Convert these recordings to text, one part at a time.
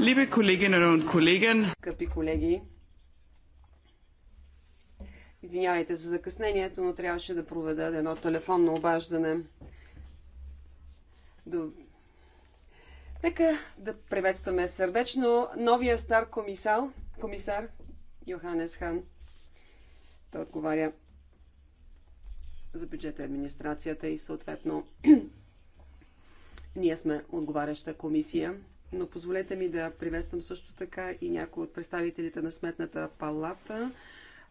Liebe Kolleginnen und Kollegen, Скъпи колеги, извинявайте за закъснението, но трябваше да проведа едно телефонно обаждане. До... Нека да приветстваме сърдечно новия стар комисар, комисар Йоханес Хан. Той отговаря за бюджета и администрацията и съответно ние сме отговаряща комисия но позволете ми да приветствам също така и някои от представителите на Сметната палата.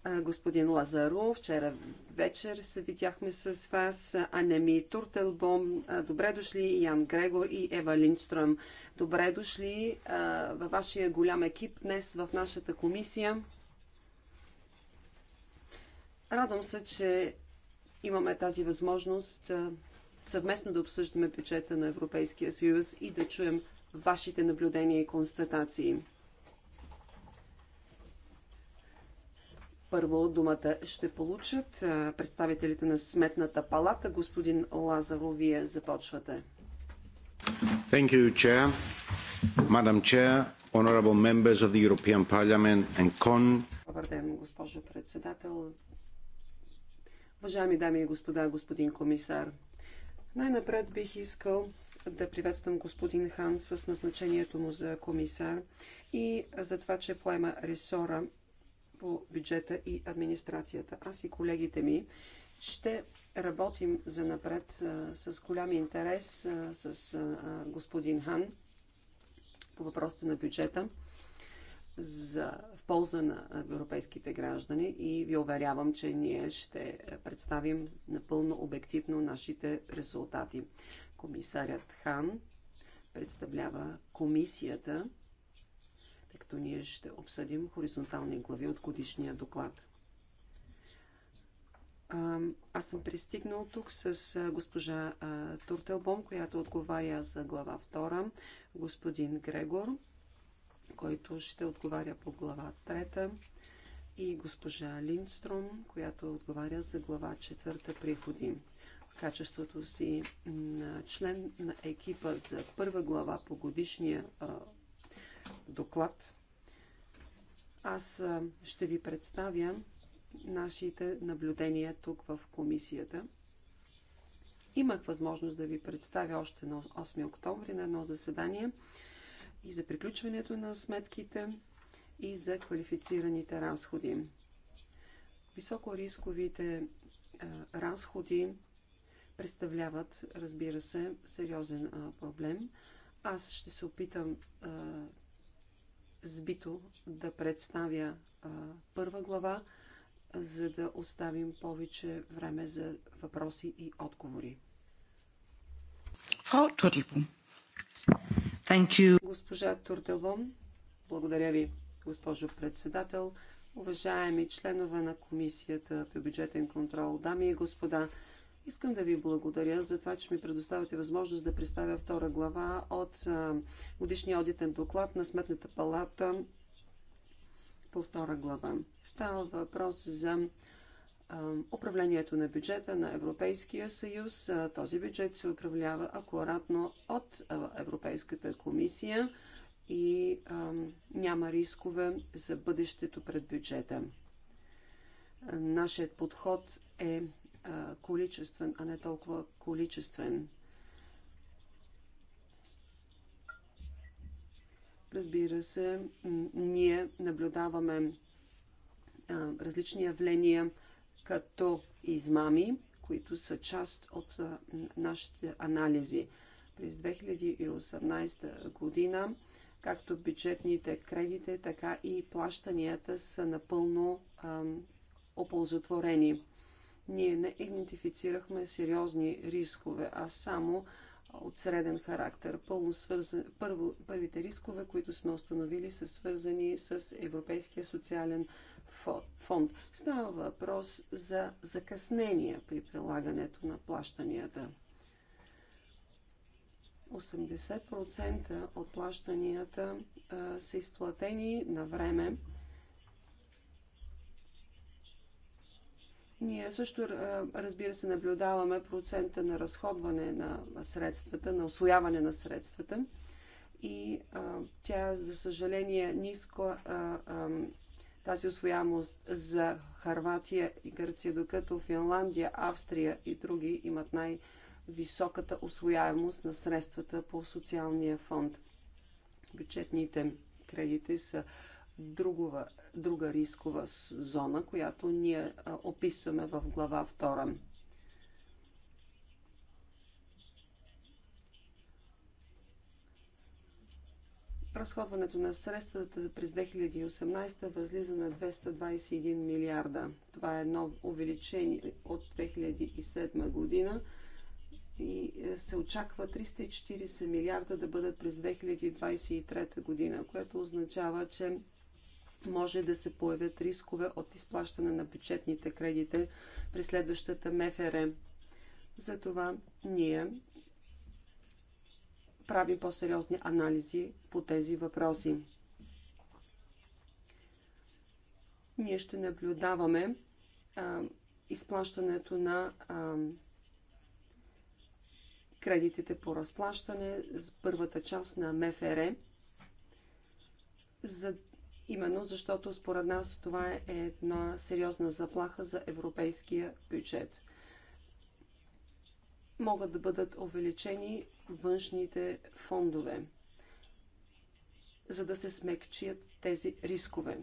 Господин Лазаров, вчера вечер се видяхме с вас, Анеми Туртелбом, добре дошли, Ян Грегор и Ева Линдстрöm. Добре дошли във вашия голям екип днес в нашата комисия. Радвам се, че имаме тази възможност съвместно да обсъждаме бюджета на Европейския съюз и да чуем вашите наблюдения и констатации. Първо думата ще получат представителите на Сметната палата. Господин Лазаро, вие започвате. Thank you, Chair. Madam Chair, honorable members of the European Parliament and CON. Добър ден, госпожо председател. Уважаеми дами и господа, господин комисар. Най-напред бих искал да приветствам господин Хан с назначението му за комисар и за това, че поема ресора по бюджета и администрацията. Аз и колегите ми ще работим за напред с голям интерес с господин Хан по въпросите на бюджета за, в полза на европейските граждани и ви уверявам, че ние ще представим напълно обективно нашите резултати. Комисарят Хан представлява комисията, тъй като ние ще обсъдим хоризонтални глави от годишния доклад. Аз съм пристигнал тук с госпожа Туртелбом, която отговаря за глава 2, господин Грегор, който ще отговаря по глава 3 и госпожа Линдстром, която отговаря за глава четвърта, приходи качеството си на член на екипа за първа глава по годишния а, доклад, аз а, ще ви представя нашите наблюдения тук в комисията. Имах възможност да ви представя още на 8 октомври на едно заседание и за приключването на сметките и за квалифицираните разходи. Високорисковите разходи представляват, разбира се, сериозен а, проблем. Аз ще се опитам а, сбито да представя а, първа глава, за да оставим повече време за въпроси и отговори. Фрау you. Госпожа Турделвон, благодаря ви, госпожо председател. Уважаеми членове на Комисията по бюджетен контрол, дами и господа, Искам да ви благодаря за това, че ми предоставяте възможност да представя втора глава от годишния одитен доклад на Сметната палата по втора глава. Става въпрос за управлението на бюджета на Европейския съюз. Този бюджет се управлява акуратно от Европейската комисия и няма рискове за бъдещето пред бюджета. Нашият подход е количествен, а не толкова количествен. Разбира се, ние наблюдаваме различни явления като измами, които са част от нашите анализи. През 2018 година както бюджетните кредити, така и плащанията са напълно оползотворени. Ние не идентифицирахме сериозни рискове, а само от среден характер. Пълно свързан... Първо, първите рискове, които сме установили, са свързани с Европейския социален фонд. Става въпрос за закъснения при прилагането на плащанията. 80% от плащанията а, са изплатени на време Ние също, разбира се, наблюдаваме процента на разходване на средствата, на освояване на средствата. И а, тя, за съжаление, ниско тази освоямост за Харватия и Гърция, докато Финландия, Австрия и други имат най-високата освояемост на средствата по социалния фонд. Бюджетните кредити са другова, друга рискова зона, която ние описваме в глава 2. Разходването на средствата през 2018 възлиза на 221 милиарда. Това е едно увеличение от 2007 година и е, се очаква 340 милиарда да бъдат през 2023 година, което означава, че може да се появят рискове от изплащане на бюджетните кредити при следващата МФР. Затова ние правим по-сериозни анализи по тези въпроси. Ние ще наблюдаваме а, изплащането на а, кредитите по разплащане с първата част на МФР, за Именно защото според нас това е една сериозна заплаха за европейския бюджет. Могат да бъдат увеличени външните фондове, за да се смекчият тези рискове.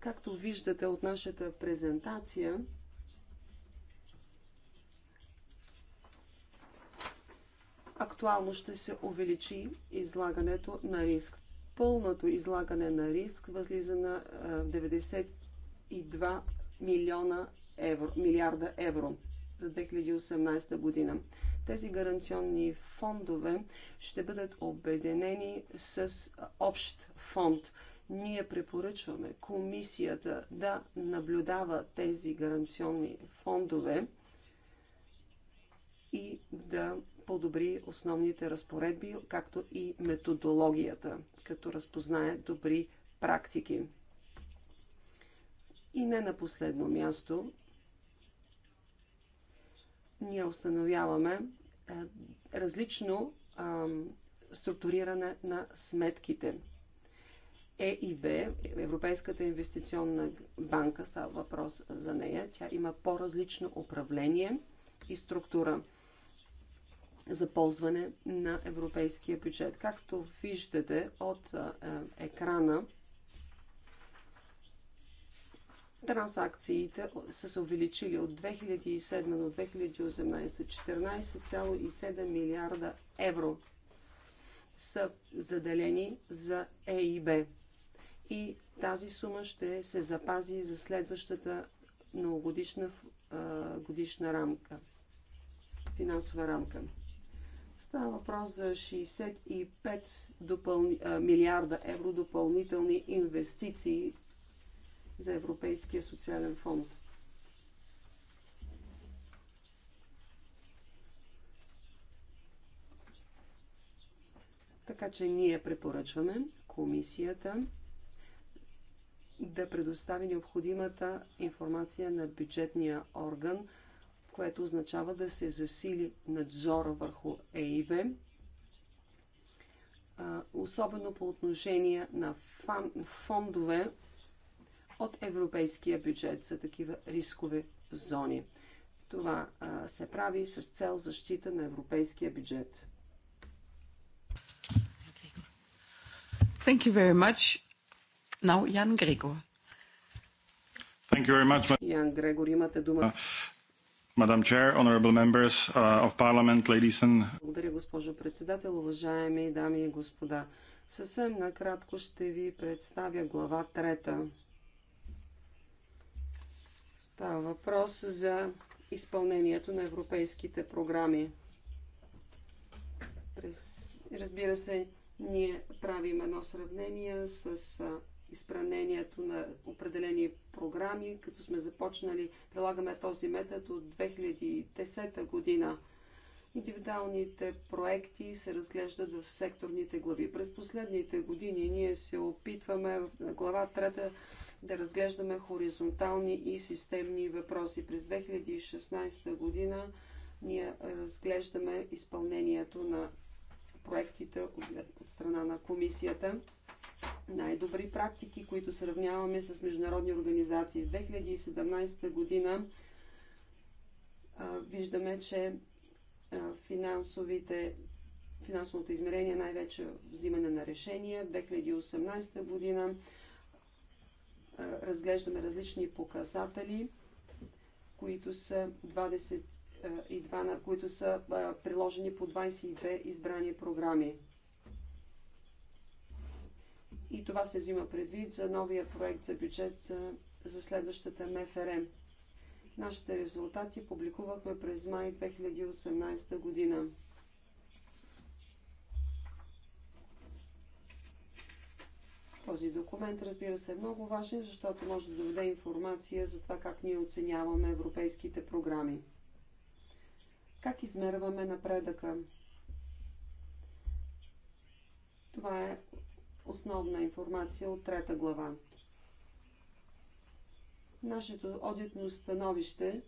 Както виждате от нашата презентация, актуално ще се увеличи излагането на риск. Пълното излагане на риск възлиза на 92 милиона евро, милиарда евро за 2018 година. Тези гаранционни фондове ще бъдат обединени с общ фонд. Ние препоръчваме комисията да наблюдава тези гаранционни фондове и да подобри основните разпоредби, както и методологията, като разпознае добри практики. И не на последно място, ние установяваме е, различно структуриране на сметките. ЕИБ, Европейската инвестиционна банка, става въпрос за нея, тя има по-различно управление и структура за ползване на европейския бюджет. Както виждате от екрана, Трансакциите са се увеличили от 2007 до 2018 14,7 милиарда евро са заделени за ЕИБ. И тази сума ще се запази за следващата многогодишна годишна рамка, финансова рамка. Става въпрос за 65 допълни, а, милиарда евро допълнителни инвестиции за Европейския социален фонд. Така че ние препоръчваме комисията да предостави необходимата информация на бюджетния орган – което означава да се засили надзора върху ЕИБ, особено по отношение на фондове от европейския бюджет за такива рискови зони. Това се прави с цел защита на европейския бюджет. Thank you very much. Now, Jan Gregor. Thank you very much. Ян Грегор, имате дума. Uh, Благодаря, госпожо председател, уважаеми дами и господа. Съвсем накратко ще ви представя глава трета. Става въпрос за изпълнението на европейските програми. През, разбира се, ние правим едно сравнение с изпълнението на определени програми, като сме започнали, прилагаме този метод от 2010 година. Индивидуалните проекти се разглеждат в секторните глави. През последните години ние се опитваме в глава 3 да разглеждаме хоризонтални и системни въпроси. През 2016 година ние разглеждаме изпълнението на проектите от страна на комисията. Най-добри практики, които сравняваме с международни организации. С 2017 година виждаме, че финансовите, финансовото измерение е най-вече взимане на решения. 2018 година разглеждаме различни показатели, които са 20 22, е, които са е, приложени по 22 избрани програми. И това се взима предвид за новия проект за бюджет за, е, за следващата МФРМ. Нашите резултати публикувахме през май 2018 година. Този документ, разбира се, е много важен, защото може да доведе информация за това как ние оценяваме европейските програми. Как измерваме напредъка? Това е основна информация от трета глава. Нашето одитно становище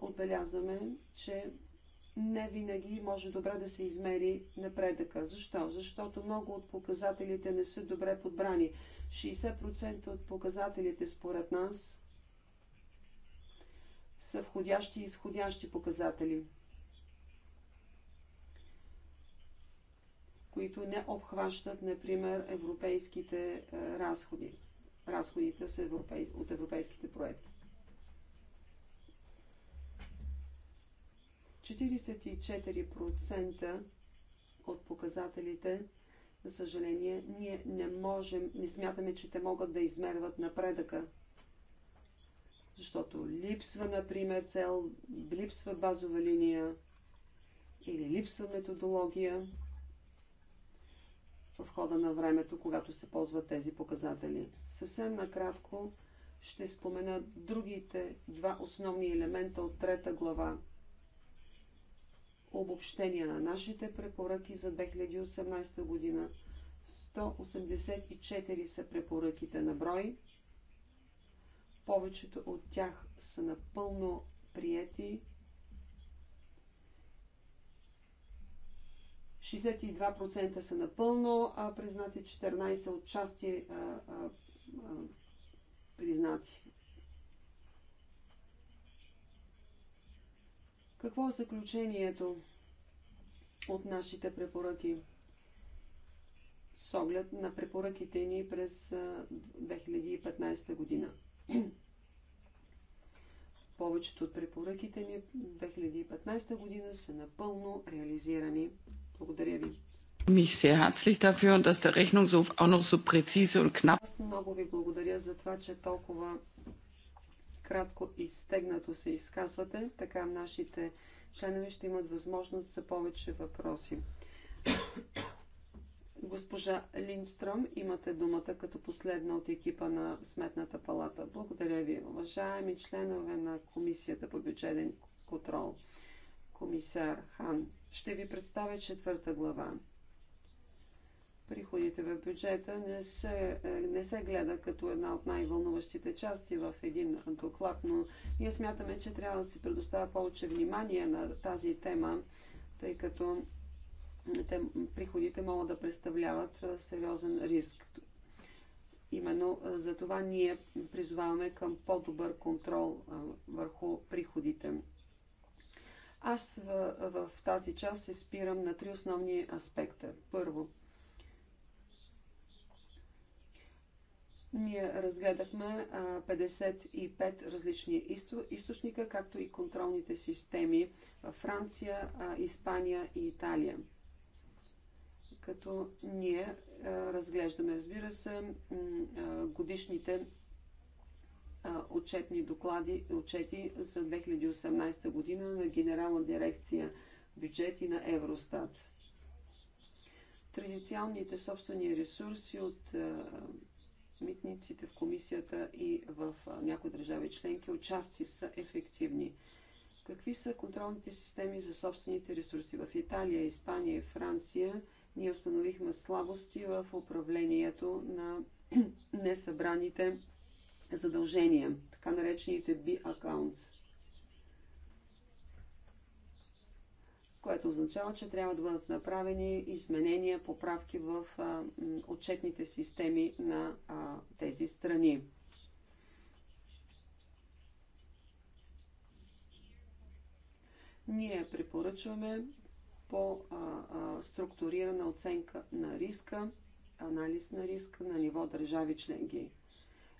отбелязваме, че не винаги може добре да се измери напредъка. Защо? Защото много от показателите не са добре подбрани. 60% от показателите според нас са входящи и изходящи показатели, които не обхващат, например, европейските е, разходи, разходите европей... от европейските проекти. 44% от показателите, за съжаление, ние не можем, не смятаме, че те могат да измерват напредъка защото липсва, например, цел, липсва базова линия или липсва методология в хода на времето, когато се ползват тези показатели. Съвсем накратко ще спомена другите два основни елемента от трета глава. Обобщение на нашите препоръки за 2018 година. 184 са препоръките на брой, повечето от тях са напълно приети. 62% са напълно а признати, 14% отчасти е, а, а, а, признати. Какво е заключението от нашите препоръки? С оглед на препоръките ни през 2015 година. Повечето от препоръките ни 2015 година са напълно реализирани. Благодаря ви. Mich sehr herzlich dafür dass der Rechnungshof auch noch so präzise und knapp. Аз много ви благодаря за това, че толкова кратко и стегнато се изказвате. Така нашите членове ще имат възможност за повече въпроси. Госпожа Линстром, имате думата като последна от екипа на Сметната палата. Благодаря ви, уважаеми членове на Комисията по бюджетен контрол. Комисар Хан, ще ви представя четвърта глава. Приходите в бюджета не се, не се гледа като една от най-вълнуващите части в един доклад, но ние смятаме, че трябва да се предоставя повече внимание на тази тема, тъй като те, приходите могат да представляват сериозен риск. Именно за това ние призоваваме към по-добър контрол върху приходите. Аз в, в тази част се спирам на три основни аспекта. Първо, Ние разгледахме 55 различни източника, както и контролните системи в Франция, Испания и Италия като ние разглеждаме, разбира се, годишните отчетни доклади, отчети за 2018 година на Генерална дирекция бюджети на Евростат. Традиционните собствени ресурси от митниците в комисията и в някои държави членки отчасти са ефективни. Какви са контролните системи за собствените ресурси? В Италия, Испания и Франция – ние установихме слабости в управлението на несъбраните задължения, така наречените B-accounts. което означава, че трябва да бъдат направени изменения, поправки в а, отчетните системи на а, тези страни. Ние препоръчваме по-структурирана оценка на риска, анализ на риска на ниво държави членки,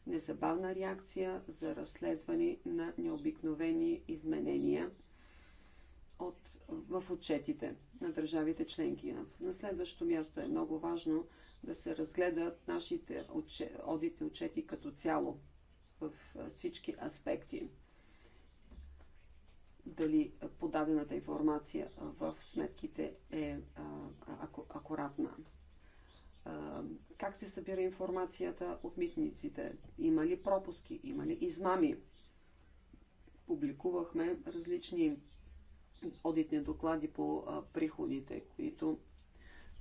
незабавна реакция за разследване на необикновени изменения от, в отчетите на държавите членки. На следващото място е много важно да се разгледат нашите отче, одитни отчети като цяло в всички аспекти дали подадената информация в сметките е аку, акуратна. Как се събира информацията от митниците? Има ли пропуски? Има ли измами? Публикувахме различни одитни доклади по приходите, които,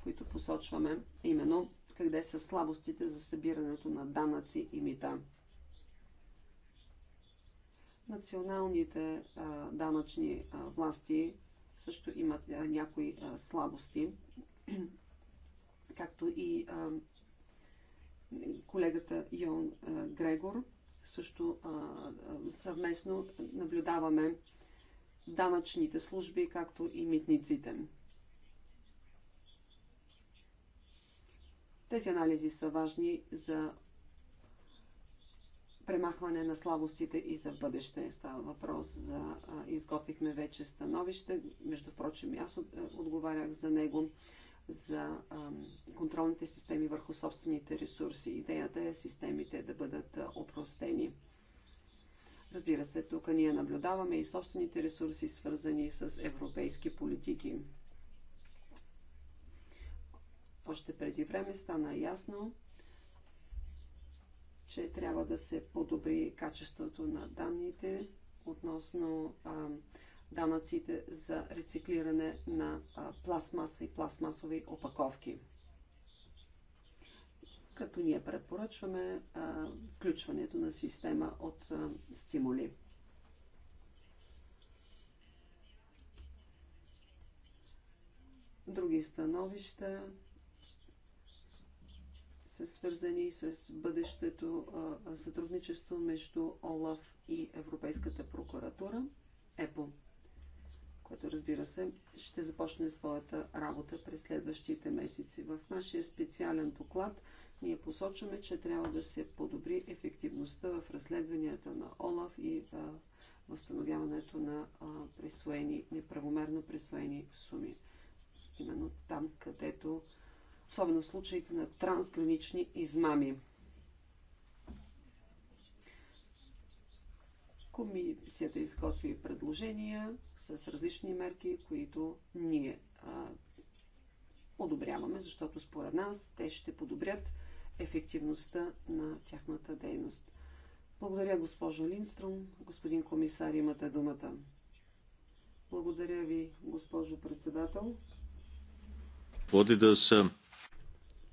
които посочваме именно къде са слабостите за събирането на данъци и мита. Националните данъчни власти също имат някои слабости, както и колегата Йон Грегор. Също съвместно наблюдаваме данъчните служби, както и митниците. Тези анализи са важни за премахване на слабостите и за бъдеще. Става въпрос за... Изготвихме вече становище, между прочим аз отговарях за него, за контролните системи върху собствените ресурси. Идеята е системите да бъдат опростени. Разбира се, тук ние наблюдаваме и собствените ресурси, свързани с европейски политики. Още преди време стана ясно, че трябва да се подобри качеството на данните относно а, данъците за рециклиране на а, пластмаса и пластмасови опаковки. Като ние препоръчваме а, включването на система от а, стимули. Други становища са свързани с бъдещето сътрудничество между ОЛАФ и Европейската прокуратура, ЕПО, което разбира се ще започне своята работа през следващите месеци. В нашия специален доклад ние посочваме, че трябва да се подобри ефективността в разследванията на ОЛАФ и в възстановяването на присвоени, неправомерно присвоени суми. Именно там, където особено в случаите на трансгранични измами. Комисията изготви предложения с различни мерки, които ние а, одобряваме, защото според нас те ще подобрят ефективността на тяхната дейност. Благодаря, госпожо Линстром. Господин комисар, имате думата. Благодаря ви, госпожо председател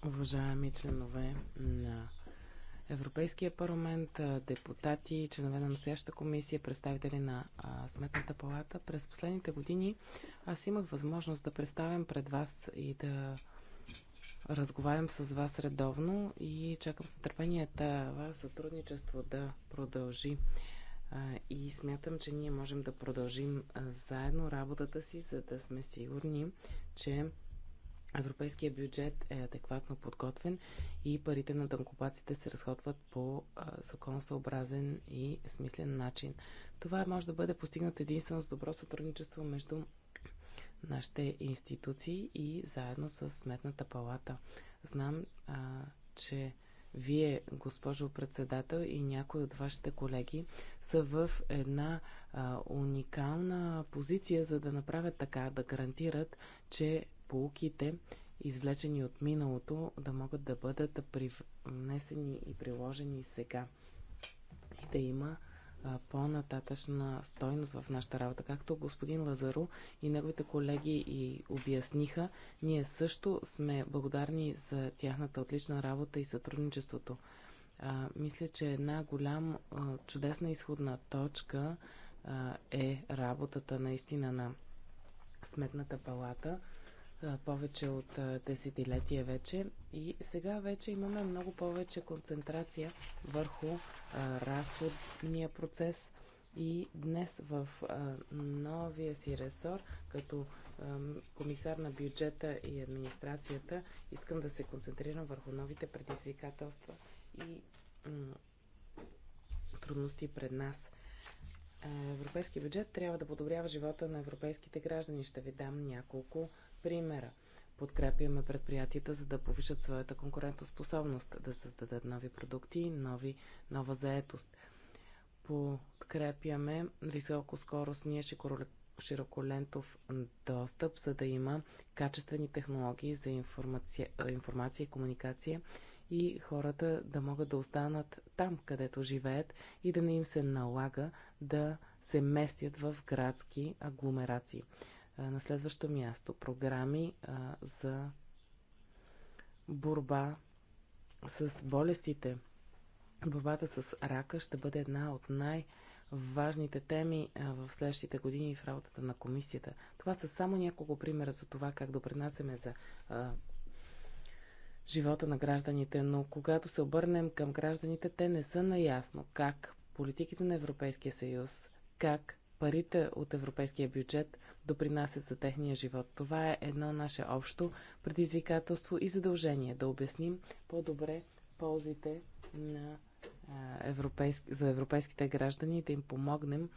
уважаеми членове на Европейския парламент, депутати, членове на настоящата комисия, представители на Сметната палата. През последните години аз имах възможност да представям пред вас и да разговарям с вас редовно и чакам с нетърпение това сътрудничество да продължи. и смятам, че ние можем да продължим заедно работата си, за да сме сигурни, че Европейския бюджет е адекватно подготвен и парите на дънкопаците се разходват по законосъобразен и смислен начин. Това може да бъде постигнато единствено с добро сътрудничество между нашите институции и заедно с Сметната палата. Знам, а, че вие, госпожо председател, и някои от вашите колеги са в една а, уникална позиция, за да направят така, да гарантират, че полуките, извлечени от миналото, да могат да бъдат привнесени и приложени сега. И да има по-нататъчна стойност в нашата работа. Както господин Лазаро и неговите колеги и обясниха, ние също сме благодарни за тяхната отлична работа и сътрудничеството. А, мисля, че една голям а, чудесна изходна точка а, е работата наистина на Сметната палата повече от десетилетия вече. И сега вече имаме много повече концентрация върху разходния процес. И днес в новия си ресор, като комисар на бюджета и администрацията, искам да се концентрирам върху новите предизвикателства и трудности пред нас. Европейски бюджет трябва да подобрява живота на европейските граждани. Ще ви дам няколко примера. Подкрепяме предприятията, за да повишат своята конкурентоспособност, да създадат нови продукти и нови, нова заетост. Подкрепяме високоскоростния широколентов достъп, за да има качествени технологии за информация, информация и комуникация и хората да могат да останат там, където живеят и да не им се налага да се местят в градски агломерации. На следващо място програми за борба с болестите. Борбата с рака ще бъде една от най- важните теми в следващите години в работата на комисията. Това са само няколко примера за това как допринасяме за а, живота на гражданите, но когато се обърнем към гражданите, те не са наясно как политиките на Европейския съюз, как парите от европейския бюджет допринасят за техния живот. Това е едно наше общо предизвикателство и задължение да обясним по-добре ползите на европейски, за европейските граждани и да им помогнем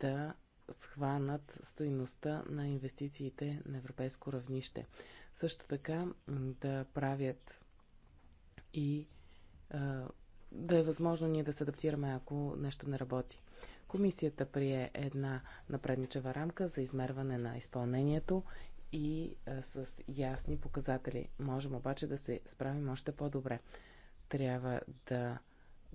да схванат стоиността на инвестициите на европейско равнище. Също така да правят и да е възможно ние да се адаптираме, ако нещо не работи. Комисията прие една напредничева рамка за измерване на изпълнението и а, с ясни показатели. Можем обаче да се справим още по-добре. Трябва да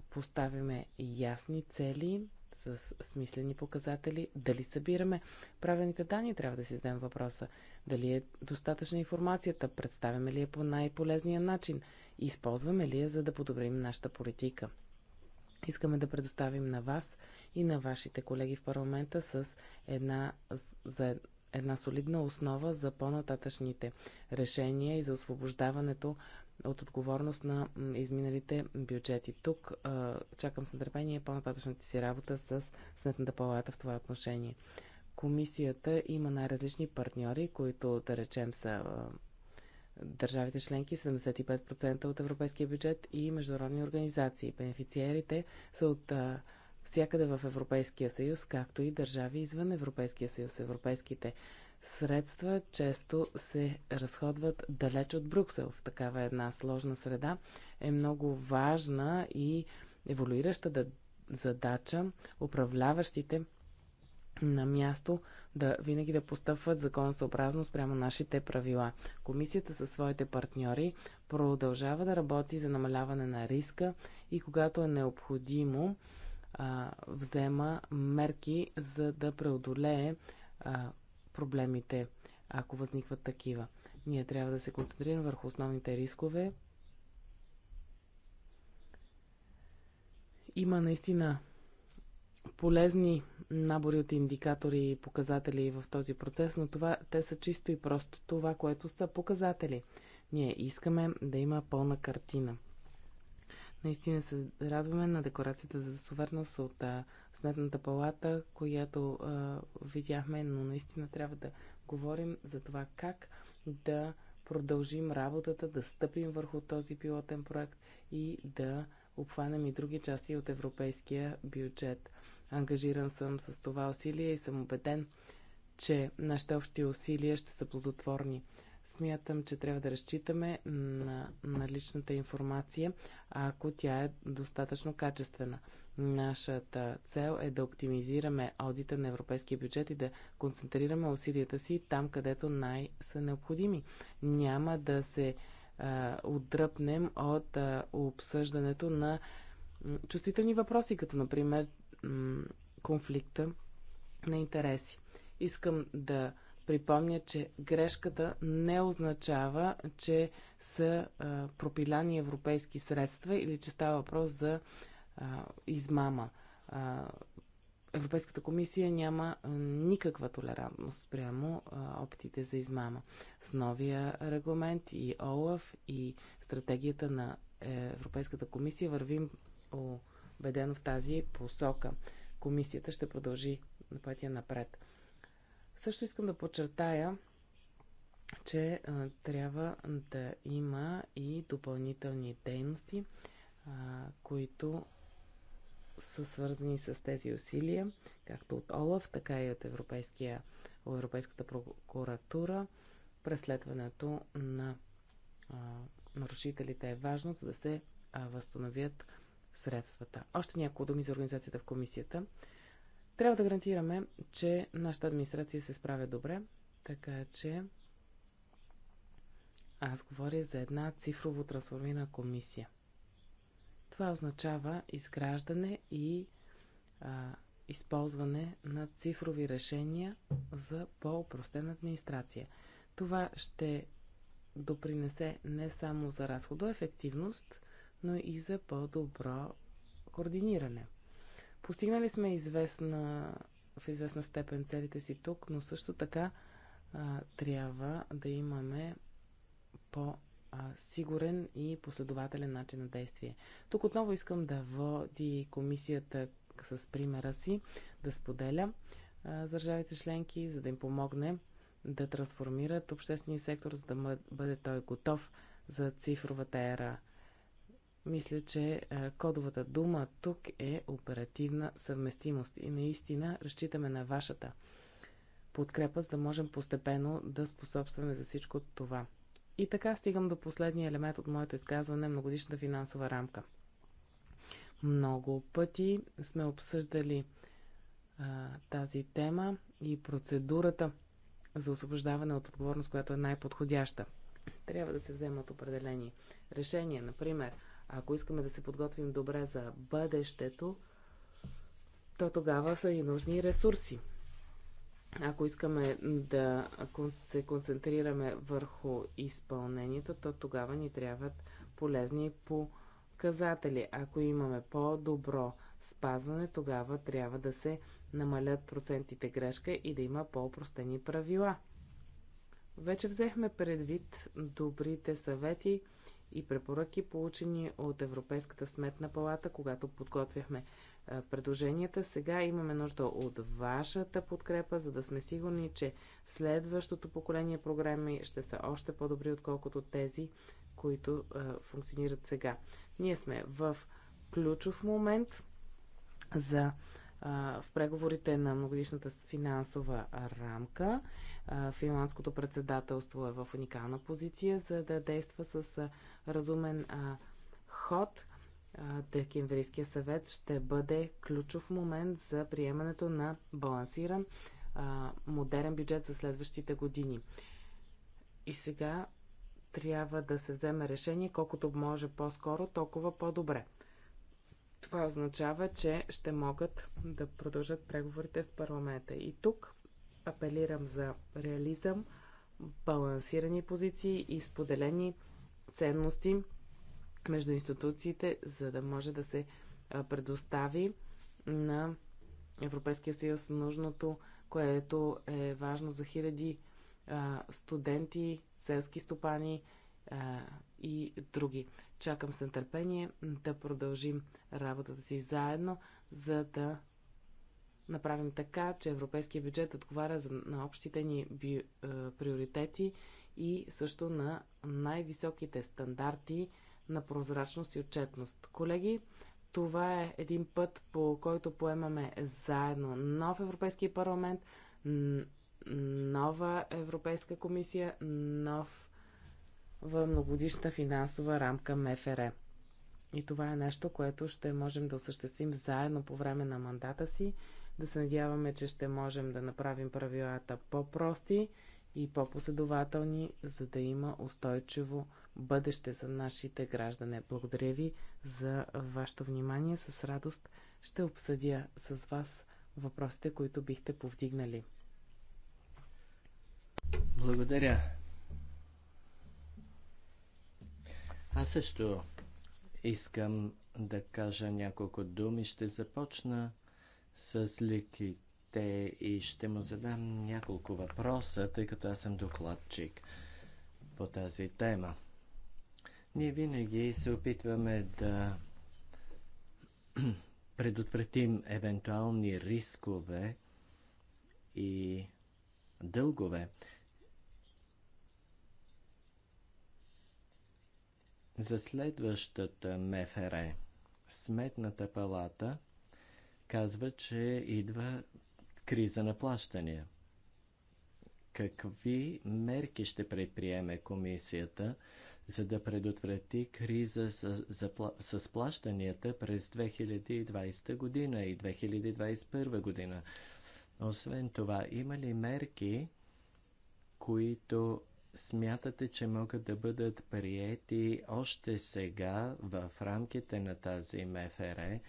поставяме ясни цели с смислени показатели. Дали събираме правилните данни, трябва да си зададем въпроса. Дали е достатъчна информацията, представяме ли я по най-полезния начин, използваме ли я, за да подобрим нашата политика искаме да предоставим на вас и на вашите колеги в парламента с една, за една солидна основа за по-нататъчните решения и за освобождаването от отговорност на изминалите бюджети. Тук а, чакам с нетърпение по-нататъчната си работа с Сметната палата в това отношение. Комисията има най-различни партньори, които, да речем, са държавите членки, 75% от европейския бюджет и международни организации. Бенефициерите са от всякъде в Европейския съюз, както и държави извън Европейския съюз. Европейските средства често се разходват далеч от Брюксел. В такава една сложна среда е много важна и еволюираща задача управляващите на място да винаги да постъпват законосъобразно спрямо нашите правила. Комисията със своите партньори продължава да работи за намаляване на риска и когато е необходимо а, взема мерки за да преодолее а, проблемите, ако възникват такива. Ние трябва да се концентрираме върху основните рискове. Има наистина полезни набори от индикатори и показатели в този процес, но това, те са чисто и просто това, което са показатели. Ние искаме да има пълна картина. Наистина се радваме на декларацията за достоверност от а, Сметната палата, която а, видяхме, но наистина трябва да говорим за това как да продължим работата, да стъпим върху този пилотен проект и да обхванем и други части от европейския бюджет. Ангажиран съм с това усилие и съм убеден, че нашите общи усилия ще са плодотворни. Смятам, че трябва да разчитаме на личната информация, ако тя е достатъчно качествена. Нашата цел е да оптимизираме аудита на европейския бюджет и да концентрираме усилията си там, където най- са необходими. Няма да се а, отдръпнем от а, обсъждането на чувствителни въпроси, като например конфликта на интереси. Искам да припомня, че грешката не означава, че са а, пропиляни европейски средства или че става въпрос за а, измама. А, Европейската комисия няма никаква толерантност спрямо а, опитите за измама. С новия регламент и ОЛАФ и стратегията на е, Европейската комисия вървим по убеден в тази посока. Комисията ще продължи на пътя напред. Също искам да подчертая, че а, трябва да има и допълнителни дейности, а, които са свързани с тези усилия, както от ОЛАФ, така и от Европейския, Европейската прокуратура. Преследването на а, нарушителите е важно, за да се а, възстановят средствата. Още няколко думи за организацията в комисията. Трябва да гарантираме, че нашата администрация се справя добре, така че аз говоря за една цифрово трансформирана комисия. Това означава изграждане и а, използване на цифрови решения за по-упростена администрация. Това ще допринесе не само за разходоефективност, но и за по-добро координиране. Постигнали сме известна, в известна степен целите си тук, но също така а, трябва да имаме по-сигурен и последователен начин на действие. Тук отново искам да води комисията с примера си, да споделя а, с държавите членки, за да им помогне да трансформират обществения сектор, за да бъде той готов за цифровата ера – мисля, че кодовата дума тук е оперативна съвместимост и наистина разчитаме на вашата подкрепа, за да можем постепенно да способстваме за всичко това. И така стигам до последния елемент от моето изказване – многодишната финансова рамка. Много пъти сме обсъждали а, тази тема и процедурата за освобождаване от отговорност, която е най-подходяща. Трябва да се вземат определени решения, например – ако искаме да се подготвим добре за бъдещето, то тогава са и нужни ресурси. Ако искаме да се концентрираме върху изпълнението, то тогава ни трябват полезни показатели. Ако имаме по-добро спазване, тогава трябва да се намалят процентите грешка и да има по-опростени правила. Вече взехме предвид добрите съвети и препоръки, получени от Европейската сметна палата, когато подготвяхме е, предложенията. Сега имаме нужда от вашата подкрепа, за да сме сигурни, че следващото поколение програми ще са още по-добри, отколкото тези, които е, функционират сега. Ние сме в ключов момент за в преговорите на многодишната финансова рамка. Финландското председателство е в уникална позиция, за да действа с разумен ход. Декемврийския съвет ще бъде ключов момент за приемането на балансиран модерен бюджет за следващите години. И сега трябва да се вземе решение, колкото може по-скоро, толкова по-добре. Това означава, че ще могат да продължат преговорите с парламента. И тук апелирам за реализъм, балансирани позиции и споделени ценности между институциите, за да може да се предостави на Европейския съюз нужното, което е важно за хиляди студенти, селски стопани и други. Чакам с нетърпение да продължим работата си заедно, за да направим така, че европейския бюджет отговаря на общите ни бю, е, приоритети и също на най-високите стандарти на прозрачност и отчетност. Колеги, това е един път, по който поемаме заедно нов Европейски парламент, нова Европейска комисия, нов в многогодишната финансова рамка МФР. И това е нещо, което ще можем да осъществим заедно по време на мандата си. Да се надяваме, че ще можем да направим правилата по-прости и по-последователни, за да има устойчиво бъдеще за нашите граждане. Благодаря ви за вашето внимание. С радост ще обсъдя с вас въпросите, които бихте повдигнали. Благодаря. Аз също искам да кажа няколко думи. Ще започна с ликите и ще му задам няколко въпроса, тъй като аз съм докладчик по тази тема. Ние винаги се опитваме да предотвратим евентуални рискове и дългове. За следващата МФР Сметната палата казва, че идва криза на плащания. Какви мерки ще предприеме комисията, за да предотврати криза с, за, с плащанията през 2020 година и 2021 година? Освен това, има ли мерки, които смятате, че могат да бъдат приети още сега в рамките на тази МФР,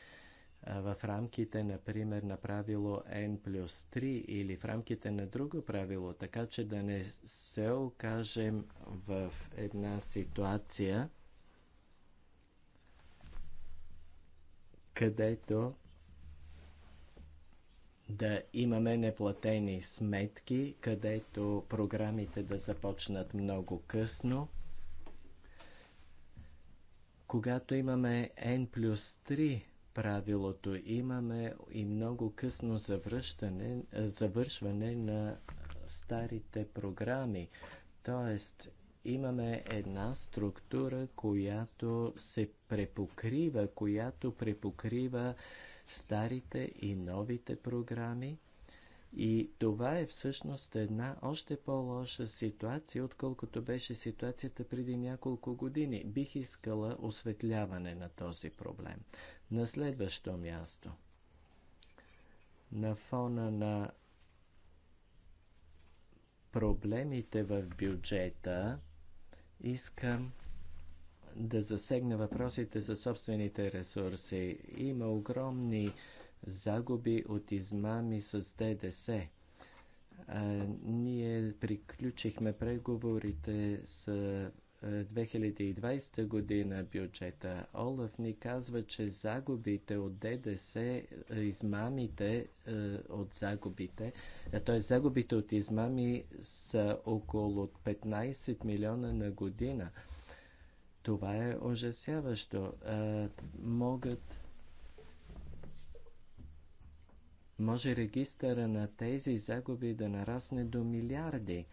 в рамките, например, на правило N плюс 3 или в рамките на друго правило, така че да не се окажем в една ситуация, където да имаме неплатени сметки, където програмите да започнат много късно. Когато имаме N плюс 3 правилото, имаме и много късно завръщане, завършване на старите програми. Тоест, имаме една структура, която се препокрива, която препокрива старите и новите програми. И това е всъщност една още по-лоша ситуация, отколкото беше ситуацията преди няколко години. Бих искала осветляване на този проблем. На следващо място. На фона на проблемите в бюджета искам да засегне въпросите за собствените ресурси. Има огромни загуби от измами с ДДС. А, ние приключихме преговорите с 2020 година бюджета. Олаф ни казва, че загубите от ДДС, измамите от загубите, т.е. загубите от измами са около 15 милиона на година. Това е ужасяващо. А, могат. Може регистъра на тези загуби да нарасне до милиарди.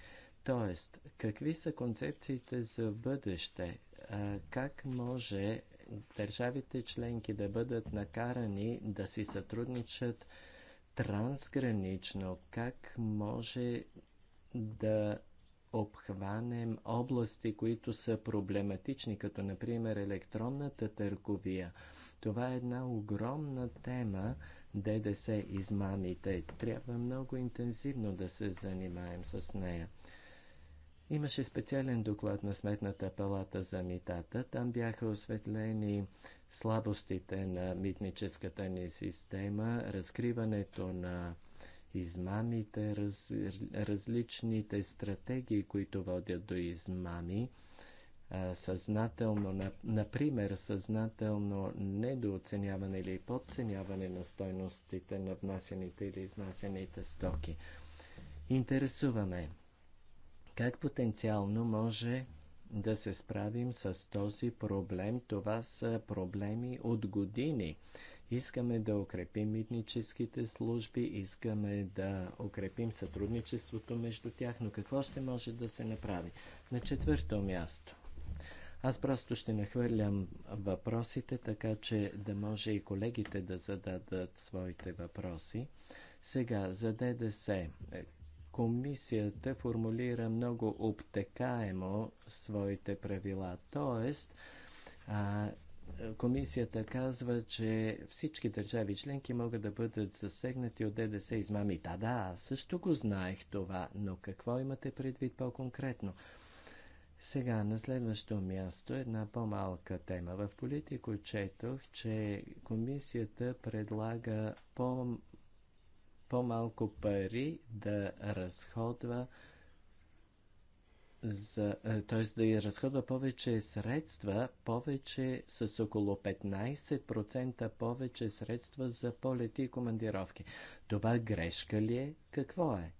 Тоест, какви са концепциите за бъдеще? А, как може държавите членки да бъдат накарани да си сътрудничат трансгранично? Как може да обхванем области, които са проблематични, като например електронната търговия. Това е една огромна тема ДДС измамите. Трябва много интензивно да се занимаем с нея. Имаше специален доклад на Сметната палата за митата. Там бяха осветлени слабостите на митническата ни система, разкриването на измамите, раз, различните стратегии, които водят до измами, съзнателно, например, съзнателно недооценяване или подценяване на стойностите на внасяните или изнасяните стоки. Интересуваме как потенциално може да се справим с този проблем. Това са проблеми от години. Искаме да укрепим митническите служби, искаме да укрепим сътрудничеството между тях, но какво ще може да се направи? На четвърто място. Аз просто ще нахвърлям въпросите, така че да може и колегите да зададат своите въпроси. Сега, за ДДС. Комисията формулира много обтекаемо своите правила, т.е комисията казва, че всички държави членки могат да бъдат засегнати от ДДС измами. Да, да, аз също го знаех това, но какво имате предвид по-конкретно? Сега, на следващо място, една по-малка тема. В политико четох, че комисията предлага по- по-малко пари да разходва за, е, т.е. да я разходва повече средства, повече с около 15% повече средства за полети и командировки. Това грешка ли е? Какво е?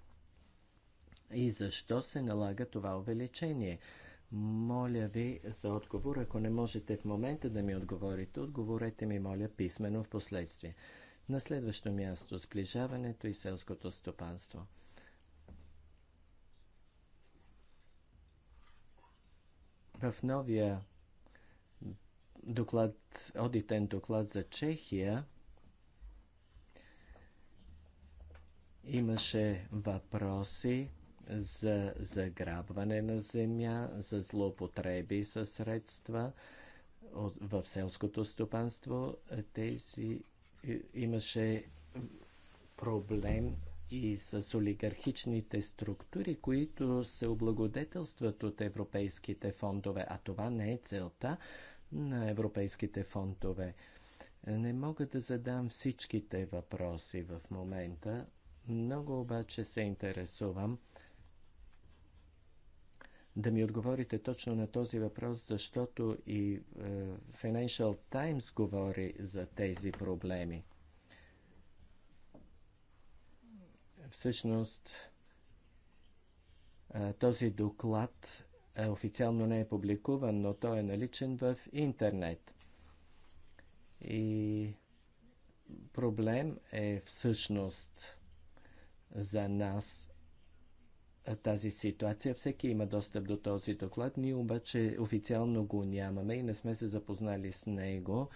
И защо се налага това увеличение? Моля ви за отговор. Ако не можете в момента да ми отговорите, отговорете ми, моля, писменно в последствие. На следващо място сближаването и селското стопанство – В новия доклад, одитен доклад за Чехия, имаше въпроси за заграбване на земя, за злоупотреби със средства в селското стопанство. Тези имаше проблем и с олигархичните структури, които се облагодетелстват от европейските фондове. А това не е целта на европейските фондове. Не мога да задам всичките въпроси в момента. Много обаче се интересувам да ми отговорите точно на този въпрос, защото и е, Financial Times говори за тези проблеми. Всъщност, този доклад официално не е публикуван, но той е наличен в интернет. И проблем е всъщност за нас тази ситуация. Всеки има достъп до този доклад. Ние обаче официално го нямаме и не сме се запознали с него.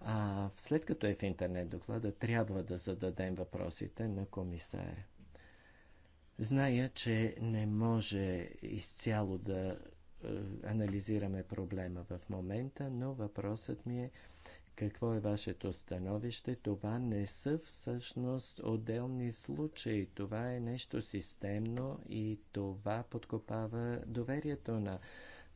А след като е в интернет доклада, трябва да зададем въпросите на комисаря. Зная, че не може изцяло да е, анализираме проблема в момента, но въпросът ми е какво е вашето становище? Това не са всъщност отделни случаи. Това е нещо системно и това подкопава доверието на,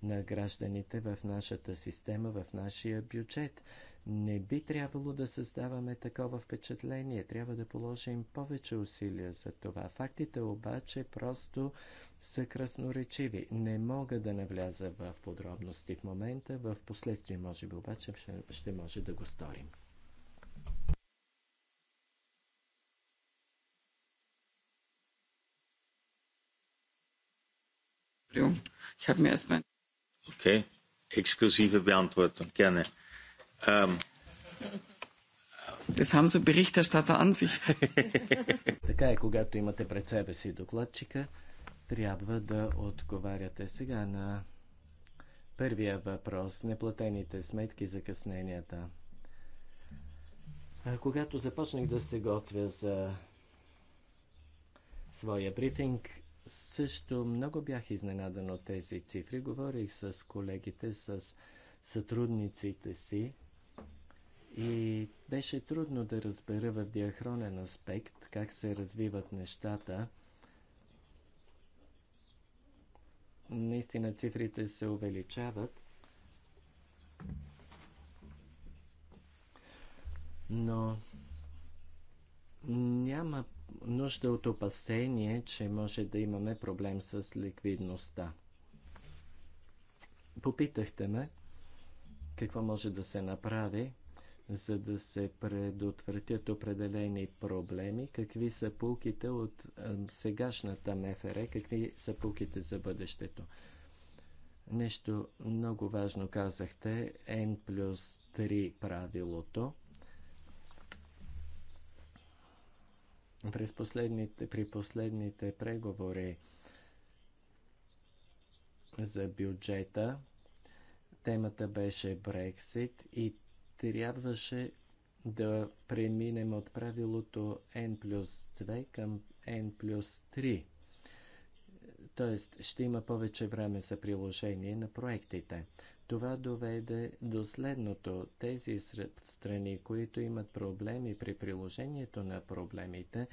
на гражданите в нашата система, в нашия бюджет. Не би трябвало да създаваме такова впечатление. Трябва да положим повече усилия за това. Фактите обаче просто са красноречиви. Не мога да навляза в подробности в момента. В последствие, може би, обаче ще, ще може да го сторим. Ich habe mir erstmal. Okay, Ähm, das haben so Berichterstatter an sich. така е, когато имате пред себе си докладчика, трябва да отговаряте сега на първия въпрос – неплатените сметки, закъсненията. А когато започнах да се готвя за своя брифинг, също много бях изненадан от тези цифри. Говорих с колегите, с сътрудниците си – и беше трудно да разбера в диахронен аспект как се развиват нещата. Наистина цифрите се увеличават. Но няма нужда от опасение, че може да имаме проблем с ликвидността. Попитахте ме какво може да се направи за да се предотвратят определени проблеми? Какви са пулките от сегашната МФР? Какви са пулките за бъдещето? Нещо много важно казахте. N плюс 3 правилото. През последните, при последните преговори за бюджета темата беше Брексит и трябваше да преминем от правилото N плюс 2 към N плюс 3. Тоест, ще има повече време за приложение на проектите. Това доведе до следното. Тези страни, които имат проблеми при приложението на проблемите,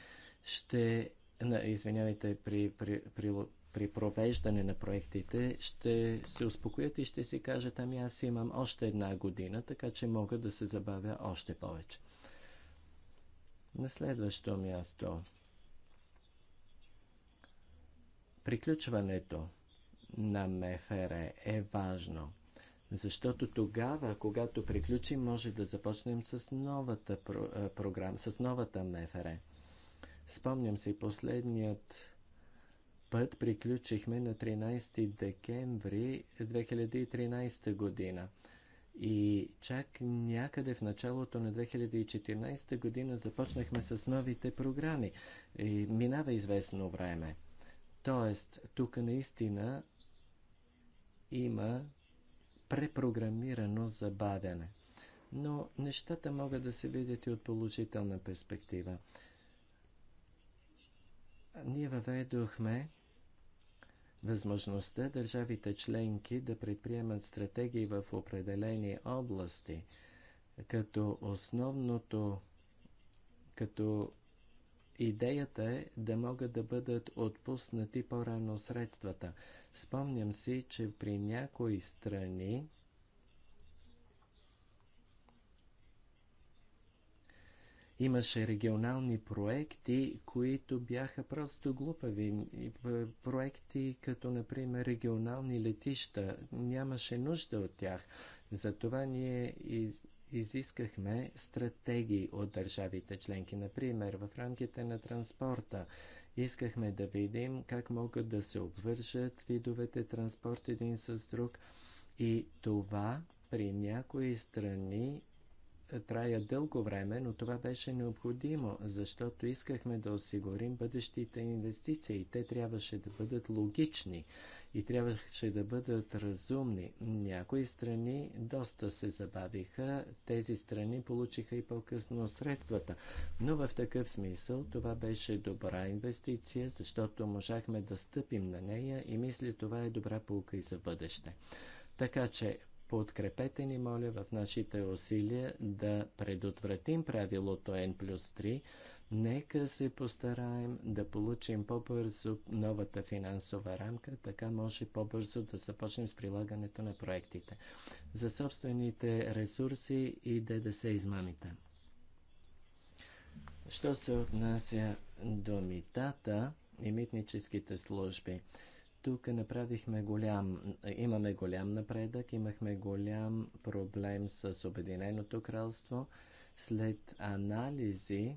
ще... На, извинявайте, при, при, при при провеждане на проектите ще се успокоят и ще си кажат, ами аз имам още една година, така че мога да се забавя още повече. На следващо място. Приключването на МФР е важно, защото тогава, когато приключим, може да започнем с новата програма, с новата МФР. Спомням си последният път приключихме на 13 декември 2013 година. И чак някъде в началото на 2014 година започнахме с новите програми. И минава известно време. Тоест, тук наистина има препрограмирано забавяне. Но нещата могат да се видят и от положителна перспектива. Ние въведохме възможността държавите членки да предприемат стратегии в определени области, като основното, като идеята е да могат да бъдат отпуснати по-рано средствата. Спомням си, че при някои страни Имаше регионални проекти, които бяха просто глупави. Проекти като, например, регионални летища. Нямаше нужда от тях. Затова ние из, изискахме стратегии от държавите членки. Например, в рамките на транспорта. Искахме да видим как могат да се обвържат видовете транспорт един с друг. И това при някои страни е, трая дълго време, но това беше необходимо, защото искахме да осигурим бъдещите инвестиции. Те трябваше да бъдат логични и трябваше да бъдат разумни. Някои страни доста се забавиха, тези страни получиха и по-късно средствата. Но в такъв смисъл това беше добра инвестиция, защото можахме да стъпим на нея и мисля това е добра полка и за бъдеще. Така че Подкрепете ни, моля, в нашите усилия да предотвратим правилото N плюс 3. Нека се постараем да получим по-бързо новата финансова рамка, така може по-бързо да започнем с прилагането на проектите за собствените ресурси и да се измамите. Що се отнася до митата и митническите служби? Тук направихме голям, имаме голям напредък, имахме голям проблем с Обединеното кралство. След анализи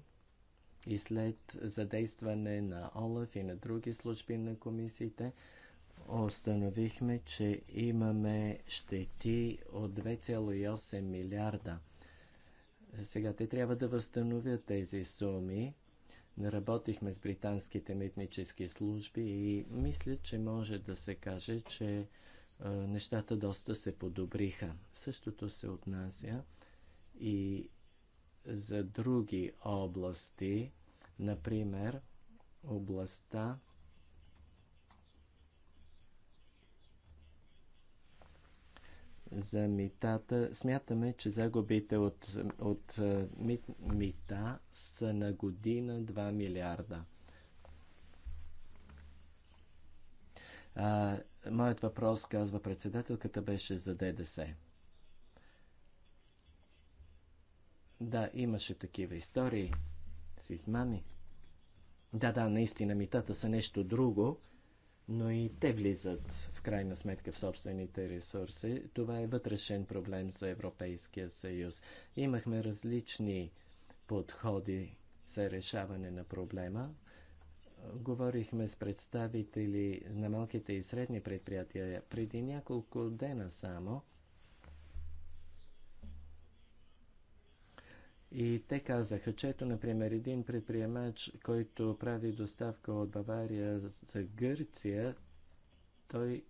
и след задействане на ОЛАФ и на други служби на комисиите, установихме, че имаме щети от 2,8 милиарда. Сега те трябва да възстановят тези суми Работихме с британските митнически служби и мисля, че може да се каже, че е, нещата доста се подобриха. Същото се отнася и за други области, например областта за митата. Смятаме, че загубите от, от е, мит, мита са на година 2 милиарда. А, моят въпрос, казва председателката, беше за ДДС. Да, имаше такива истории с измами. Да, да, наистина митата са нещо друго, но и те влизат в крайна сметка в собствените ресурси. Това е вътрешен проблем за Европейския съюз. Имахме различни подходи за решаване на проблема. Говорихме с представители на малките и средни предприятия преди няколко дена само. И те казаха, че ето, например, един предприемач, който прави доставка от Бавария за Гърция, той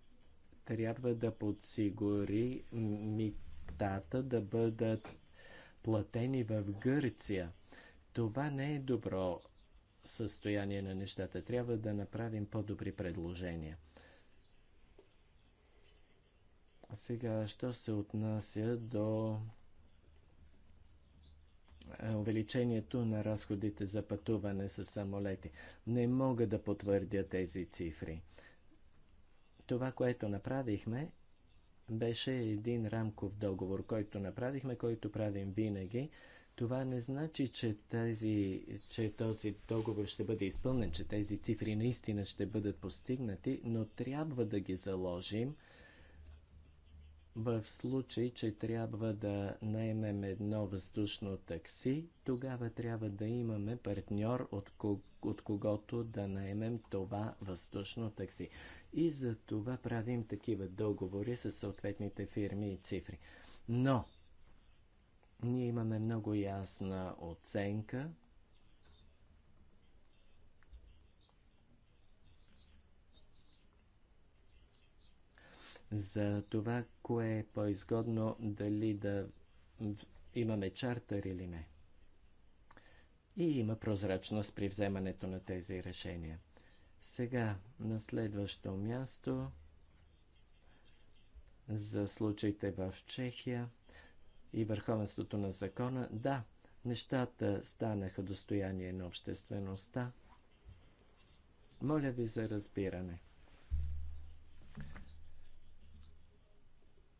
трябва да подсигури митата да бъдат платени в Гърция. Това не е добро състояние на нещата. Трябва да направим по-добри предложения. Сега, що се отнася до увеличението на разходите за пътуване с самолети. Не мога да потвърдя тези цифри. Това, което направихме, беше един рамков договор, който направихме, който правим винаги. Това не значи, че, тази, че този договор ще бъде изпълнен, че тези цифри наистина ще бъдат постигнати, но трябва да ги заложим – в случай, че трябва да наймем едно въздушно такси, тогава трябва да имаме партньор, от, ког... от когото да наймем това въздушно такси. И за това правим такива договори с съответните фирми и цифри. Но, ние имаме много ясна оценка за това, кое е по-изгодно, дали да имаме чартер или не. И има прозрачност при вземането на тези решения. Сега, на следващо място, за случаите в Чехия и върховенството на закона, да, нещата станаха достояние на обществеността. Моля ви за разбиране.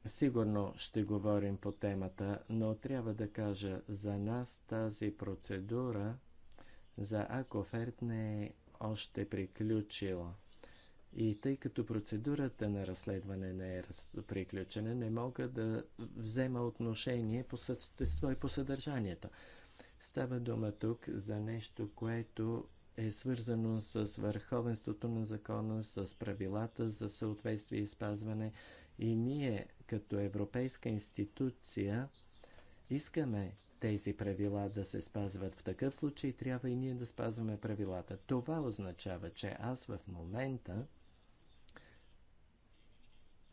Сигурно ще говорим по темата, но трябва да кажа, за нас тази процедура за Акоферт не е още приключила. И тъй като процедурата на разследване не е приключена, не мога да взема отношение по същество и по съдържанието. Става дума тук за нещо, което е свързано с върховенството на закона, с правилата за съответствие и спазване и ние, като европейска институция, искаме тези правила да се спазват. В такъв случай трябва и ние да спазваме правилата. Това означава, че аз в момента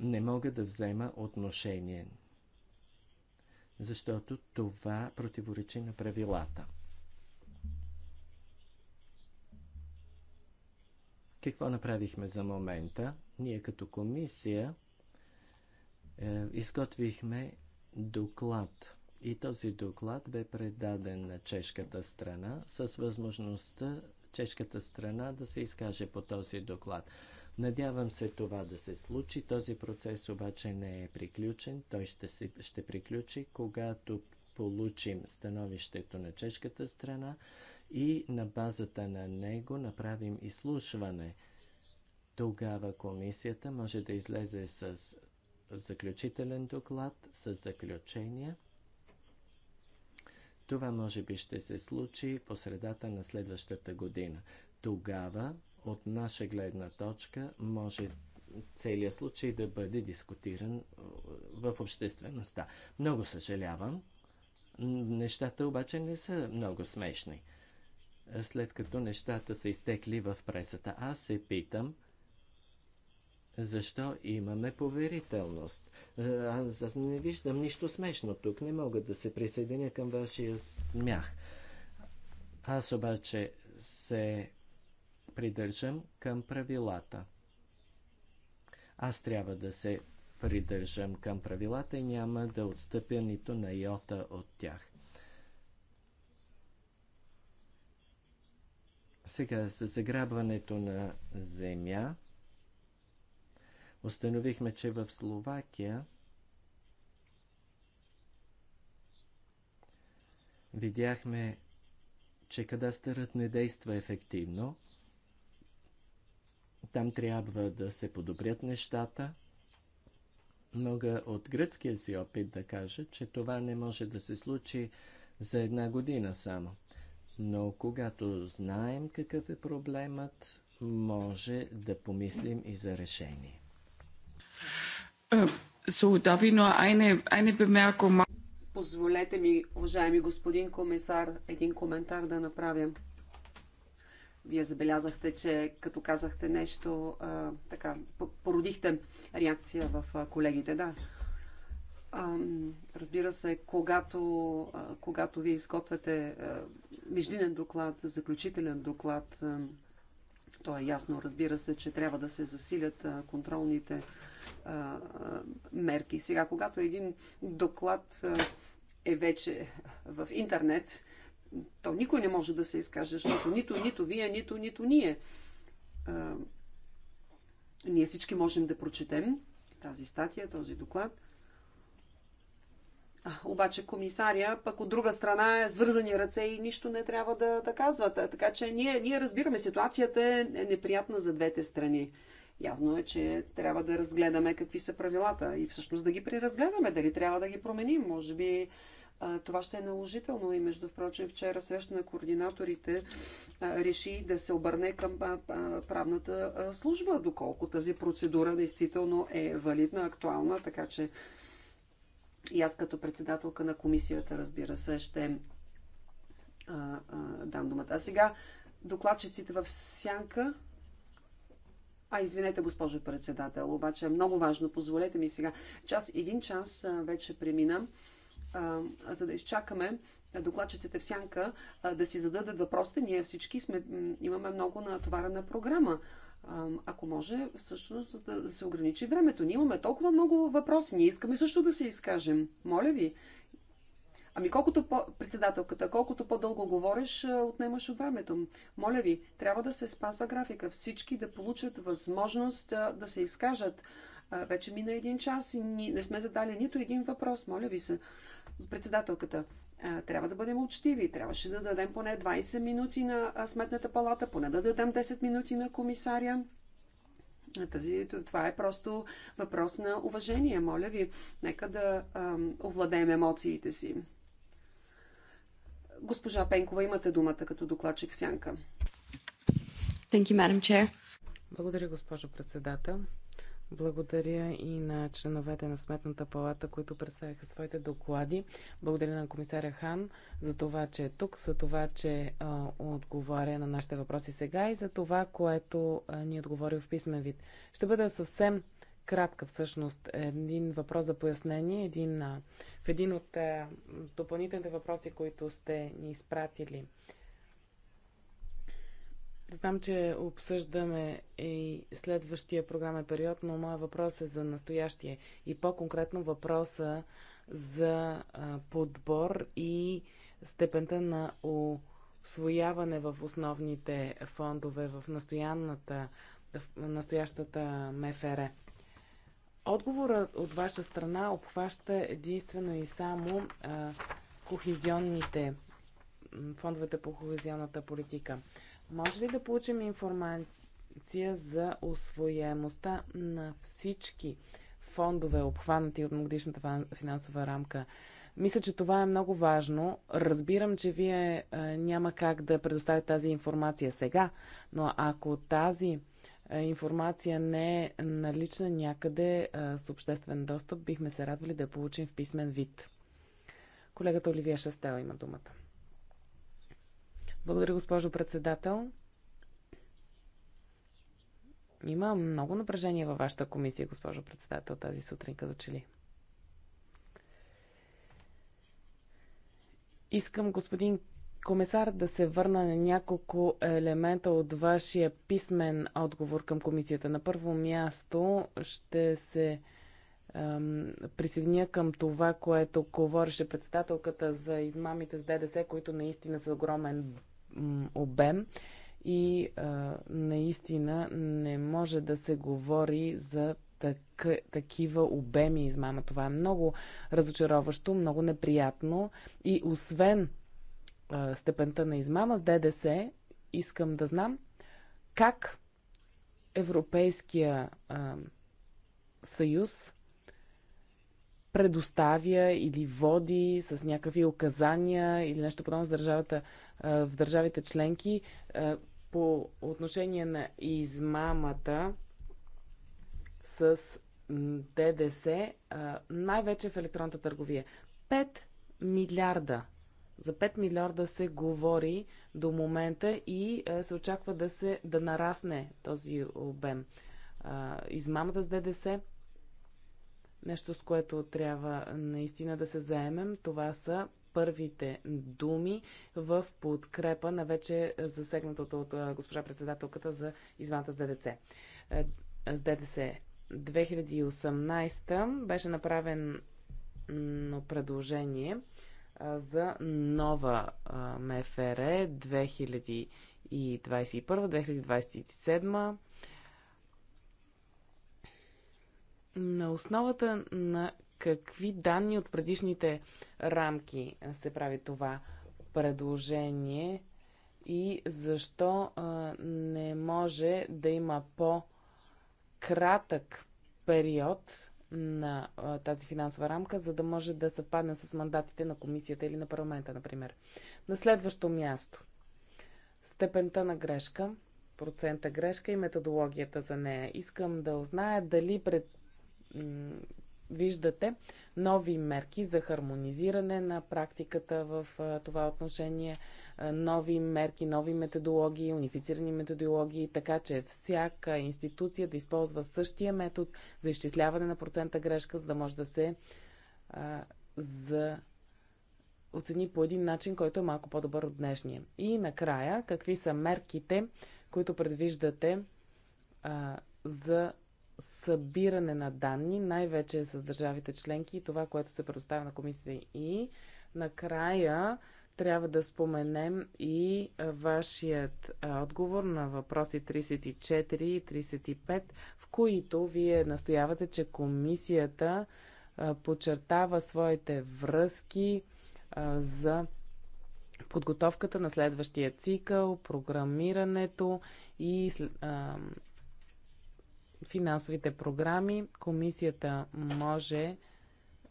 не мога да взема отношение, защото това противоречи на правилата. Какво направихме за момента? Ние като комисия е, изготвихме доклад. И този доклад бе предаден на чешката страна с възможността чешката страна да се изкаже по този доклад. Надявам се това да се случи. Този процес обаче не е приключен. Той ще, се, ще приключи, когато получим становището на чешката страна и на базата на него направим изслушване. Тогава комисията може да излезе с заключителен доклад с заключения. Това може би ще се случи по средата на следващата година. Тогава, от наша гледна точка, може целият случай да бъде дискутиран в обществеността. Много съжалявам. Нещата обаче не са много смешни. След като нещата са изтекли в пресата, аз се питам – защо имаме поверителност? Е, аз не виждам нищо смешно тук. Не мога да се присъединя към вашия смях. Аз обаче се придържам към правилата. Аз трябва да се придържам към правилата и няма да отстъпя нито на йота от тях. Сега с заграбването на земя Установихме, че в Словакия видяхме, че кадастърът не действа ефективно. Там трябва да се подобрят нещата. Мога от гръцкия си опит да кажа, че това не може да се случи за една година само. Но когато знаем какъв е проблемът, може да помислим и за решение. So, darf ich nur eine, eine Bemerkung machen? Позволете ми, уважаеми господин комисар, един коментар да направя. Вие забелязахте, че като казахте нещо, а, така, породихте реакция в колегите, да. А, разбира се, когато, а, когато вие изготвяте междинен доклад, заключителен доклад, а, то е ясно, разбира се, че трябва да се засилят а, контролните а, мерки. Сега, когато един доклад е вече в интернет, то никой не може да се изкаже, защото нито, нито вие, нито, нито ние. Ние всички можем да прочетем тази статия, този доклад. Обаче комисария, пък от друга страна е свързани ръце и нищо не трябва да, да казват. Така че ние, ние разбираме, ситуацията е неприятна за двете страни. Явно е, че трябва да разгледаме какви са правилата и всъщност да ги преразгледаме, дали трябва да ги променим. Може би това ще е наложително и между впрочем вчера среща на координаторите реши да се обърне към правната служба, доколко тази процедура действително е валидна, актуална, така че и аз като председателка на комисията, разбира се, ще дам думата. А сега докладчиците в сянка а, извинете, госпожо председател, обаче е много важно. Позволете ми сега. Час, един час вече преминам, за да изчакаме докладчиците в сянка да си зададат въпросите. Ние всички сме, имаме много натоварена програма. Ако може, всъщност, да се ограничи времето. Ние имаме толкова много въпроси. Ние искаме също да се изкажем. Моля ви. Ами колкото по... Председателката, колкото по-дълго говориш, отнемаш от времето. Моля ви, трябва да се спазва графика. Всички да получат възможност да се изкажат. Вече мина един час и не сме задали нито един въпрос. Моля ви се. Председателката, трябва да бъдем учтиви. Трябваше да дадем поне 20 минути на Сметната палата, поне да дадем 10 минути на комисаря. Тази, това е просто въпрос на уважение. Моля ви, нека да овладеем емоциите си. Госпожа Пенкова, имате думата като докладчик в сянка. Thank you, Madam Chair. Благодаря, госпожо председател. Благодаря и на членовете на Сметната палата, които представяха своите доклади. Благодаря на комисаря Хан за това, че е тук, за това, че а, отговаря на нашите въпроси сега и за това, което а, ни е отговори в писмен вид. Ще бъда съвсем кратка всъщност. Един въпрос за пояснение. Един, в един от допълнителните въпроси, които сте ни изпратили. Знам, че обсъждаме и следващия програмен период, но моят въпрос е за настоящия и по-конкретно въпроса за подбор и степента на освояване в основните фондове в настоящата МФР. Отговорът от ваша страна обхваща единствено и само а, кохезионните фондовете по кохезионната политика. Може ли да получим информация за освояемостта на всички фондове, обхванати от многодишната финансова рамка? Мисля, че това е много важно. Разбирам, че вие а, няма как да предоставите тази информация сега, но ако тази е, информация не е налична някъде е, с обществен достъп, бихме се радвали да получим в писмен вид. Колегата Оливия Шастела има думата. Благодаря, госпожо председател. Има много напрежение във вашата комисия, госпожо председател, тази сутрин, като че ли. Искам господин комисар, да се върна на няколко елемента от вашия писмен отговор към комисията. На първо място ще се ем, присъединя към това, което говореше председателката за измамите с ДДС, които наистина са огромен обем и е, наистина не може да се говори за так, такива обеми измама. Това е много разочароващо, много неприятно и освен степента на измама с ДДС, искам да знам как Европейския а, съюз предоставя или води с някакви указания или нещо подобно с държавата, в държавите членки по отношение на измамата с ДДС, най-вече в електронната търговия. 5 милиарда за 5 милиарда се говори до момента и е, се очаква да, се, да нарасне този обем. Измамата с ДДС нещо, с което трябва наистина да се заемем. Това са първите думи в подкрепа на вече засегнатото от е, госпожа председателката за измамата с ДДС. Е, с ДДС 2018 беше направено предложение за нова МФР 2021-2027 на основата на какви данни от предишните рамки се прави това предложение и защо не може да има по-кратък период на а, тази финансова рамка, за да може да съвпадне с мандатите на комисията или на парламента, например. На следващо място. Степента на грешка, процента грешка и методологията за нея. Искам да узная дали пред виждате нови мерки за хармонизиране на практиката в това отношение, нови мерки, нови методологии, унифицирани методологии, така че всяка институция да използва същия метод за изчисляване на процента грешка, за да може да се а, за оцени по един начин, който е малко по-добър от днешния. И накрая, какви са мерките, които предвиждате а, за събиране на данни, най-вече с държавите членки и това, което се предоставя на комисията. И накрая трябва да споменем и вашият отговор на въпроси 34 и 35, в които вие настоявате, че комисията подчертава своите връзки за подготовката на следващия цикъл, програмирането и финансовите програми, комисията може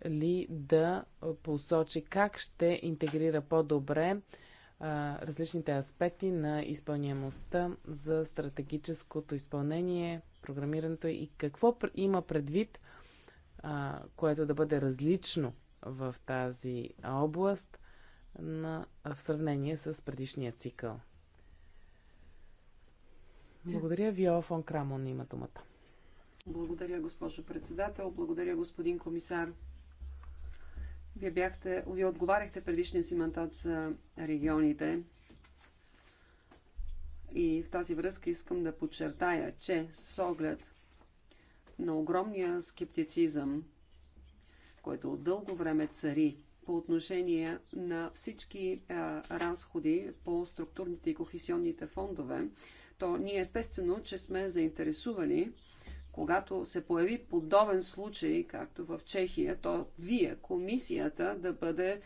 ли да посочи как ще интегрира по-добре различните аспекти на изпълняемостта за стратегическото изпълнение, програмирането и какво има предвид, а, което да бъде различно в тази област на, в сравнение с предишния цикъл. Благодаря. Вио фон Крамон има думата. Благодаря, госпожо председател. Благодаря, господин комисар. Вие бяхте, вие отговаряхте предишния си мандат за регионите. И в тази връзка искам да подчертая, че с оглед на огромния скептицизъм, който от дълго време цари по отношение на всички а, разходи по структурните и кохесионните фондове, то ние естествено, че сме заинтересувани когато се появи подобен случай, както в Чехия, то вие, комисията, да бъде е,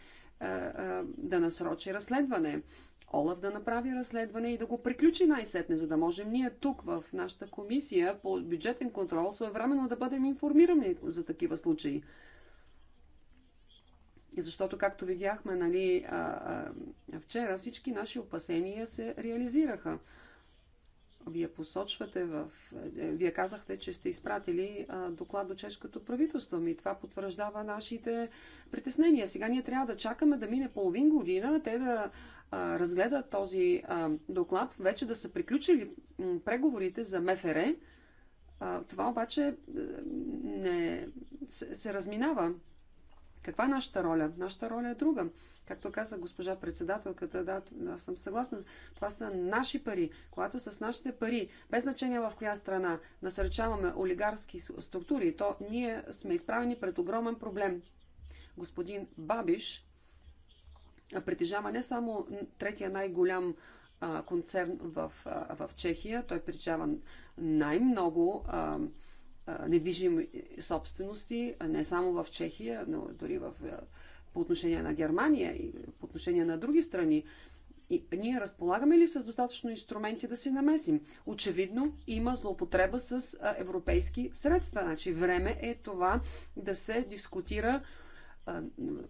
е, да насрочи разследване. Олаф да направи разследване и да го приключи най-сетне, за да можем ние тук в нашата комисия по бюджетен контрол своевременно да бъдем информирани за такива случаи. И защото, както видяхме нали, а, а, вчера, всички наши опасения се реализираха. Вие посочвате в... Е, вие казахте, че сте изпратили доклад до чешкото правителство. и това потвърждава нашите притеснения. Сега ние трябва да чакаме да мине половин година, те да разгледат този доклад, вече да са приключили преговорите за МФР. Това обаче е, не се разминава. Каква е нашата роля? Нашата роля е друга. Както каза госпожа председателката, да, аз съм съгласна, това са наши пари. Когато с нашите пари, без значение в коя страна, насърчаваме олигарски структури, то ние сме изправени пред огромен проблем. Господин Бабиш притежава не само третия най-голям концерн в, в Чехия, той притежава най-много недвижими собствености, не само в Чехия, но дори в, по отношение на Германия и по отношение на други страни. И ние разполагаме ли с достатъчно инструменти да се намесим? Очевидно има злоупотреба с европейски средства. Значи време е това да се дискутира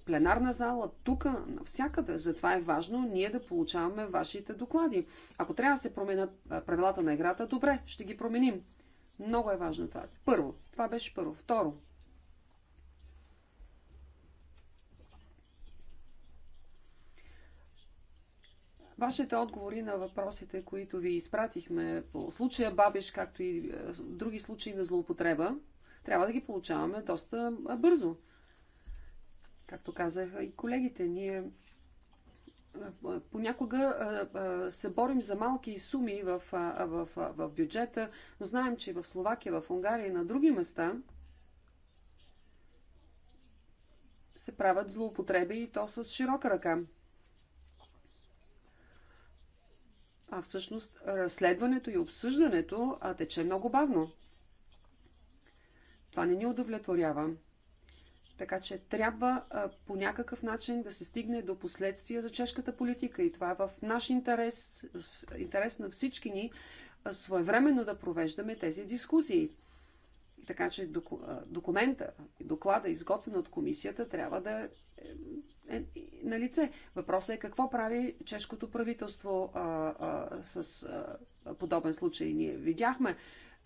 пленарна зала, тук, навсякъде. Затова е важно ние да получаваме вашите доклади. Ако трябва да се променят правилата на играта, добре, ще ги променим. Много е важно това. Първо. Това беше първо. Второ. Вашите отговори на въпросите, които ви изпратихме по случая Бабиш, както и е, други случаи на злоупотреба, трябва да ги получаваме доста е, бързо. Както казаха и колегите, ние понякога се борим за малки суми в, в, в бюджета, но знаем, че в Словакия, в Унгария и на други места се правят злоупотреби и то с широка ръка. А всъщност разследването и обсъждането тече много бавно. Това не ни удовлетворява. Така че трябва а, по някакъв начин да се стигне до последствия за чешката политика и това е в наш интерес, в интерес на всички ни, а, своевременно да провеждаме тези дискусии. Така че доку, а, документа, доклада, изготвен от комисията, трябва да е, е, е на лице. Въпросът е какво прави чешкото правителство а, а, с а, подобен случай. Ние видяхме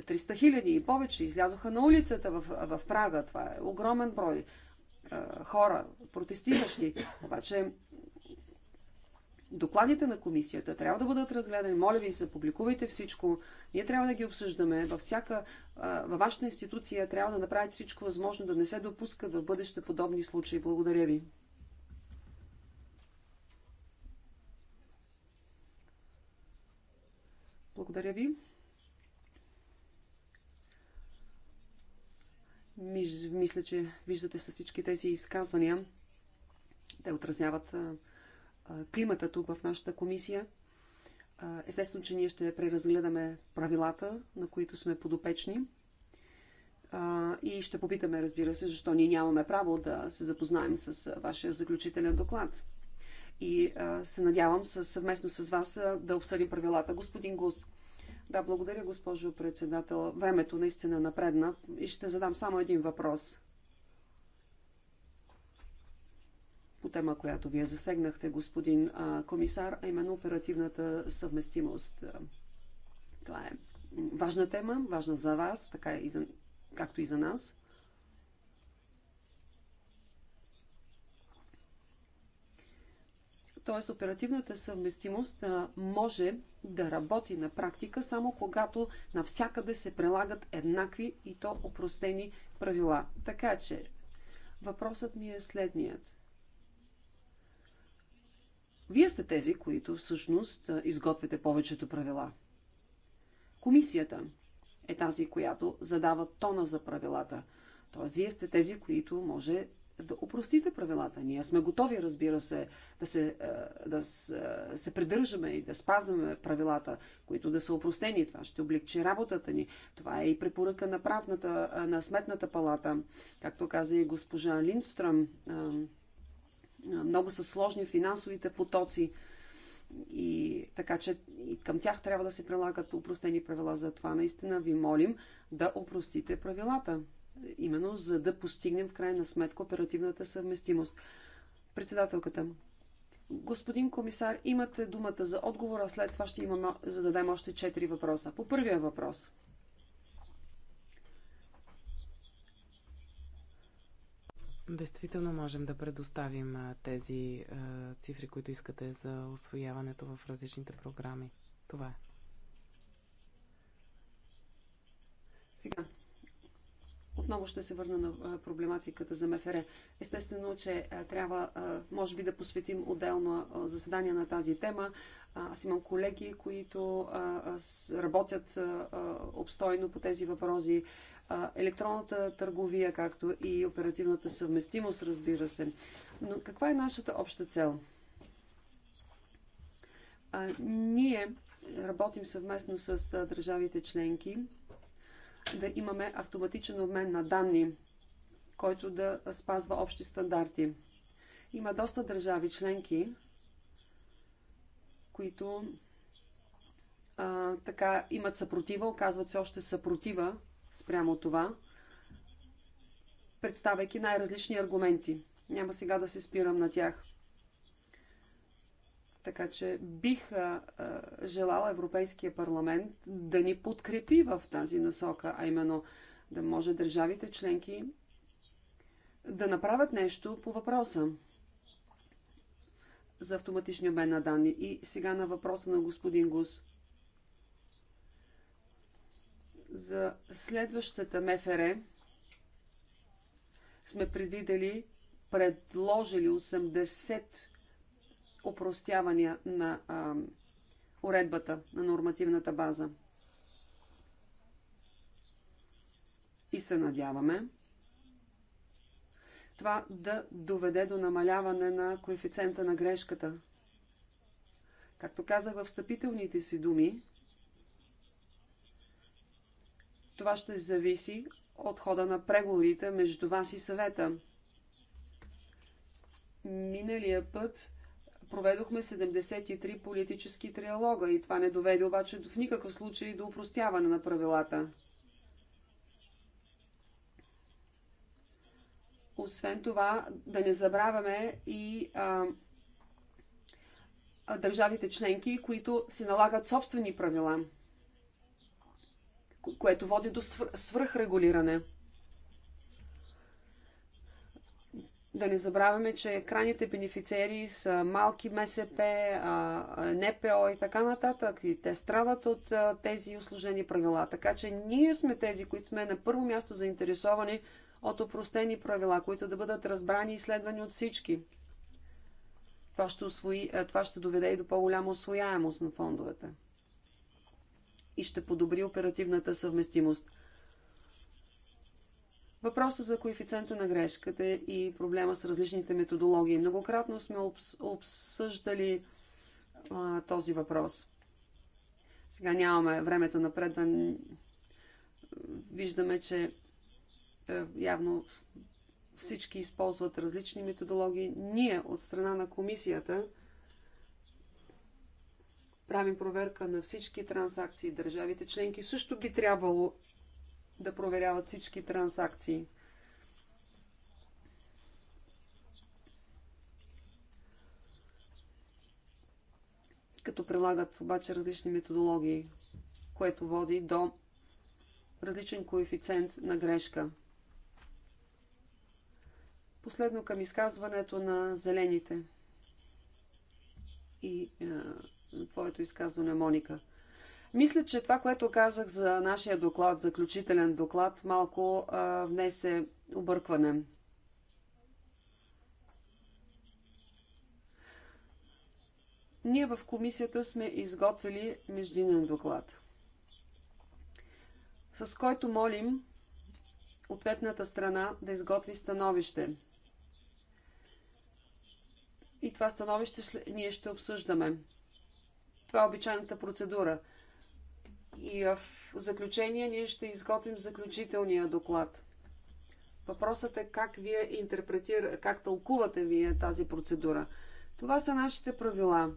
300 хиляди и повече излязоха на улицата в, в Прага. Това е огромен брой е, хора, протестиращи. Обаче докладите на комисията трябва да бъдат разгледани. Моля ви се, публикувайте всичко. Ние трябва да ги обсъждаме. Във всяка, е, във вашата институция трябва да направите всичко възможно да не се допускат в бъдеще подобни случаи. Благодаря ви. Благодаря ви. Мисля, че виждате с всички тези изказвания. Те отразяват климата тук в нашата комисия. Естествено, че ние ще преразгледаме правилата, на които сме подопечни. И ще попитаме, разбира се, защо ние нямаме право да се запознаем с вашия заключителен доклад. И се надявам съвместно с вас да обсъдим правилата. Господин Гус, да, благодаря, госпожо председател. Времето наистина напредна и ще задам само един въпрос. По тема, която вие засегнахте, господин а, комисар, а именно оперативната съвместимост. Това е важна тема, важна за вас, така и за, както и за нас. т.е. оперативната съвместимост може да работи на практика само когато навсякъде се прилагат еднакви и то опростени правила. Така че въпросът ми е следният. Вие сте тези, които всъщност изготвяте повечето правила. Комисията е тази, която задава тона за правилата. Тоест, вие сте тези, които може да упростите правилата. Ние сме готови, разбира се, да се, е, да е, се придържаме и да спазваме правилата, които да са упростени. Това ще облегчи работата ни. Това е и препоръка на правната, е, на сметната палата. Както каза и госпожа Линдстрам, много са сложни финансовите потоци. И така че и към тях трябва да се прилагат упростени правила. Затова наистина ви молим да упростите правилата именно за да постигнем в крайна сметка оперативната съвместимост. Председателката. Господин комисар, имате думата за отговора, след това ще имаме, зададем още четири въпроса. По първия въпрос. Действително можем да предоставим тези цифри, които искате за освояването в различните програми. Това е. Сега, отново ще се върна на проблематиката за МФР. Естествено, че трябва, може би, да посветим отделно заседание на тази тема. Аз имам колеги, които работят обстойно по тези въпроси. Електронната търговия, както и оперативната съвместимост, разбира се. Но каква е нашата обща цел? Ние работим съвместно с държавите членки да имаме автоматичен обмен на данни, който да спазва общи стандарти. Има доста държави членки, които а, така имат съпротива, оказват се още съпротива спрямо това, представяйки най-различни аргументи. Няма сега да се спирам на тях. Така че бих а, желала Европейския парламент да ни подкрепи в тази насока, а именно да може държавите членки да направят нещо по въпроса за автоматичния обмен на данни. И сега на въпроса на господин Гус. За следващата МФР сме предвидели, предложили 80 упростявания на а, уредбата, на нормативната база. И се надяваме това да доведе до намаляване на коефициента на грешката. Както казах в встъпителните си думи, това ще зависи от хода на преговорите между вас и съвета. Миналия път Проведохме 73 политически триалога и това не доведе обаче в никакъв случай до упростяване на правилата. Освен това, да не забравяме и а, държавите членки, които си налагат собствени правила, което води до свръхрегулиране. Да не забравяме, че крайните бенефициери са малки МСП, НПО и така нататък. И те страдат от тези осложнени правила. Така че ние сме тези, които сме на първо място заинтересовани от опростени правила, които да бъдат разбрани и следвани от всички. Това ще, освои, това ще доведе и до по-голяма освояемост на фондовете и ще подобри оперативната съвместимост. Въпросът за коефициента на грешката и проблема с различните методологии. Многократно сме обсъждали а, този въпрос. Сега нямаме времето напред, да виждаме, че е, явно всички използват различни методологии. Ние от страна на комисията правим проверка на всички транзакции. Държавите членки също би трябвало да проверяват всички транзакции. Като прилагат обаче различни методологии, което води до различен коефициент на грешка. Последно към изказването на зелените и е, твоето изказване, Моника – мисля, че това, което казах за нашия доклад, заключителен доклад, малко а, внесе объркване. Ние в комисията сме изготвили междинен доклад, с който молим ответната страна да изготви становище. И това становище ние ще обсъждаме. Това е обичайната процедура – и в заключение ние ще изготвим заключителния доклад. Въпросът е как вие интерпретира, как тълкувате вие тази процедура. Това са нашите правила.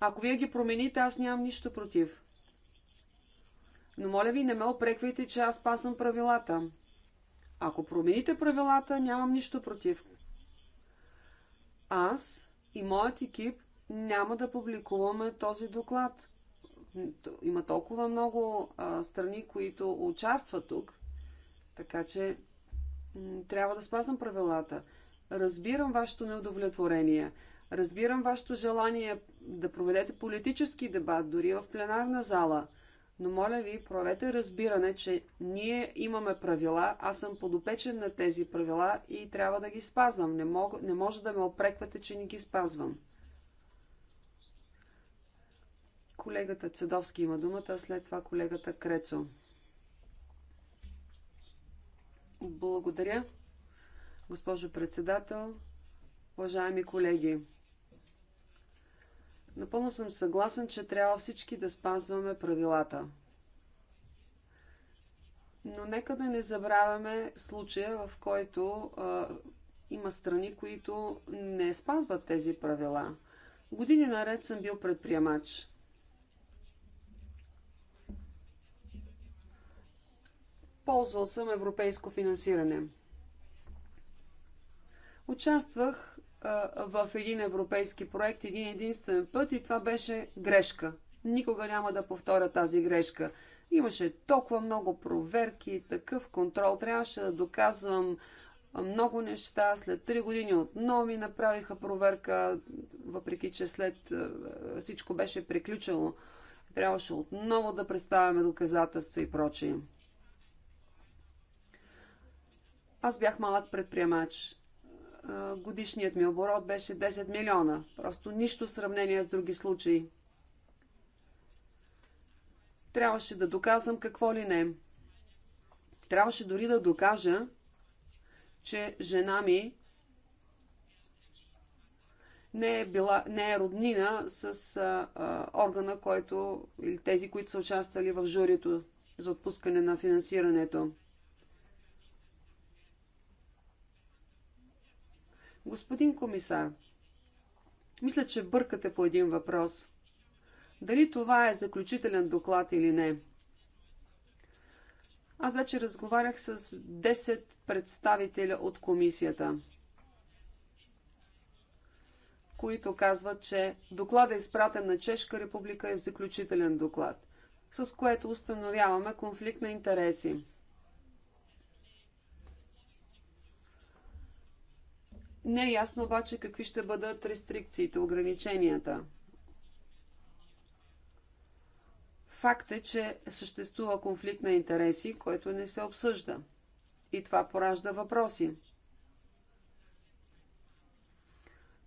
Ако вие ги промените, аз нямам нищо против. Но моля ви, не ме опреквайте, че аз пасам правилата. Ако промените правилата, нямам нищо против. Аз и моят екип няма да публикуваме този доклад. Има толкова много а, страни, които участват тук, така че трябва да спазвам правилата. Разбирам вашето неудовлетворение. Разбирам вашето желание да проведете политически дебат, дори в пленарна зала. Но моля ви, проведете разбиране, че ние имаме правила, аз съм подопечен на тези правила и трябва да ги спазвам. Не, мог, не може да ме опреквате, че не ги спазвам. Колегата Цедовски има думата, след това колегата Крецо. Благодаря, госпожо председател, уважаеми колеги. Напълно съм съгласен, че трябва всички да спазваме правилата. Но нека да не забравяме случая, в който а, има страни, които не спазват тези правила. Години наред съм бил предприемач. Ползвал съм европейско финансиране. Участвах в един европейски проект един единствен път и това беше грешка. Никога няма да повторя тази грешка. Имаше толкова много проверки, такъв контрол. Трябваше да доказвам много неща. След три години отново ми направиха проверка, въпреки че след всичко беше приключено. Трябваше отново да представяме доказателства и прочие. Аз бях малък предприемач. Е, годишният ми оборот беше 10 милиона. Просто нищо в сравнение с други случаи. Трябваше да доказвам какво ли не. Трябваше дори да докажа, че жена ми не е, била, не е роднина с а, а, органа, който или тези, които са участвали в журито за отпускане на финансирането. Господин комисар, мисля, че бъркате по един въпрос. Дали това е заключителен доклад или не? Аз вече разговарях с 10 представителя от комисията, които казват, че доклада е изпратен на Чешка република е заключителен доклад, с което установяваме конфликт на интереси. Не е ясно обаче какви ще бъдат рестрикциите, ограниченията. Факт е, че съществува конфликт на интереси, който не се обсъжда. И това поражда въпроси.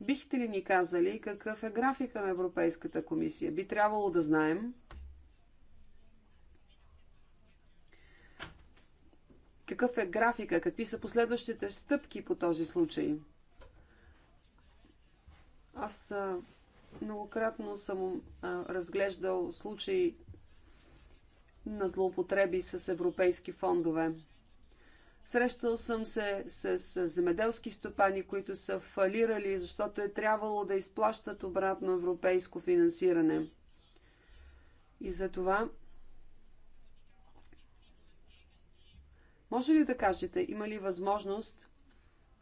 Бихте ли ни казали какъв е графика на Европейската комисия? Би трябвало да знаем. Какъв е графика? Какви са последващите стъпки по този случай? Аз многократно съм разглеждал случаи на злоупотреби с европейски фондове. Срещал съм се с, с земеделски стопани, които са фалирали, защото е трябвало да изплащат обратно европейско финансиране. И за това може ли да кажете, има ли възможност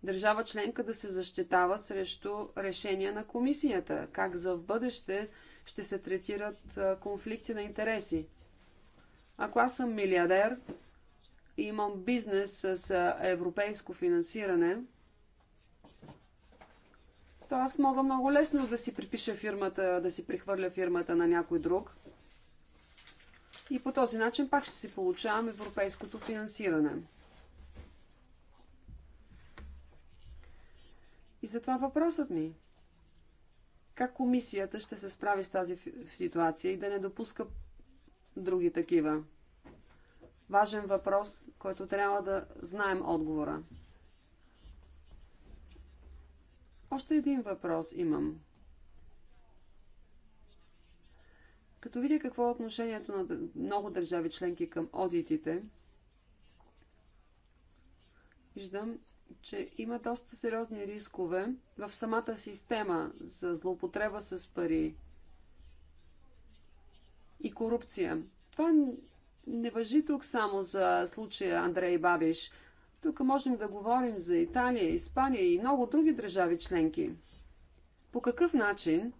държава членка да се защитава срещу решения на комисията, как за в бъдеще ще се третират конфликти на интереси. Ако аз съм милиардер и имам бизнес с европейско финансиране, то аз мога много лесно да си припиша фирмата, да си прихвърля фирмата на някой друг. И по този начин пак ще си получавам европейското финансиране. затова въпросът ми е, как комисията ще се справи с тази ситуация и да не допуска други такива? Важен въпрос, който трябва да знаем отговора. Още един въпрос имам. Като видя какво е отношението на много държави членки към одитите, виждам, че има доста сериозни рискове в самата система за злоупотреба с пари и корупция. Това не въжи тук само за случая Андрей Бабиш. Тук можем да говорим за Италия, Испания и много други държави членки. По какъв начин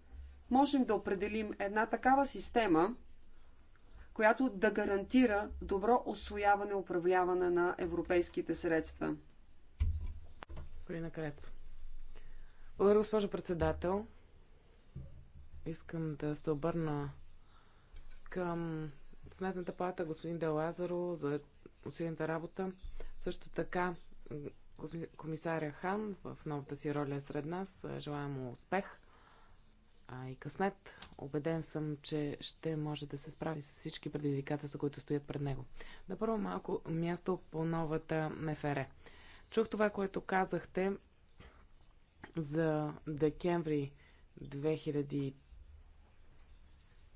можем да определим една такава система, която да гарантира добро освояване и управляване на европейските средства? Господин Крецо. Благодаря, госпожо председател. Искам да се обърна към Сметната палата, господин Делазаро, за усилената работа. Също така, комисаря Хан в новата си роля е сред нас. Желая му успех а и късмет. Обеден съм, че ще може да се справи с всички предизвикателства, които стоят пред него. На първо малко място по новата МФР. Чух това, което казахте за декември 2013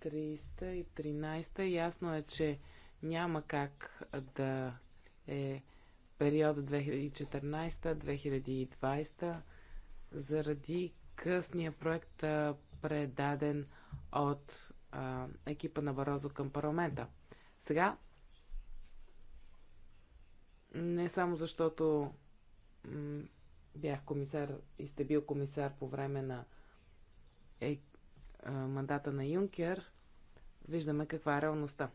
и 13. Ясно е, че няма как да е периода 2014-2020 заради късния проект предаден от а, екипа на Барозо към парламента. Сега, не само защото бях комисар и сте бил комисар по време на е, е, мандата на Юнкер, виждаме каква е реалността.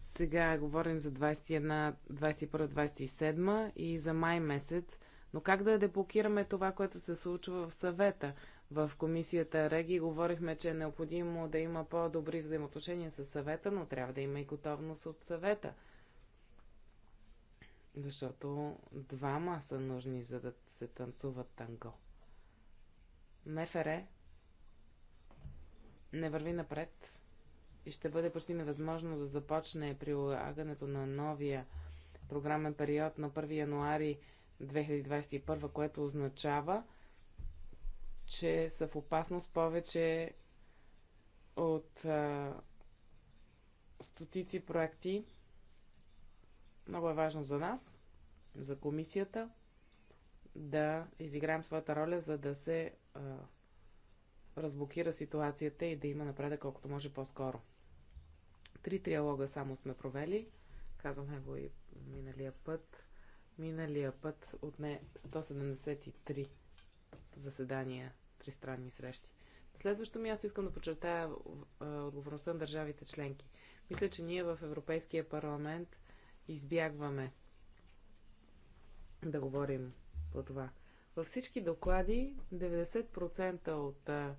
Сега говорим за 21-27 и за май месец, но как да деблокираме това, което се случва в съвета? в комисията Реги говорихме, че е необходимо да има по-добри взаимоотношения с съвета, но трябва да има и готовност от съвета. Защото двама са нужни, за да се танцуват танго. Мефере не върви напред и ще бъде почти невъзможно да започне прилагането на новия програмен период на 1 януари 2021, което означава, че са в опасност повече от а, стотици проекти. Много е важно за нас, за комисията, да изиграем своята роля, за да се а, разблокира ситуацията и да има напредък колкото може по-скоро. Три триалога само сме провели. Казахме го и миналия път. Миналия път отне 173 заседания, тристранни срещи. На следващо място искам да подчертая отговорността на държавите членки. Мисля, че ние в Европейския парламент избягваме да говорим по това. Във всички доклади 90% от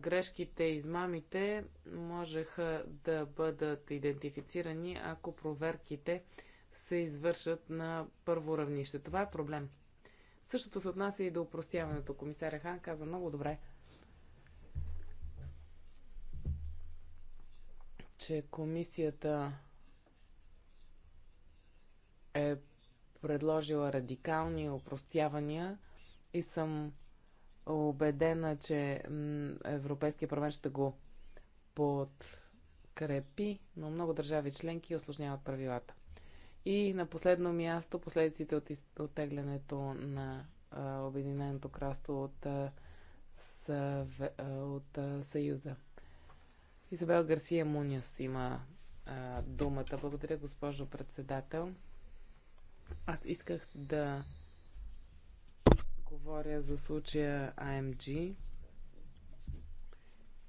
грешките, и измамите можеха да бъдат идентифицирани, ако проверките се извършат на първо равнище. Това е проблем. Същото се отнася и до упростяването. Комисаря Хан каза много добре, че комисията е предложила радикални упростявания и съм убедена, че Европейския парламент ще го подкрепи, но много държави членки осложняват правилата. И на последно място последиците от оттеглянето на а, Обединеното кралство от, а, а, от а, Съюза. Изабел Гарсия Муняс има а, думата. Благодаря, госпожо председател. Аз исках да говоря за случая АМГ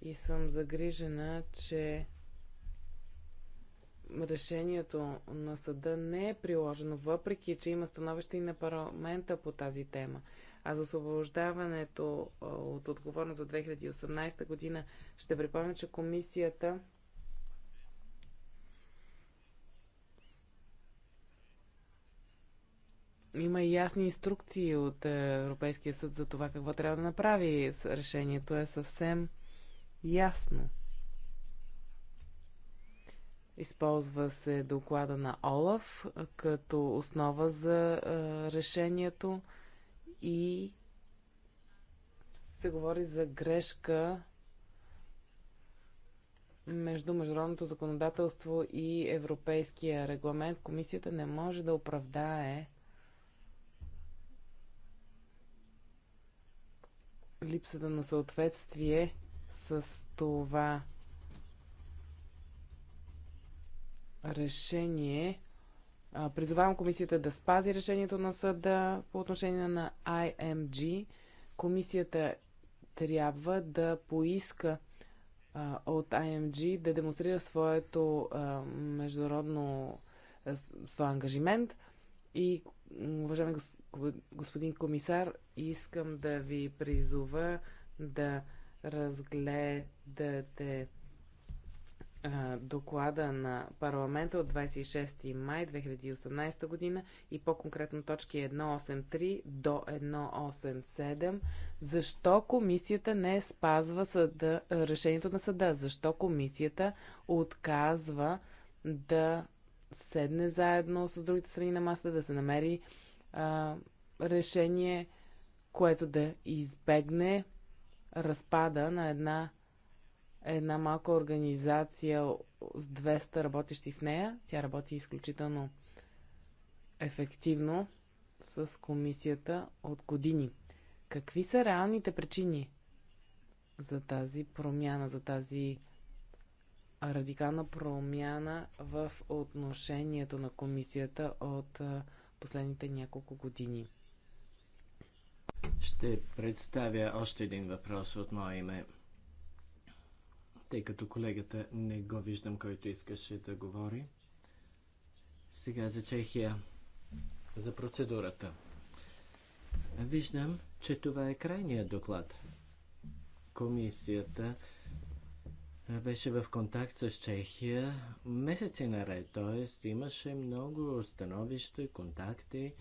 и съм загрижена, че решението на съда не е приложено, въпреки че има становище и на парламента по тази тема. А за освобождаването от отговорност за 2018 година ще припомня, че комисията има и ясни инструкции от е, Европейския съд за това какво трябва да направи. Решението е съвсем ясно. Използва се доклада на Олаф като основа за а, решението и се говори за грешка между международното законодателство и европейския регламент. Комисията не може да оправдае липсата на съответствие с това решение. Призовавам комисията да спази решението на съда по отношение на IMG. Комисията трябва да поиска а, от IMG да демонстрира своето а, международно а, своя ангажимент. И, уважаеми гос, господин комисар, искам да ви призова да разгледате доклада на парламента от 26 май 2018 година и по-конкретно точки 183 до 187. Защо комисията не спазва съда, решението на съда? Защо комисията отказва да седне заедно с другите страни на масата, да се намери а, решение, което да избегне разпада на една една малка организация с 200 работещи в нея. Тя работи изключително ефективно с комисията от години. Какви са реалните причини за тази промяна, за тази радикална промяна в отношението на комисията от последните няколко години? Ще представя още един въпрос от мое име тъй като колегата не го виждам, който искаше да говори. Сега за Чехия, за процедурата. Виждам, че това е крайният доклад. Комисията беше в контакт с Чехия месеци наред, т.е. имаше много становища, контакти.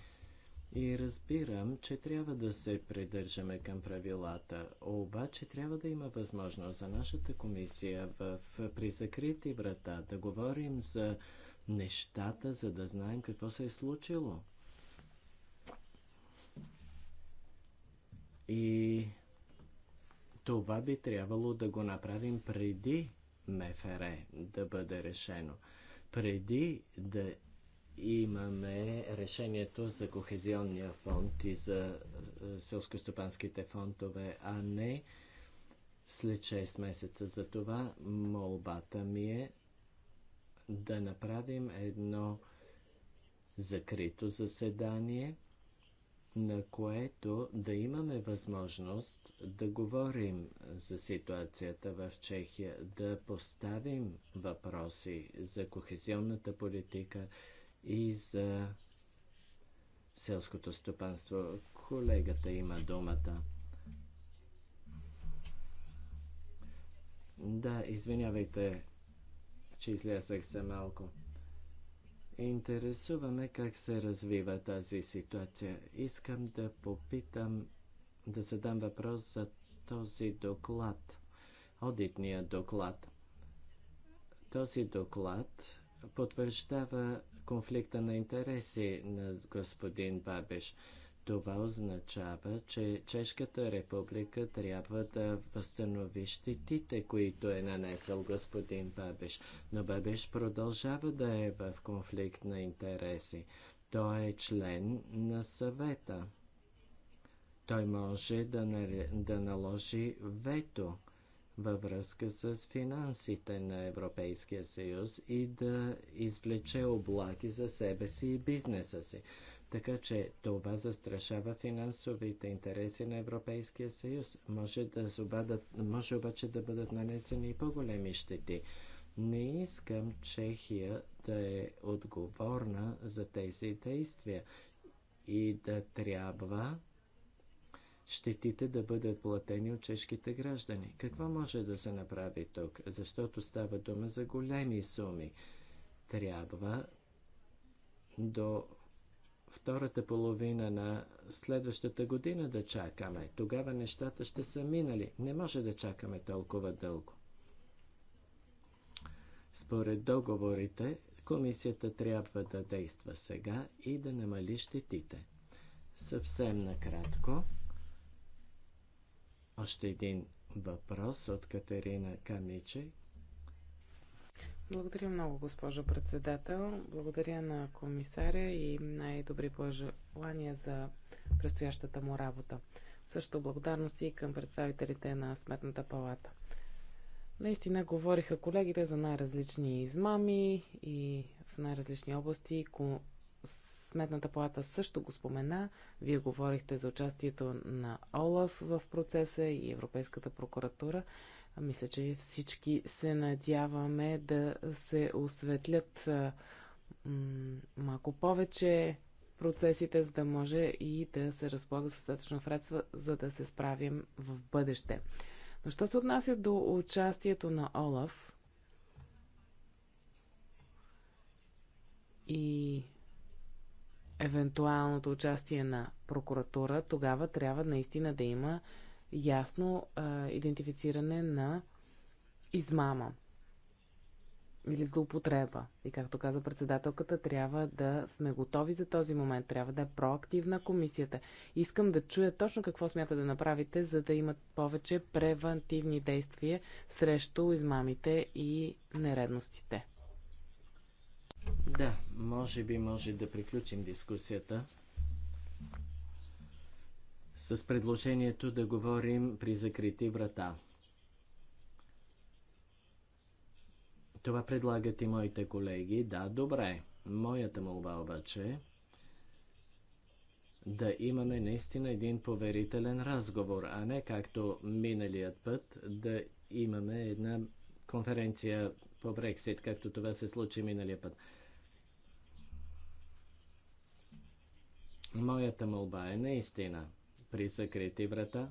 И разбирам, че трябва да се придържаме към правилата, обаче трябва да има възможност за нашата комисия в, при закрити врата да говорим за нещата, за да знаем какво се е случило. И това би трябвало да го направим преди МФР е да бъде решено. Преди да имаме решението за кохезионния фонд и за е, селскостопанските фондове, а не след 6 месеца. За това молбата ми е да направим едно закрито заседание, на което да имаме възможност да говорим за ситуацията в Чехия, да поставим въпроси за кохезионната политика, и за селското стопанство. Колегата има думата. Да, извинявайте, че излязах за малко. Интересуваме как се развива тази ситуация. Искам да попитам, да задам въпрос за този доклад, одитния доклад. Този доклад потвърждава конфликта на интереси на господин Бабиш. Това означава, че Чешката република трябва да възстанови щетите, които е нанесъл господин Бабиш. Но Бабиш продължава да е в конфликт на интереси. Той е член на съвета. Той може да, на... да наложи вето във връзка с финансите на Европейския съюз и да извлече облаки за себе си и бизнеса си. Така че това застрашава финансовите интереси на Европейския съюз. Може, да зубадат, може обаче да бъдат нанесени и по-големи щети. Не искам Чехия да е отговорна за тези действия и да трябва щетите да бъдат платени от чешките граждани. Какво може да се направи тук? Защото става дума за големи суми. Трябва до втората половина на следващата година да чакаме. Тогава нещата ще са минали. Не може да чакаме толкова дълго. Според договорите, комисията трябва да действа сега и да намали щетите. Съвсем накратко. Още един въпрос от Катерина Камиче. Благодаря много, госпожо председател. Благодаря на комисаря и най-добри пожелания за предстоящата му работа. Също благодарности и към представителите на Сметната палата. Наистина говориха колегите за най-различни измами и в най-различни области, с Сметната палата също го спомена. Вие говорихте за участието на ОЛАФ в процеса и Европейската прокуратура. Мисля, че всички се надяваме да се осветлят малко повече процесите, за да може и да се разполага с достатъчно средства, за да се справим в бъдеще. Но що се отнася до участието на Олаф и евентуалното участие на прокуратура, тогава трябва наистина да има ясно а, идентифициране на измама или злоупотреба. И както каза председателката, трябва да сме готови за този момент, трябва да е проактивна комисията. Искам да чуя точно какво смята да направите, за да имат повече превантивни действия срещу измамите и нередностите. Да, може би може да приключим дискусията с предложението да говорим при закрити врата. Това предлагат и моите колеги. Да, добре. Моята молба обаче е да имаме наистина един поверителен разговор, а не както миналият път да имаме една конференция по Брексит, както това се случи миналия път. Моята молба е наистина при закрити врата,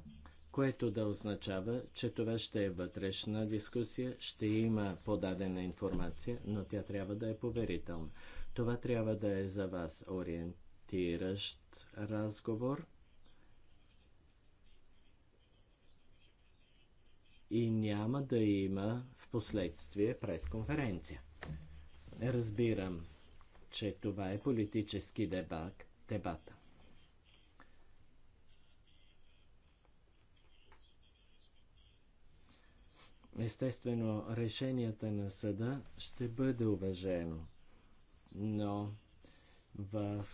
което да означава, че това ще е вътрешна дискусия, ще има подадена информация, но тя трябва да е поверителна. Това трябва да е за вас ориентиращ разговор – и няма да има в последствие пресконференция. Разбирам, че това е политически дебат, дебата. Естествено, решенията на съда ще бъде уважено, но в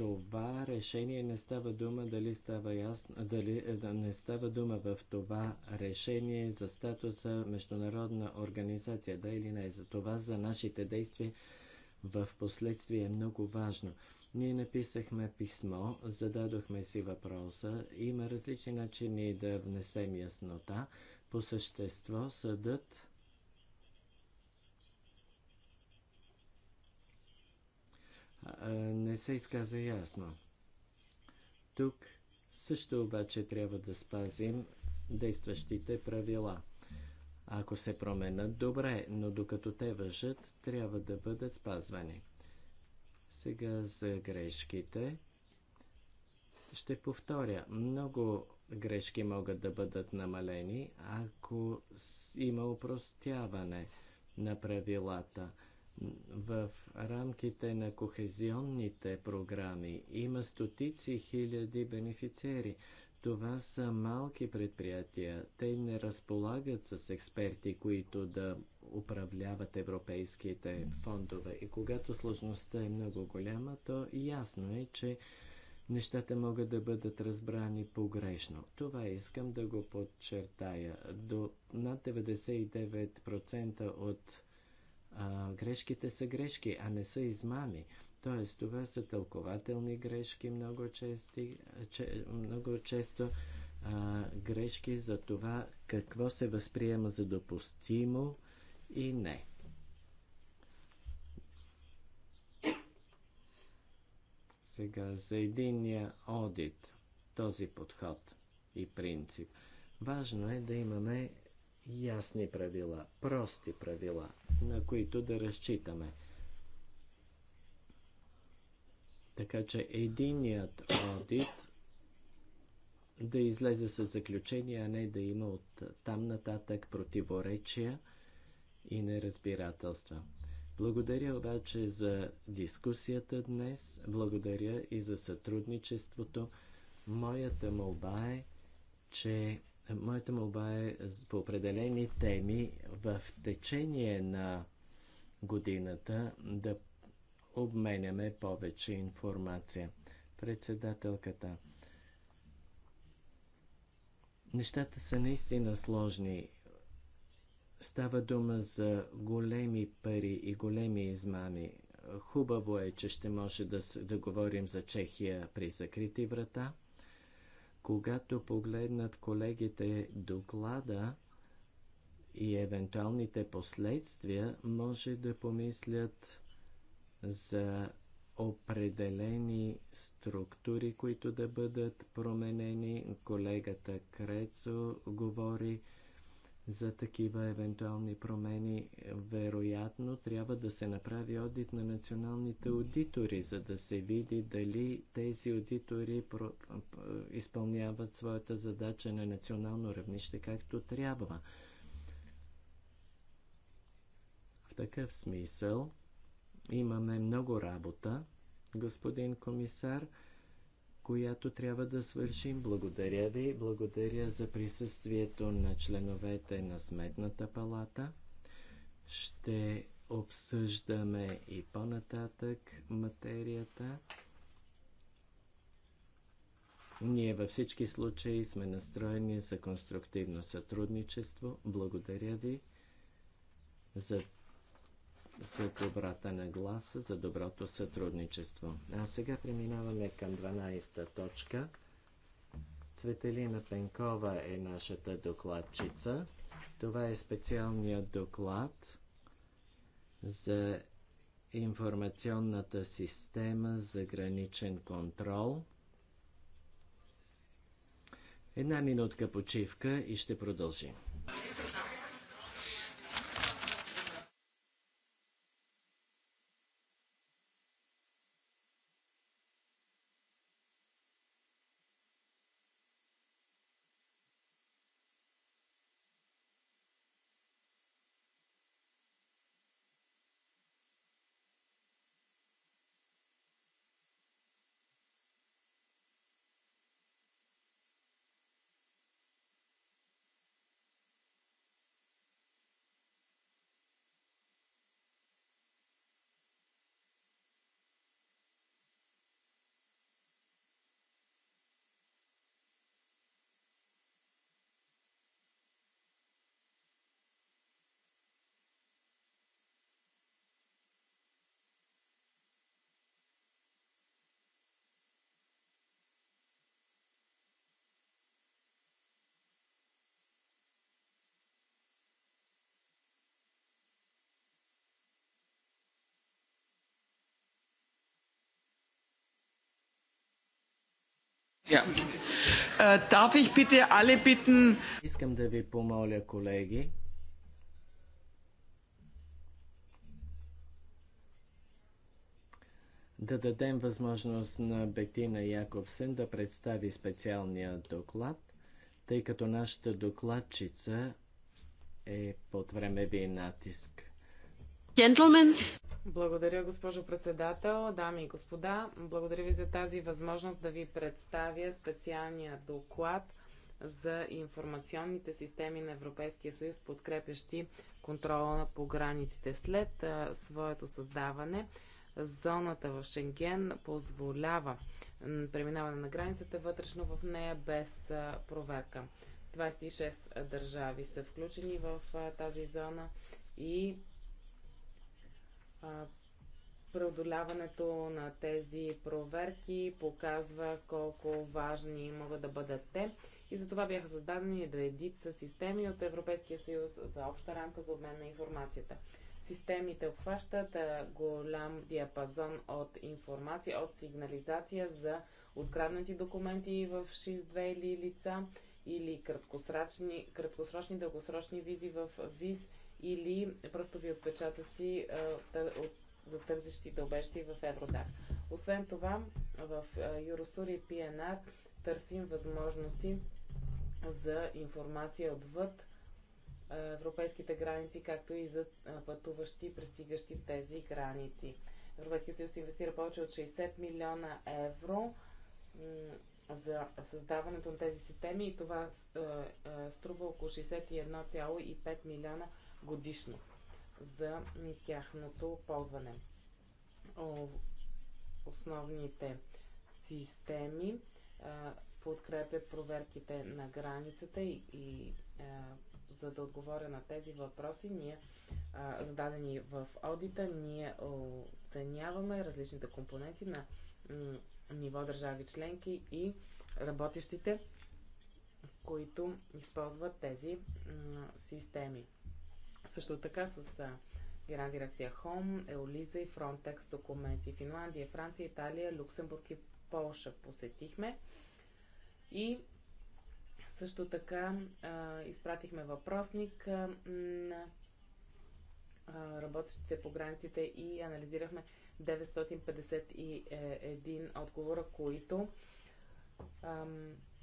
това решение не става дума дали става ясно, дали е, не става дума в това решение за статуса международна организация, да или не. За това за нашите действия в последствие е много важно. Ние написахме писмо, зададохме си въпроса. Има различни начини да внесем яснота. По същество съдът не се изказа ясно. Тук също обаче трябва да спазим действащите правила. Ако се променят, добре, но докато те въжат, трябва да бъдат спазвани. Сега за грешките. Ще повторя, много грешки могат да бъдат намалени, ако има упростяване на правилата – в рамките на кохезионните програми има стотици хиляди бенефициери. Това са малки предприятия. Те не разполагат с експерти, които да управляват европейските фондове. И когато сложността е много голяма, то ясно е, че нещата могат да бъдат разбрани погрешно. Това искам да го подчертая. До над 99% от а, грешките са грешки, а не са измами. Тоест, това са тълкователни грешки много, чести, че, много често, а, грешки за това какво се възприема за допустимо и не. Сега за единия одит, този подход и принцип. Важно е да имаме ясни правила, прости правила, на които да разчитаме. Така че единият одит да излезе с заключение, а не да има от там нататък противоречия и неразбирателства. Благодаря обаче за дискусията днес, благодаря и за сътрудничеството. Моята молба е, че Моята молба е по определени теми в течение на годината да обменяме повече информация. Председателката. Нещата са наистина сложни. Става дума за големи пари и големи измами. Хубаво е, че ще може да, да говорим за Чехия при закрити врата – когато погледнат колегите доклада и евентуалните последствия, може да помислят за определени структури, които да бъдат променени. Колегата Крецо говори за такива евентуални промени. Вероятно трябва да се направи одит на националните аудитори, за да се види дали тези аудитори изпълняват своята задача на национално равнище както трябва. В такъв смисъл имаме много работа, господин комисар която трябва да свършим. Благодаря ви, благодаря за присъствието на членовете на Сметната палата. Ще обсъждаме и по-нататък материята. Ние във всички случаи сме настроени за конструктивно сътрудничество. Благодаря ви за за добрата нагласа, за доброто сътрудничество. А сега преминаваме към 12-та точка. Цветелина Пенкова е нашата докладчица. Това е специалният доклад за информационната система за граничен контрол. Една минутка почивка и ще продължим. Е, Äh, Искам да ви помоля, колеги, да дадем възможност на Бетина Яковсен да представи специалния доклад, тъй като нашата докладчица е под времеви натиск gentlemen. Благодаря, госпожо председател, дами и господа. Благодаря ви за тази възможност да ви представя специалния доклад за информационните системи на Европейския съюз, подкрепящи контрола по границите. След а, своето създаване, зоната в Шенген позволява преминаване на границата вътрешно в нея без а, проверка. 26 държави са включени в а, тази зона и преодоляването на тези проверки показва колко важни могат да бъдат те. И за това бяха създадени редица системи от Европейския съюз за обща рамка за обмен на информацията. Системите обхващат голям диапазон от информация, от сигнализация за откраднати документи в 6-2 или лица, или краткосрочни, краткосрочни дългосрочни визи в ВИЗ или пръстови отпечатъци от за търсещи дълбещи в Евродак. Освен това, в Юросур и PNR търсим възможности за информация отвъд европейските граници, както и за пътуващи, пристигащи в тези граници. Европейския съюз инвестира повече от 60 милиона евро за създаването на тези системи и това струва около 61,5 милиона евро годишно за тяхното ползване. Основните системи подкрепят проверките на границата и, и а, за да отговоря на тези въпроси, ние, а, зададени в аудита, ние оценяваме различните компоненти на ниво държави членки и работещите, които използват тези системи. Също така с Иран дирекция Хом, Еолиза и Фронтекс документи. Финландия, Франция, Италия, Люксембург и Полша посетихме. И също така а, изпратихме въпросник а, на а, работещите по границите и анализирахме 951 е, отговора, които а,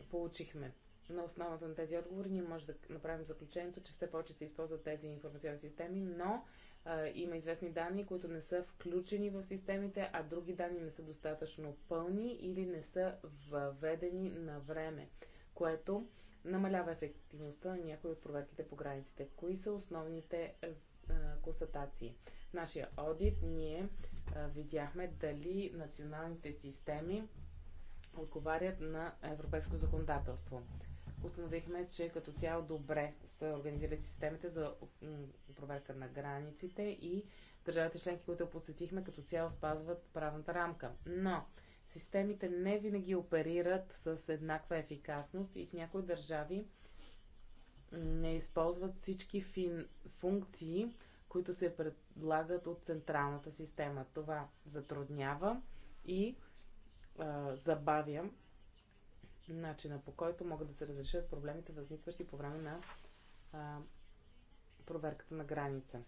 получихме на основата на тези отговори ние може да направим заключението, че все повече се използват тези информационни системи, но а, има известни данни, които не са включени в системите, а други данни не са достатъчно пълни или не са въведени на време, което намалява ефективността на някои от проверките по границите. Кои са основните а, констатации? В нашия одит ние а, видяхме дали националните системи отговарят на европейското законодателство установихме, че като цяло добре са организирали системите за проверка на границите и държавите членки, които посетихме, като цяло спазват правната рамка. Но системите не винаги оперират с еднаква ефикасност и в някои държави не използват всички фин... функции, които се предлагат от централната система. Това затруднява и а, забавя начина по който могат да се разрешат проблемите, възникващи по време на а, проверката на граница.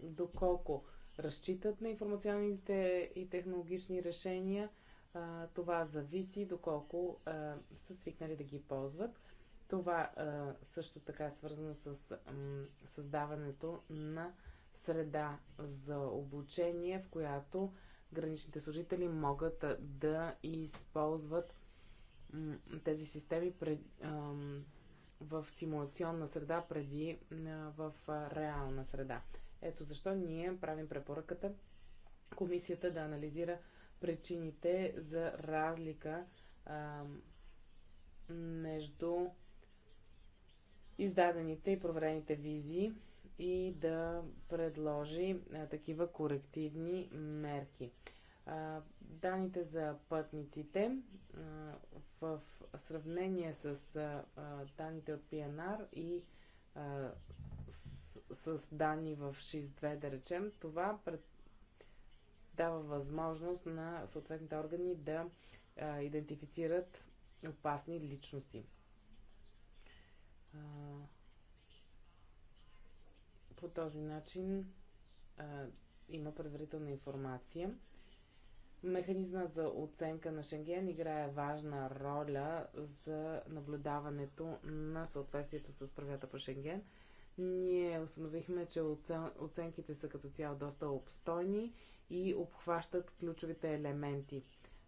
Доколко разчитат на информационните и технологични решения, а, това зависи доколко а, са свикнали да ги ползват. Това а, също така е свързано с а, създаването на среда за обучение, в която граничните служители могат да използват тези системи пред, в симулационна среда преди а, в а, реална среда. Ето защо ние правим препоръката комисията да анализира причините за разлика между издадените и проверените визи и да предложи а, такива корективни мерки данните за пътниците в сравнение с данните от PNR и с, данни в 6.2, да речем, това пред, дава възможност на съответните органи да идентифицират опасни личности. по този начин има предварителна информация. Механизма за оценка на Шенген играе важна роля за наблюдаването на съответствието с правилата по Шенген. Ние установихме, че оценките са като цяло доста обстойни и обхващат ключовите елементи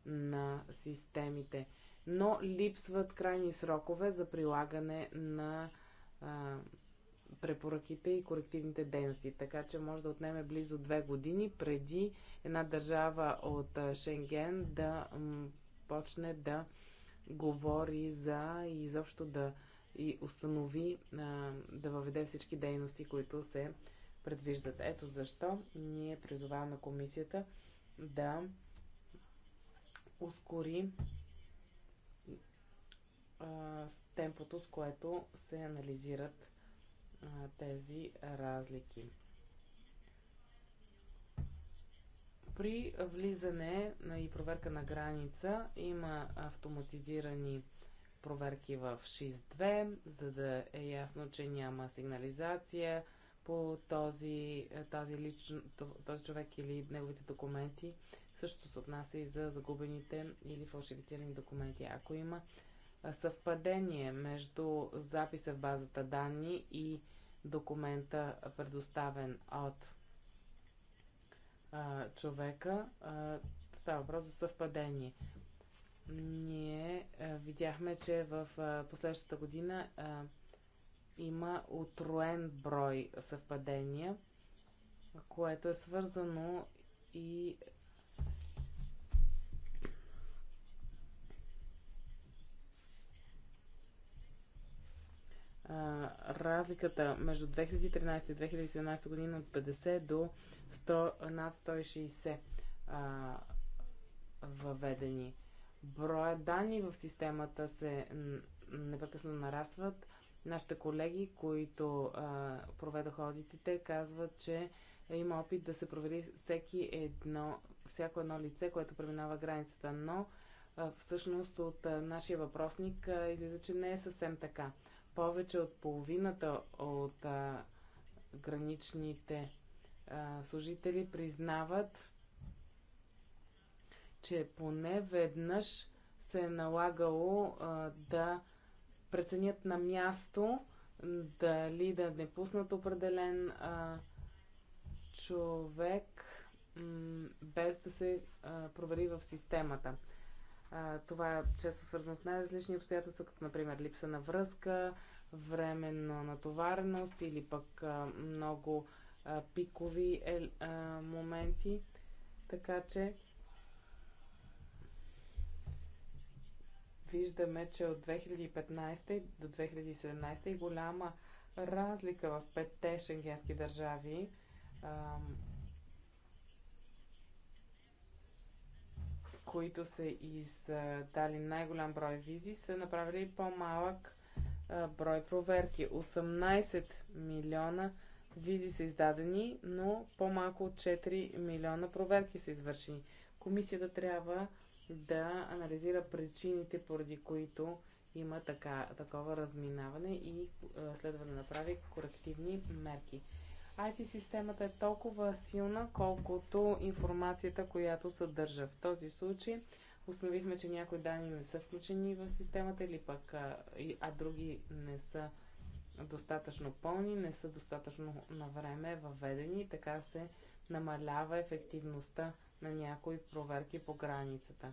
на системите. Но липсват крайни срокове за прилагане на а, препоръките и корективните дейности. Така че може да отнеме близо две години преди една държава от Шенген да почне да говори за и изобщо да и установи да въведе всички дейности, които се предвиждат. Ето защо ние призоваваме комисията да ускори а, темпото, с което се анализират тези разлики. При влизане и проверка на граница има автоматизирани проверки в 6.2, за да е ясно, че няма сигнализация по този, е, тази лично, този човек или неговите документи. Също се отнася и за загубените или фалшифицирани документи. Ако има съвпадение между записа в базата данни и документа, предоставен от а, човека. А, става въпрос за съвпадение. Ние а, видяхме, че в а, последващата година а, има отроен брой съвпадения, което е свързано и а, разликата между 2013 и 2017 година от 50 до 100, над 160 а, въведени. Броя данни в системата се непрекъснато нарастват. Нашите колеги, които а, проведоха одитите, казват, че има опит да се провери всеки едно, всяко едно лице, което преминава границата, но а, всъщност от а, нашия въпросник а, излиза, че не е съвсем така повече от половината от а, граничните а, служители признават, че поне веднъж се е налагало а, да преценят на място дали да е не пуснат определен а, човек без да се а, провери в системата. А, това е често свързано с най-различни обстоятелства, като например липса на връзка, временна натовареност или пък а, много а, пикови е, а, моменти. Така че виждаме, че от 2015 до 2017 е голяма разлика в петте шенгенски държави. А, които са издали най-голям брой визи, са направили по-малък брой проверки. 18 милиона визи са издадени, но по-малко от 4 милиона проверки са извършени. Комисията трябва да анализира причините, поради които има така, такова разминаване и следва да направи корективни мерки. IT-системата е толкова силна, колкото информацията, която съдържа. В този случай установихме, че някои данни не са включени в системата или пък, а, а други не са достатъчно пълни, не са достатъчно на време въведени и така се намалява ефективността на някои проверки по границата.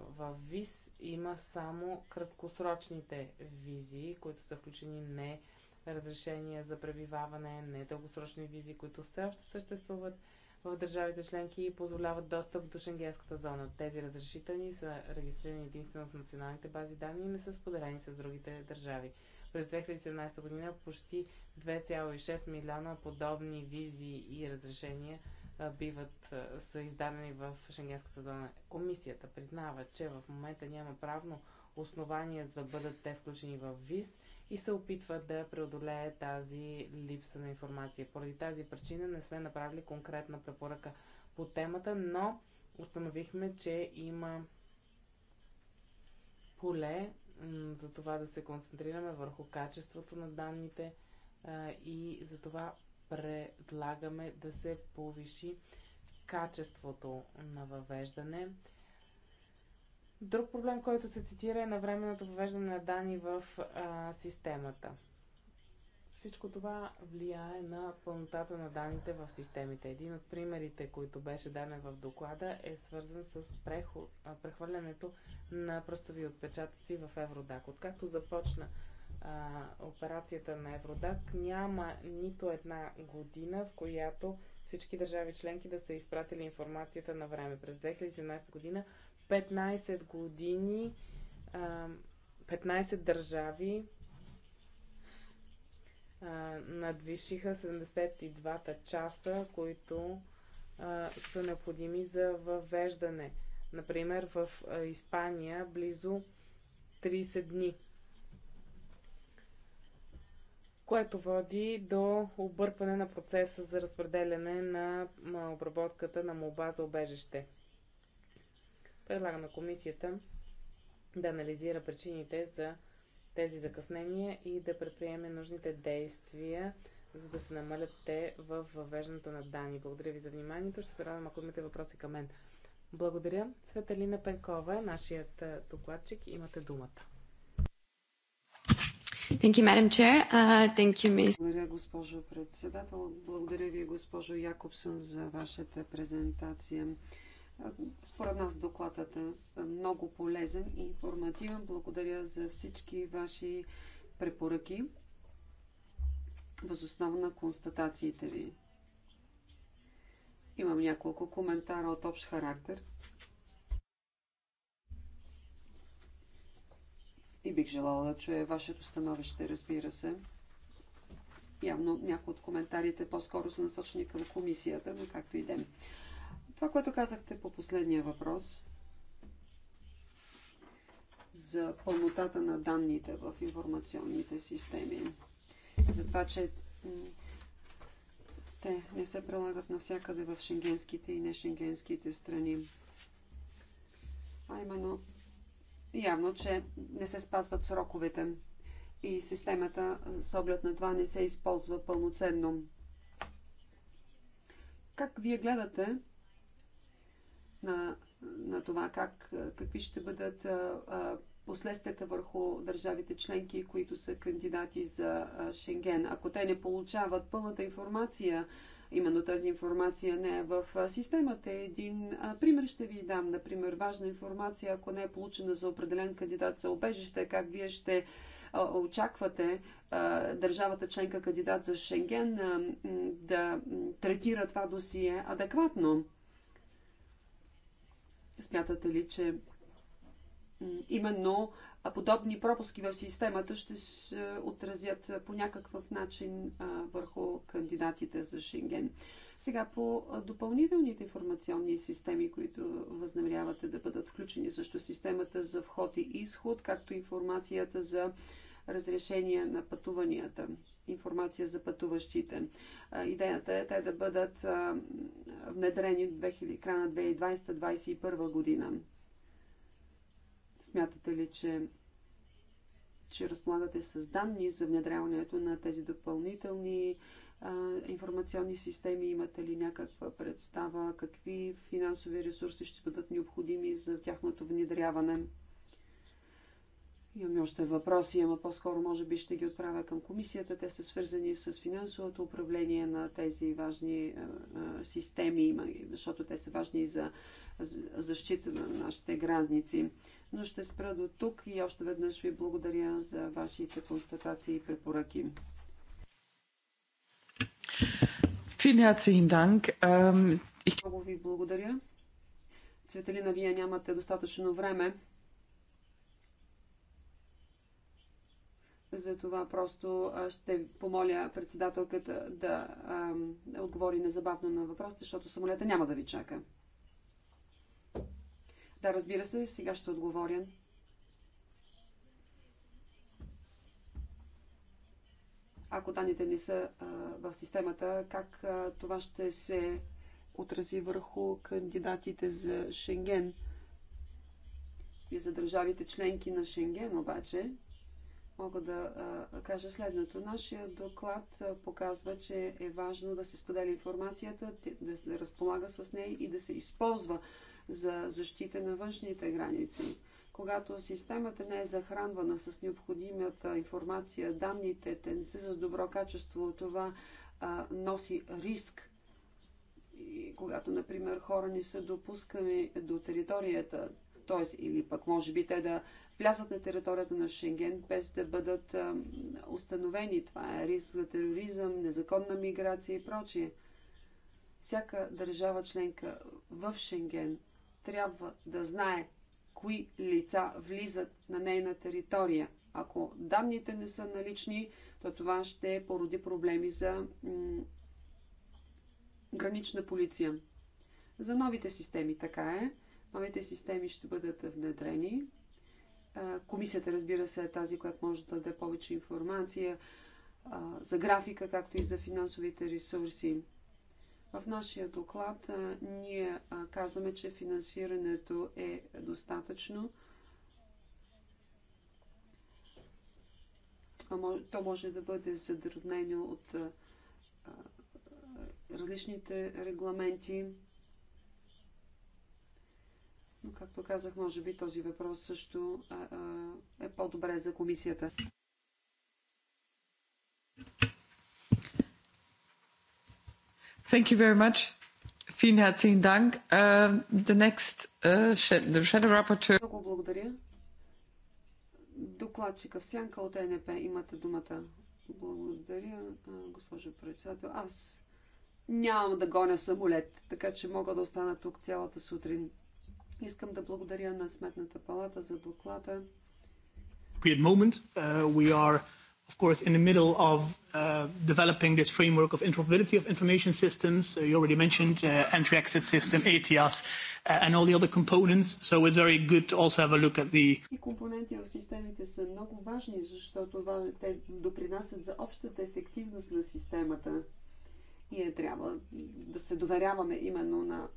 В ВИС има само краткосрочните визии, които са включени не разрешения за пребиваване, недългосрочни визи, които все още съществуват в държавите членки и позволяват достъп до шенгенската зона. Тези разрешителни са регистрирани единствено в националните бази данни и не са споделени с другите държави. През 2017 година почти 2,6 милиона подобни визи и разрешения биват, са издадени в шенгенската зона. Комисията признава, че в момента няма правно основание за да бъдат те включени в виз и се опитва да преодолее тази липса на информация. Поради тази причина не сме направили конкретна препоръка по темата, но установихме, че има поле за това да се концентрираме върху качеството на данните а, и за това предлагаме да се повиши качеството на въвеждане Друг проблем, който се цитира е на временното въвеждане на данни в а, системата. Всичко това влияе на пълнотата на данните в системите. Един от примерите, които беше даден в доклада, е свързан с прехвърлянето на пръстови отпечатъци в Евродак. Откакто започна а, операцията на Евродак, няма нито една година, в която всички държави членки да са изпратили информацията на време. През 2017 година 15 години, 15 държави надвишиха 72-та часа, които са необходими за въвеждане. Например, в Испания близо 30 дни което води до объркване на процеса за разпределяне на обработката на молба за обежище. Предлага на комисията да анализира причините за тези закъснения и да предприеме нужните действия, за да се намалят те в въвеждането на данни. Благодаря ви за вниманието. Ще се радвам, ако имате въпроси към мен. Благодаря. Светелина Пенкова е нашият докладчик. Имате думата. Thank you, Madam Chair. Uh, thank you, Благодаря, госпожо председател. Благодаря ви, госпожо Якобсън, за вашата презентация. Според нас докладът е много полезен и информативен. Благодаря за всички ваши препоръки възоснова на констатациите ви. Имам няколко коментара от общ характер. И бих желала да чуя вашето становище, разбира се. Явно някои от коментарите по-скоро са насочени към комисията, но както и ден. Това, което казахте по последния въпрос за пълнотата на данните в информационните системи, за това, че те не се прилагат навсякъде в шенгенските и не шенгенските страни. А именно, явно, че не се спазват сроковете и системата с оглед на това не се използва пълноценно. Как вие гледате на, на това как, какви ще бъдат последствията върху държавите членки, които са кандидати за Шенген. Ако те не получават пълната информация, именно тази информация не е в системата. Един пример ще ви дам. Например, важна информация, ако не е получена за определен кандидат за обежище, как вие ще очаквате държавата членка кандидат за Шенген да третира това досие адекватно. Смятате ли, че именно подобни пропуски в системата ще се отразят е, по някакъв начин върху кандидатите за Шенген? Сега по допълнителните информационни системи, които възнамерявате да бъдат включени, също системата за вход и изход, както информацията за разрешение на пътуванията информация за пътуващите. Идеята е те да бъдат внедрени от края на 2020-2021 година. Смятате ли, че, че разполагате с данни за внедряването на тези допълнителни информационни системи? Имате ли някаква представа какви финансови ресурси ще бъдат необходими за тяхното внедряване? Имаме още въпроси, ама по-скоро може би ще ги отправя към комисията. Те са свързани с финансовото управление на тези важни е, е, системи, защото те са важни за защита на нашите граници. Но ще спра до тук и още веднъж ви благодаря за вашите констатации и препоръки. Ähm, Много ви благодаря. Цветелина, вие нямате достатъчно време За това просто ще помоля председателката да отговори незабавно на въпросите, защото самолета няма да ви чака. Да, разбира се, сега ще отговоря. Ако данните не са а, в системата, как а, това ще се отрази върху кандидатите за Шенген? И за държавите членки на Шенген обаче, мога да кажа следното. Нашия доклад показва, че е важно да се споделя информацията, да се разполага с нея и да се използва за защита на външните граници. Когато системата не е захранвана с необходимата информация, данните те не са с добро качество, това а, носи риск. И когато, например, хора не са допускани до територията, т.е. или пък може би те да влязат на територията на Шенген без да бъдат установени. Това е риск за тероризъм, незаконна миграция и прочие. Всяка държава членка в Шенген трябва да знае кои лица влизат на нейна територия. Ако данните не са налични, то това ще породи проблеми за гранична полиция. За новите системи така е. Новите системи ще бъдат внедрени Комисията, разбира се, е тази, която може да даде повече информация за графика, както и за финансовите ресурси. В нашия доклад ние казваме, че финансирането е достатъчно. То може да бъде задръвнено от различните регламенти, но, както казах, може би този въпрос също а, а, е по-добре за комисията. Thank you very much. Vielen herzlichen Dank. Uh, the next uh, the shadow rapporteur. Много благодаря. Докладчика в сянка от ЕНП имате думата. Благодаря, госпожо председател. Аз нямам да гоня самолет, така че мога да остана тук цялата сутрин. Искам да благодаря на Сметната палата за доклада. Moment, uh, we are of course in the middle of uh, developing this framework of interoperability of information systems. Uh, you already mentioned uh, entry exit system, ATS, uh, and all the other components. So it's very good to also have a look at the... компоненти в системите са много важни, защото те допринасят за общата ефективност на системата. И е трябва да се доверяваме именно на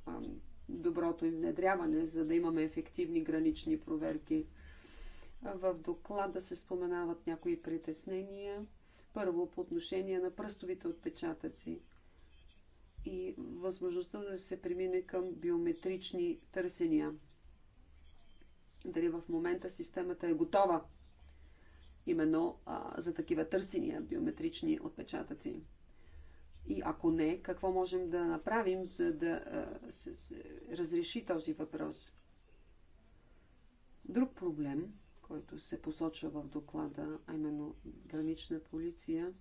доброто им внедряване, за да имаме ефективни гранични проверки. В доклада се споменават някои притеснения. Първо, по отношение на пръстовите отпечатъци и възможността да се премине към биометрични търсения. Дали в момента системата е готова именно а, за такива търсения, биометрични отпечатъци. И ако не, какво можем да направим, за да се, се разреши този въпрос? Друг проблем, който се посочва в доклада, а именно гранична полиция,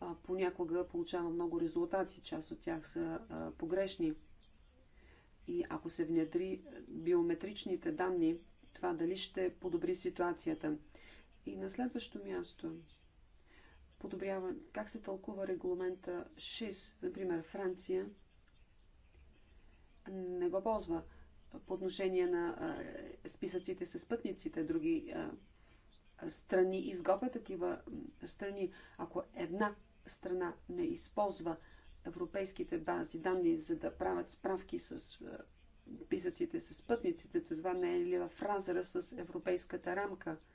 а, понякога получава много резултати, част от тях са а, погрешни. И ако се внедри биометричните данни, това дали ще подобри ситуацията. И на следващо място – подобрява, как се тълкува регламента 6, например Франция не го ползва по отношение на списъците с пътниците, други страни изготвят такива страни. Ако една страна не използва европейските бази данни, за да правят справки с писъците с пътниците, то това не е ли в разра с европейската рамка –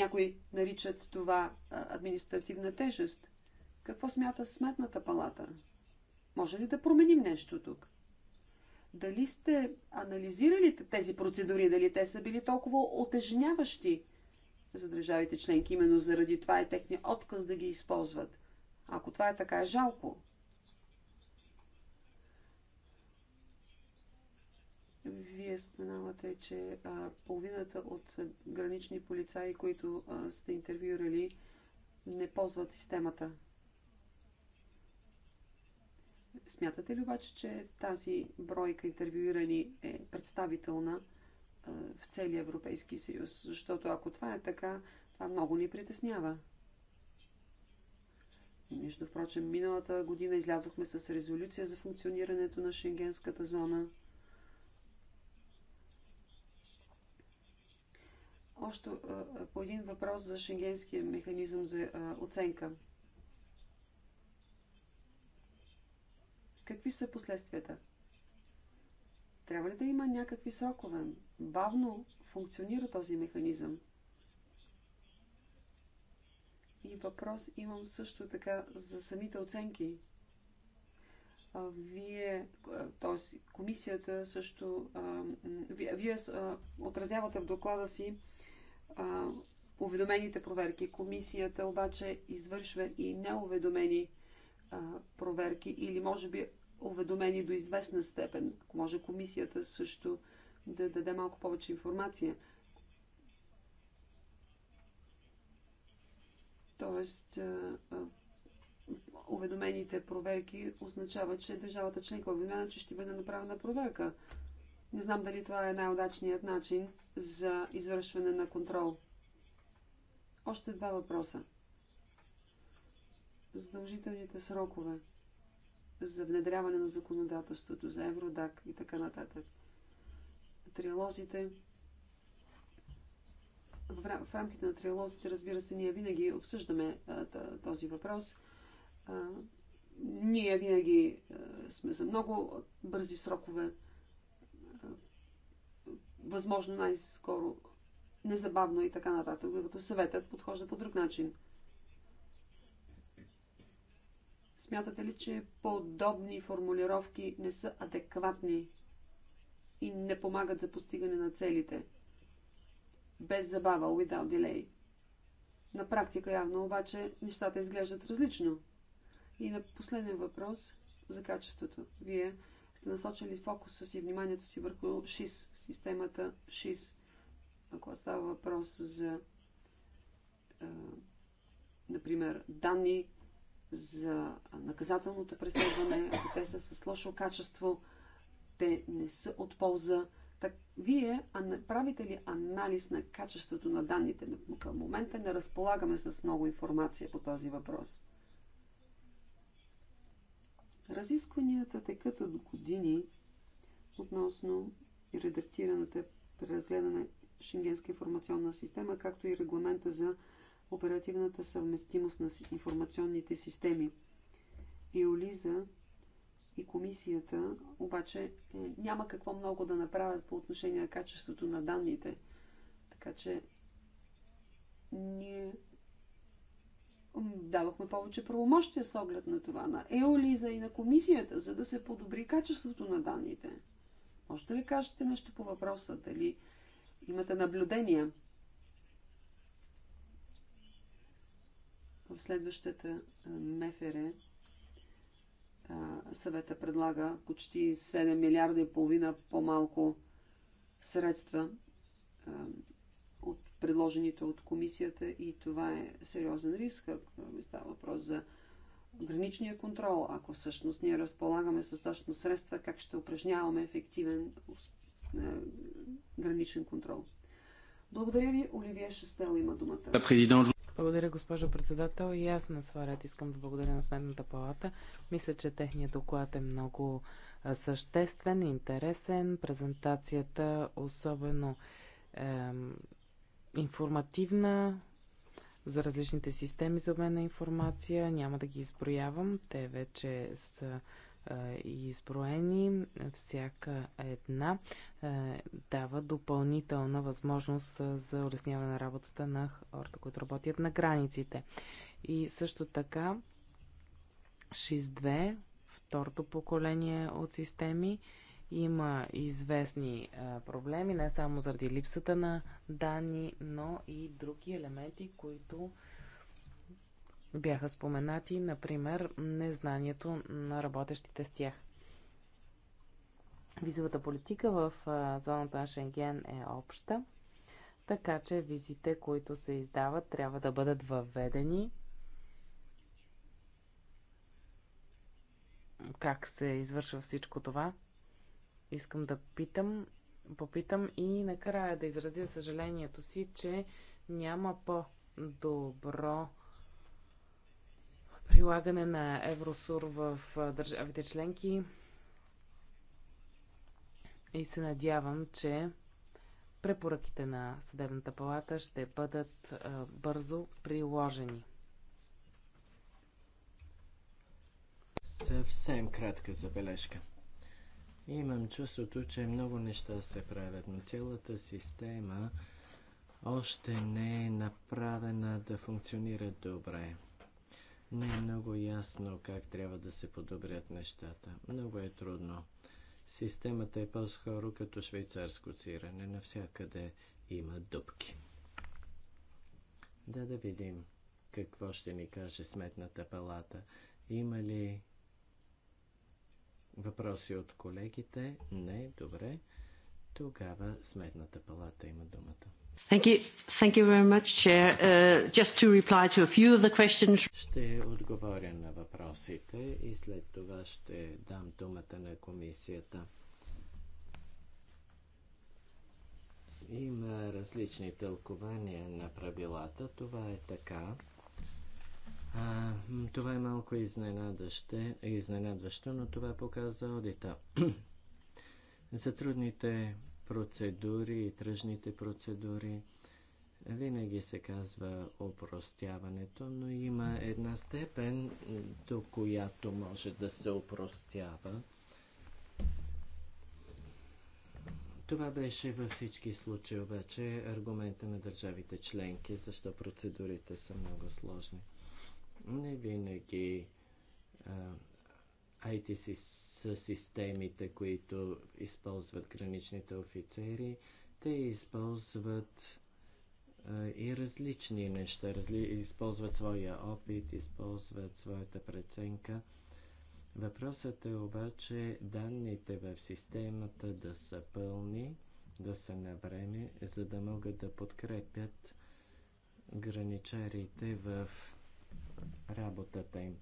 Някои наричат това административна тежест. Какво смята Сметната палата? Може ли да променим нещо тук? Дали сте анализирали тези процедури, дали те са били толкова отежняващи за държавите членки, именно заради това е техния отказ да ги използват? Ако това е така, е жалко. Вие споменавате, че а, половината от гранични полицаи, които а, сте интервюирали, не ползват системата. Смятате ли обаче, че тази бройка интервюирани е представителна а, в целия Европейски съюз? Защото ако това е така, това много ни притеснява. Между впрочем, миналата година излязохме с резолюция за функционирането на шенгенската зона – още по един въпрос за шенгенския механизъм за оценка. Какви са последствията? Трябва ли да има някакви срокове? Бавно функционира този механизъм. И въпрос имам също така за самите оценки. Вие, т.е. комисията също, вие, вие отразявате в доклада си а, уведомените проверки. Комисията обаче извършва и неуведомени а, проверки или може би уведомени до известна степен. Ако Може комисията също да даде малко повече информация. Тоест, а, а, уведомените проверки означава, че държавата членка е уведомена, че ще бъде направена проверка. Не знам дали това е най-удачният начин за извършване на контрол. Още два въпроса. Задължителните срокове за внедряване на законодателството, за Евродак и така нататък. Триалозите. В рамките на триалозите, разбира се, ние винаги обсъждаме този въпрос. Ние винаги сме за много бързи срокове възможно най-скоро, незабавно и така нататък, докато съветът подхожда по друг начин. Смятате ли, че подобни формулировки не са адекватни и не помагат за постигане на целите? Без забава, without delay. На практика явно обаче нещата изглеждат различно. И на последен въпрос за качеството. Вие сте насочили фокуса си, вниманието си върху ШИС, системата ШИС. Ако става въпрос за, е, например, данни за наказателното преследване, ако те са с лошо качество, те не са от полза. Так, вие правите ли анализ на качеството на данните? Към момента не разполагаме с много информация по този въпрос. Разискванията текат от години относно редактираната преразгледана Шенгенска информационна система, както и регламента за оперативната съвместимост на информационните системи. Иолиза и комисията обаче е, няма какво много да направят по отношение на качеството на данните. Така че ние дадохме повече правомощия с оглед на това, на Еолиза и на комисията, за да се подобри качеството на данните. Можете ли кажете нещо по въпроса? Дали имате наблюдения? В следващата МЕФЕРЕ съвета предлага почти 7 милиарда и половина по-малко средства предложените от комисията и това е сериозен риск. Става въпрос за граничния контрол. Ако всъщност ние разполагаме с точно средства, как ще упражняваме ефективен е, граничен контрол. Благодаря ви. Оливия Шестел има думата. Благодаря, госпожо председател. И аз на своя ред искам да благодаря на Сметната палата. Мисля, че техният доклад е много съществен, интересен. Презентацията особено е, информативна за различните системи за обмен на информация. Няма да ги изброявам. Те вече са изброени. Всяка една дава допълнителна възможност за улесняване на работата на хората, които работят на границите. И също така 6.2, второто поколение от системи, има известни а, проблеми, не само заради липсата на данни, но и други елементи, които бяха споменати, например, незнанието на работещите с тях. Визовата политика в а, зоната на Шенген е обща, така че визите, които се издават, трябва да бъдат въведени как се извършва всичко това. Искам да питам, попитам и накрая да изразя съжалението си, че няма по-добро прилагане на Евросур в държавите членки и се надявам, че препоръките на Съдебната палата ще бъдат а, бързо приложени. Съвсем кратка забележка. И имам чувството, че много неща се правят, но цялата система още не е направена да функционира добре. Не е много ясно как трябва да се подобрят нещата. Много е трудно. Системата е по-скоро като швейцарско циране. Навсякъде има дупки. Да, да видим какво ще ни каже сметната палата. Има ли Въпроси от колегите? Не, добре. Тогава Сметната палата има думата. Thank you. Thank you very much, Chair. Uh, just to reply to a few of the questions. Ще отговоря на въпросите и след това ще дам думата на комисията. Има различни тълкования на правилата. Това е така. А, това е малко изненадващо, но това показа одита. За трудните процедури и тръжните процедури винаги се казва опростяването, но има една степен, до която може да се опростява. Това беше във всички случаи обаче аргумента на държавите членки, защо процедурите са много сложни. Не винаги IT си, са системите, които използват граничните офицери. Те използват а, и различни неща. Разли... Използват своя опит, използват своята преценка. Въпросът е обаче данните в системата да са пълни, да са на време, за да могат да подкрепят граничарите в работата им.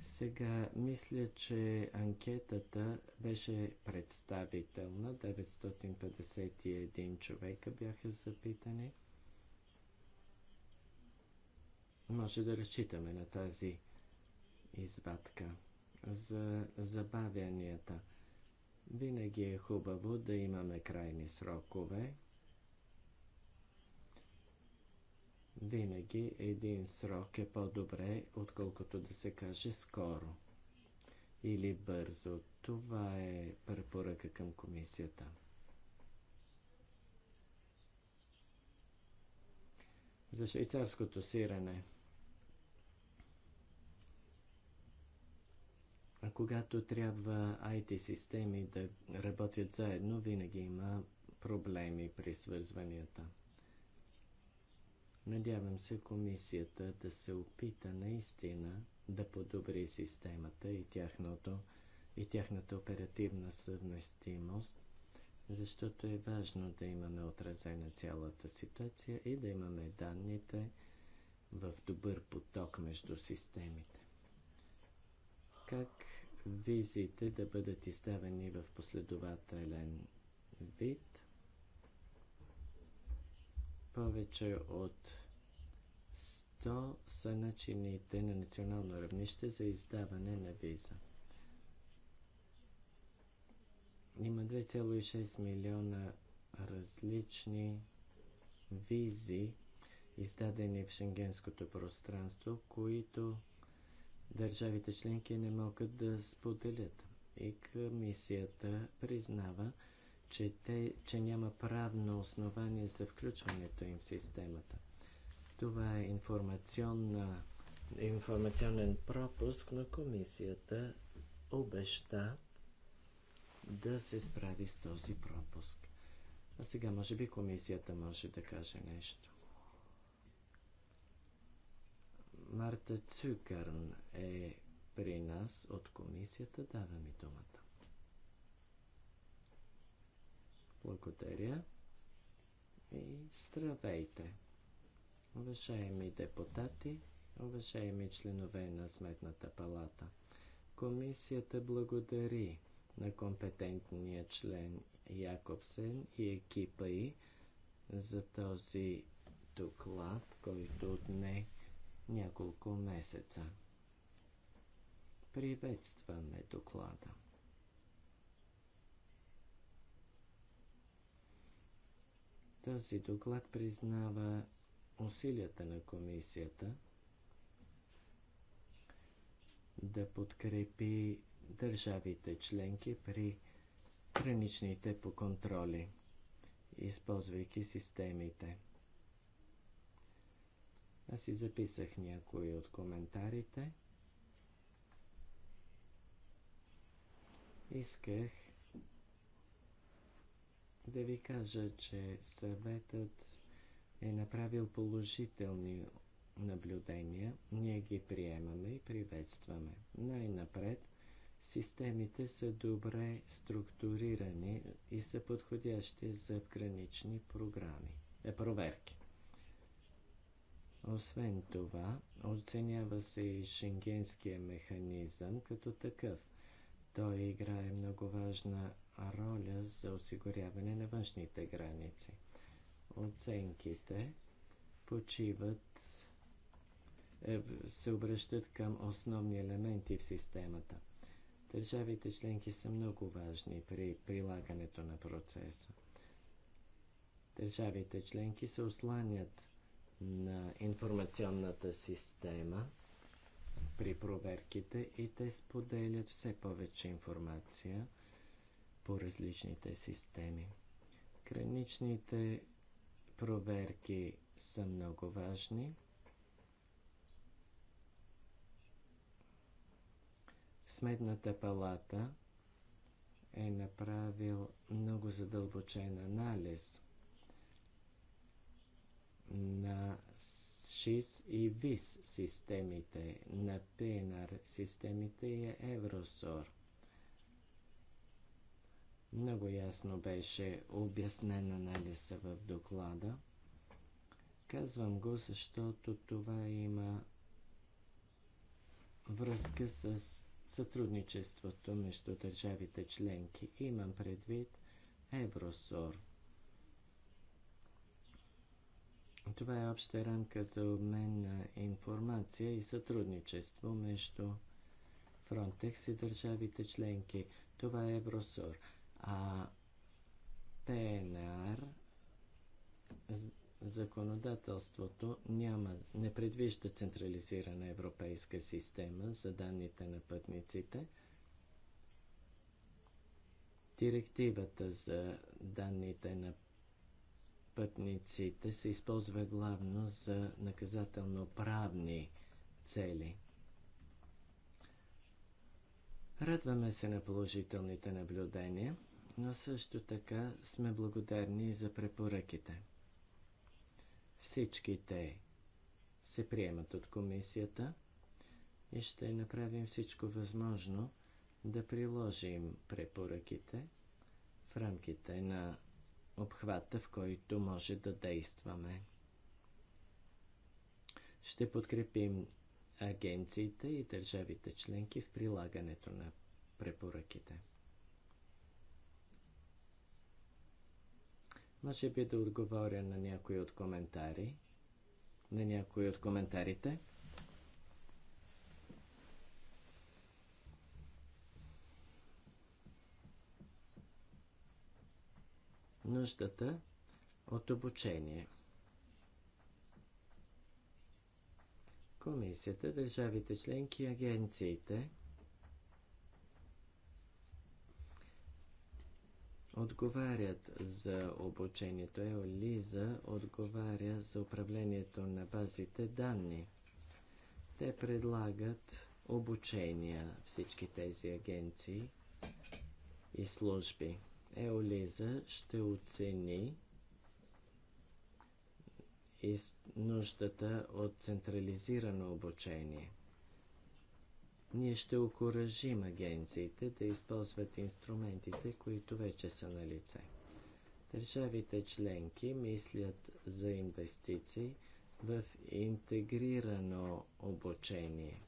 Сега мисля, че анкетата беше представителна. 951 човека бяха запитани. Може да разчитаме на тази извадка за забавянията. Винаги е хубаво да имаме крайни срокове. Винаги един срок е по-добре, отколкото да се каже скоро или бързо. Това е препоръка към комисията. За швейцарското сирене. А когато трябва IT-системи да работят заедно, винаги има проблеми при свързванията. Надявам се комисията да се опита наистина да подобри системата и, тяхното, и тяхната оперативна съвместимост, защото е важно да имаме отразена цялата ситуация и да имаме данните в добър поток между системите. Как визите да бъдат изставени в последователен вид повече от 100 са начините на национално равнище за издаване на виза. Има 2,6 милиона различни визи, издадени в шенгенското пространство, които държавите членки не могат да споделят. И комисията признава, че, те, че няма правно основание за включването им в системата. Това е информационна, информационен пропуск, но комисията обеща да се справи с този пропуск. А сега може би комисията може да каже нещо. Марта Цюкърн е при нас от комисията. Дава ми думата. Благодаря и здравейте! Уважаеми депутати, уважаеми членове на Сметната палата, комисията благодари на компетентния член Якобсен и екипа й за този доклад, който отне няколко месеца. Приветстваме доклада. Този доклад признава усилията на комисията да подкрепи държавите членки при граничните по контроли, използвайки системите. Аз си записах някои от коментарите. Исках да ви кажа, че съветът е направил положителни наблюдения. Ние ги приемаме и приветстваме. Най-напред, системите са добре структурирани и са подходящи за гранични програми, е, проверки. Освен това, оценява се и шенгенския механизъм като такъв. Той играе много важна роля за осигуряване на външните граници. Оценките почиват, е, се обръщат към основни елементи в системата. Държавите членки са много важни при прилагането на процеса. Държавите членки се осланят на информационната система при проверките и те споделят все повече информация – по различните системи. Граничните проверки са много важни. Сметната палата е направил много задълбочен анализ на ШИС и ВИС системите, на ПНР системите и е Евросор. Много ясно беше на анализа в доклада. Казвам го, защото това има връзка с сътрудничеството между държавите членки. Имам предвид Евросор. Това е обща рамка за обмен на информация и сътрудничество между Фронтекс и държавите членки. Това е Евросор. А ПНР законодателството няма, не предвижда централизирана европейска система за данните на пътниците. Директивата за данните на пътниците се използва главно за наказателно-правни цели. Радваме се на положителните наблюдения – но също така сме благодарни за препоръките. Всички те се приемат от комисията и ще направим всичко възможно да приложим препоръките в рамките на обхвата, в който може да действаме. Ще подкрепим агенциите и държавите членки в прилагането на препоръките. Може би да отговоря на някои от коментари, на някои от коментарите. Нуждата от обучение. Комисията, държавите членки и агенциите – отговарят за обучението. Еолиза отговаря за управлението на базите данни. Те предлагат обучения всички тези агенции и служби. Еолиза ще оцени нуждата от централизирано обучение – ние ще окоръжим агенциите да използват инструментите, които вече са на лице. Държавите членки мислят за инвестиции в интегрирано обучение.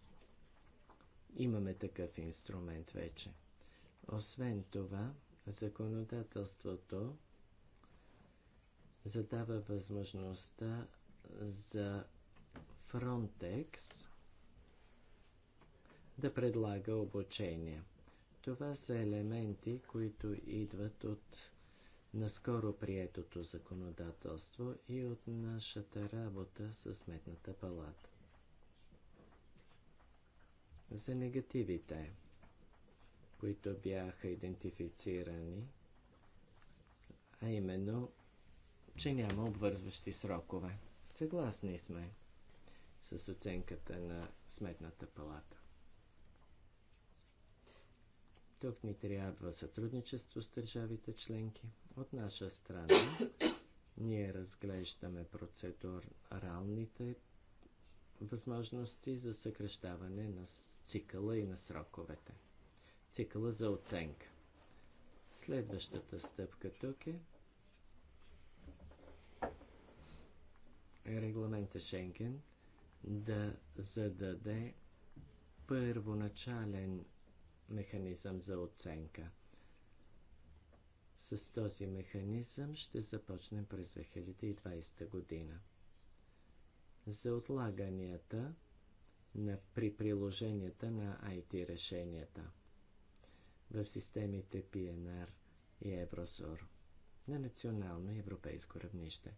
Имаме такъв инструмент вече. Освен това, законодателството задава възможността за Frontex да предлага обучение. Това са елементи, които идват от наскоро приетото законодателство и от нашата работа с Сметната палата. За негативите, които бяха идентифицирани, а именно, че няма обвързващи срокове. Съгласни сме с оценката на Сметната палата. Тук ни трябва сътрудничество с държавите членки. От наша страна ние разглеждаме процедуралните възможности за съкрещаване на цикъла и на сроковете. Цикъла за оценка. Следващата стъпка тук е регламента Шенген да зададе първоначален механизъм за оценка. С този механизъм ще започнем през 2020 година. За отлаганията на, при приложенията на IT решенията в системите PNR и Евросор на национално и европейско равнище.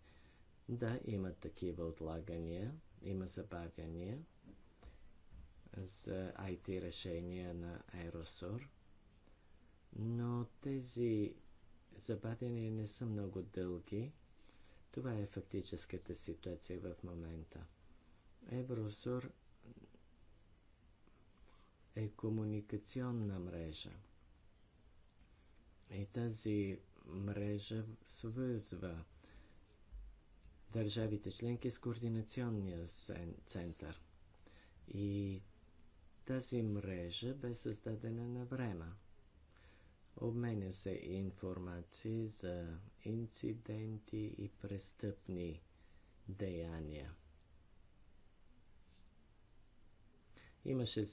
Да, има такива отлагания, има забавяния, за IT решения на Aerosur, но тези забавения не са много дълги. Това е фактическата ситуация в момента. Евросур е комуникационна мрежа. И тази мрежа свързва държавите членки с координационния център. И тази мрежа бе създадена на време. Обменя се информации за инциденти и престъпни деяния. Имаше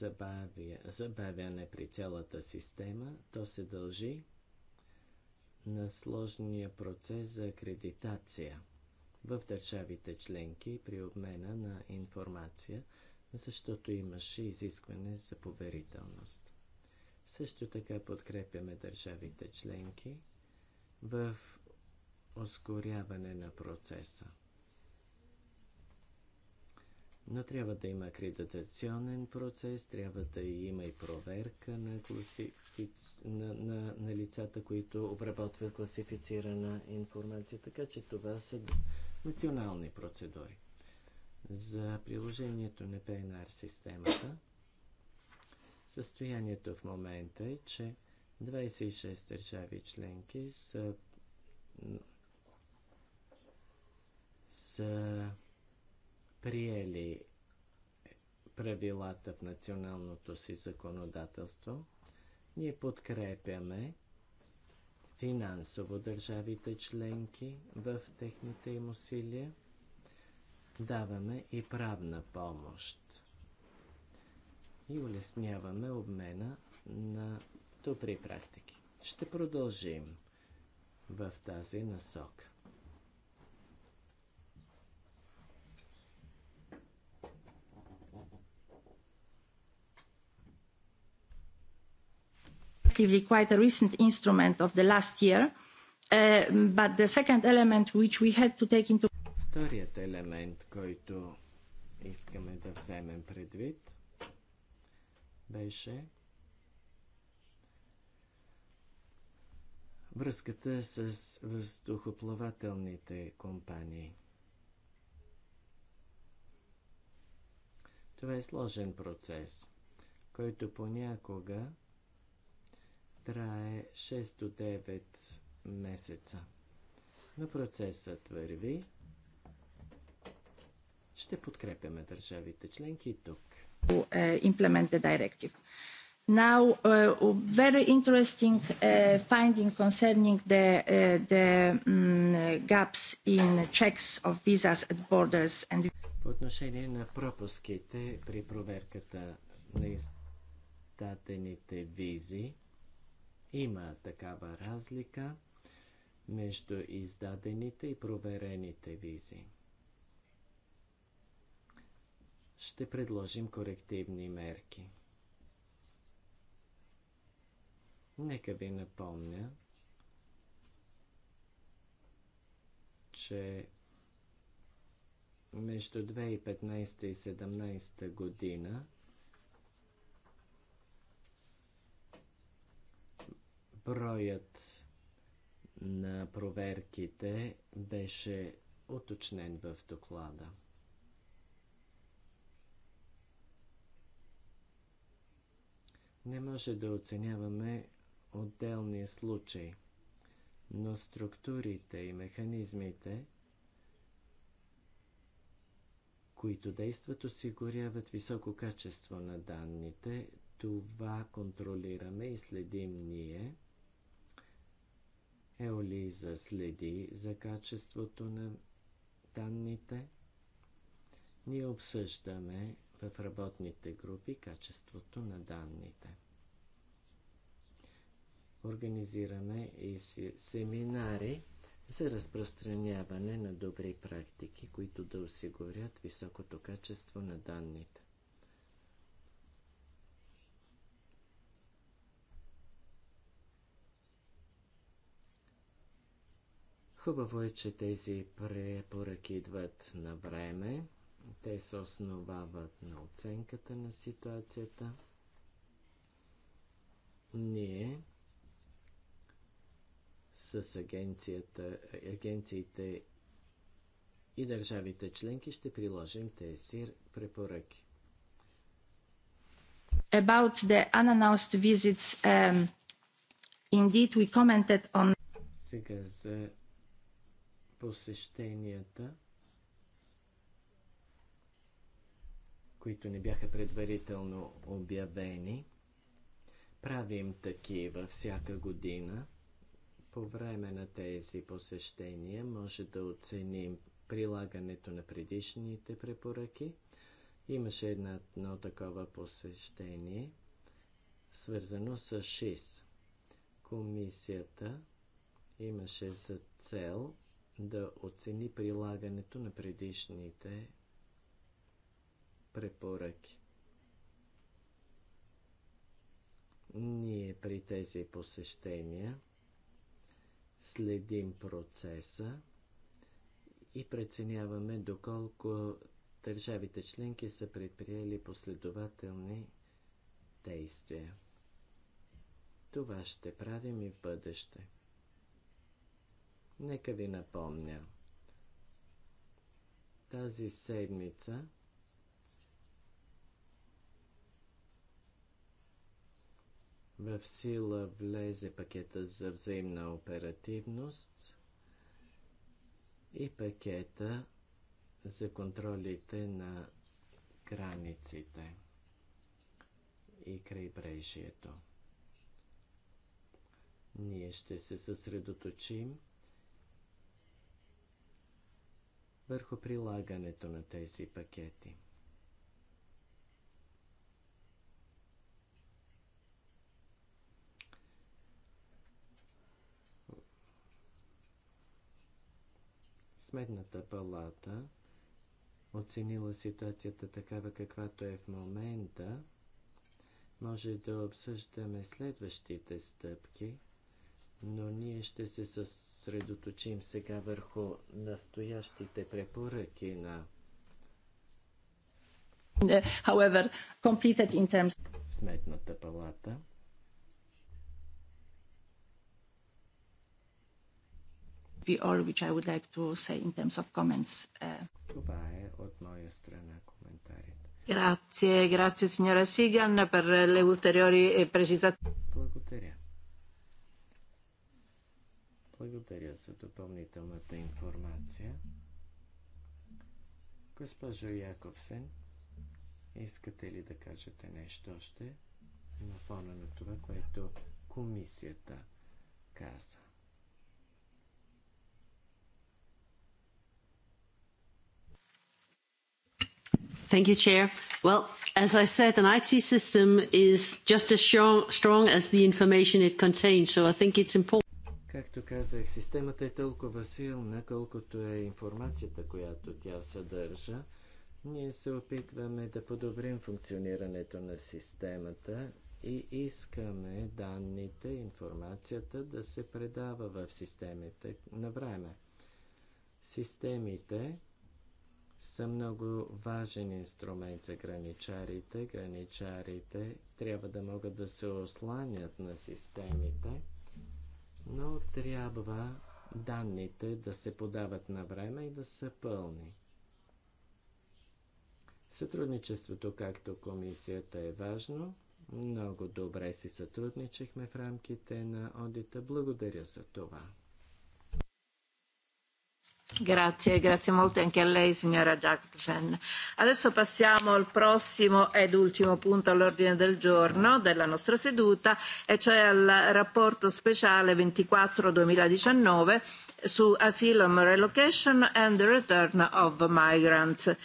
забавяне при цялата система. То се дължи на сложния процес за акредитация в държавите членки при обмена на информация защото имаше изискване за поверителност. Също така подкрепяме държавите членки в ускоряване на процеса. Но трябва да има акредитационен процес, трябва да има и проверка на, класифици... на, на, на лицата, които обработват класифицирана информация, така че това са национални процедури за приложението на ПНР системата. Състоянието в момента е, че 26 държави членки са, са приели правилата в националното си законодателство. Ние подкрепяме финансово държавите членки в техните им усилия – даваме и правна помощ и улесняваме обмена на добри практики. Ще продължим в тази насока. quite a recent instrument of the last year, uh, but the second element which we had to take into Вторият елемент, който искаме да вземем предвид, беше връзката с въздухоплавателните компании. Това е сложен процес, който понякога трае 6 9 месеца. Но процесът върви ще подкрепяме държавите членки тук. Е, implement the directive. Now, uh, very interesting uh, finding concerning the, uh, the um, gaps in checks of visas at borders and... По отношение на пропуските при проверката на издадените визи, има такава разлика между издадените и проверените визи ще предложим корективни мерки. Нека ви напомня, че между 2015 и 2017 година броят на проверките беше уточнен в доклада. Не може да оценяваме отделни случаи, но структурите и механизмите, които действат, осигуряват високо качество на данните. Това контролираме и следим ние. Еолиза следи за качеството на данните. Ние обсъждаме в работните групи качеството на данните. Организираме и семинари за разпространяване на добри практики, които да осигурят високото качество на данните. Хубаво е, че тези препоръки идват на време. Те се основават на оценката на ситуацията. Ние с агенцията, агенциите и държавите членки ще приложим тези препоръки. About the unannounced visits, um, indeed we commented on... Сега за посещенията. които не бяха предварително обявени. Правим такива всяка година. По време на тези посещения може да оценим прилагането на предишните препоръки. Имаше едно, едно такова посещение, свързано с ШИС. Комисията имаше за цел да оцени прилагането на предишните препоръки. Ние при тези посещения следим процеса и преценяваме доколко държавите членки са предприели последователни действия. Това ще правим и в бъдеще. Нека ви напомня. Тази седмица в сила влезе пакета за взаимна оперативност и пакета за контролите на границите и крайбрежието. Ние ще се съсредоточим върху прилагането на тези пакети. Сметната палата оценила ситуацията такава каквато е в момента, може да обсъждаме следващите стъпки, но ние ще се съсредоточим сега върху настоящите препоръки на However, completed in terms... Сметната палата. be all which I would like to say in terms of comments. Uh. Това е от моя страна коментарите. Grazie, grazie signora Sigan per le ulteriori precisazioni. Благодаря. за допълнителната информация. Госпожо Якобсен, искате ли да кажете нещо още на фона на това, което комисията каза? Thank you, Chair. Well, as I said, an IT system is just as strong as the information it contains, so I think it's important. Както казах, системата е толкова силна, колкото е информацията, която тя съдържа. Ние се опитваме да подобрим функционирането на системата и искаме данните, информацията да се предава в системите на време. Системите са много важен инструмент за граничарите. Граничарите трябва да могат да се осланят на системите, но трябва данните да се подават на време и да са пълни. Сътрудничеството, както комисията е важно, много добре си сътрудничихме в рамките на одита. Благодаря за това. Grazie, grazie molto anche a lei signora Jackson. Adesso passiamo al prossimo ed ultimo punto all'ordine del giorno della nostra seduta e cioè al rapporto speciale 24 2019 su Asylum Relocation and the Return of Migrants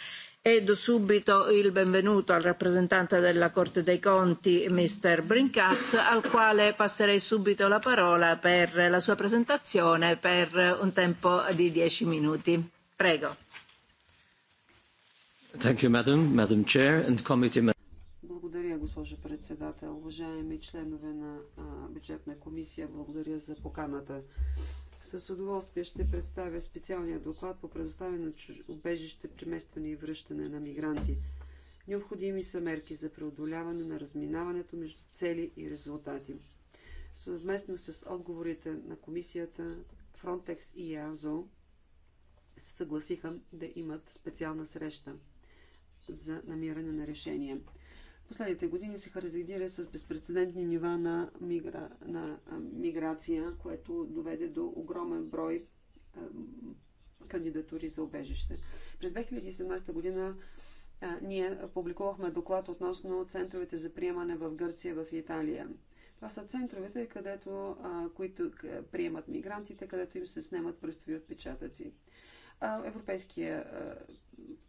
e do subito il benvenuto al rappresentante della Corte dei Conti, Mr. Brincat, al quale passerei subito la parola per la sua presentazione per un tempo di dieci minuti. Prego. Thank you, madam, madam chair and committee благодаря, госпожо председател. Уважаеми членове на бюджетна комисия, благодаря за поканата. С удоволствие ще представя специалния доклад по предоставяне на чуж... убежище, преместване и връщане на мигранти. Необходими са мерки за преодоляване на разминаването между цели и резултати. Съвместно с отговорите на комисията Frontex и EASO се съгласиха да имат специална среща за намиране на решение последните години се характеризира с безпредседентни нива на, мигра, на миграция, което доведе до огромен брой кандидатури за обежище. През 2017 година а, ние публикувахме доклад относно центровете за приемане в Гърция, в Италия. Това са центровете, където, а, които приемат мигрантите, където им се снемат пръстови отпечатъци. А, Европейския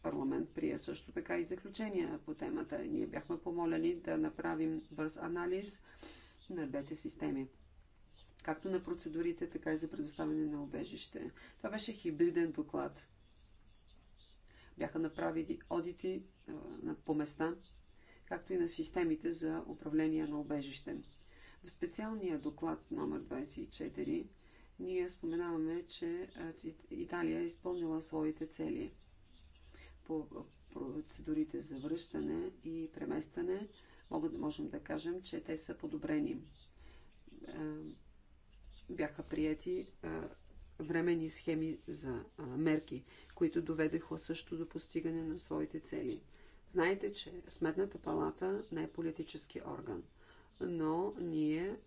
парламент прие също така и заключения по темата. Ние бяхме помолени да направим бърз анализ на двете системи. Както на процедурите, така и за предоставяне на обежище. Това беше хибриден доклад. Бяха направени одити е, по места, както и на системите за управление на обежище. В специалния доклад номер 24 ние споменаваме, че е, Италия е изпълнила своите цели – по процедурите за връщане и преместване, могат, можем да кажем, че те са подобрени. Е, бяха прияти е, временни схеми за е, мерки, които доведеха също до постигане на своите цели. Знаете, че Сметната палата не е политически орган, но ние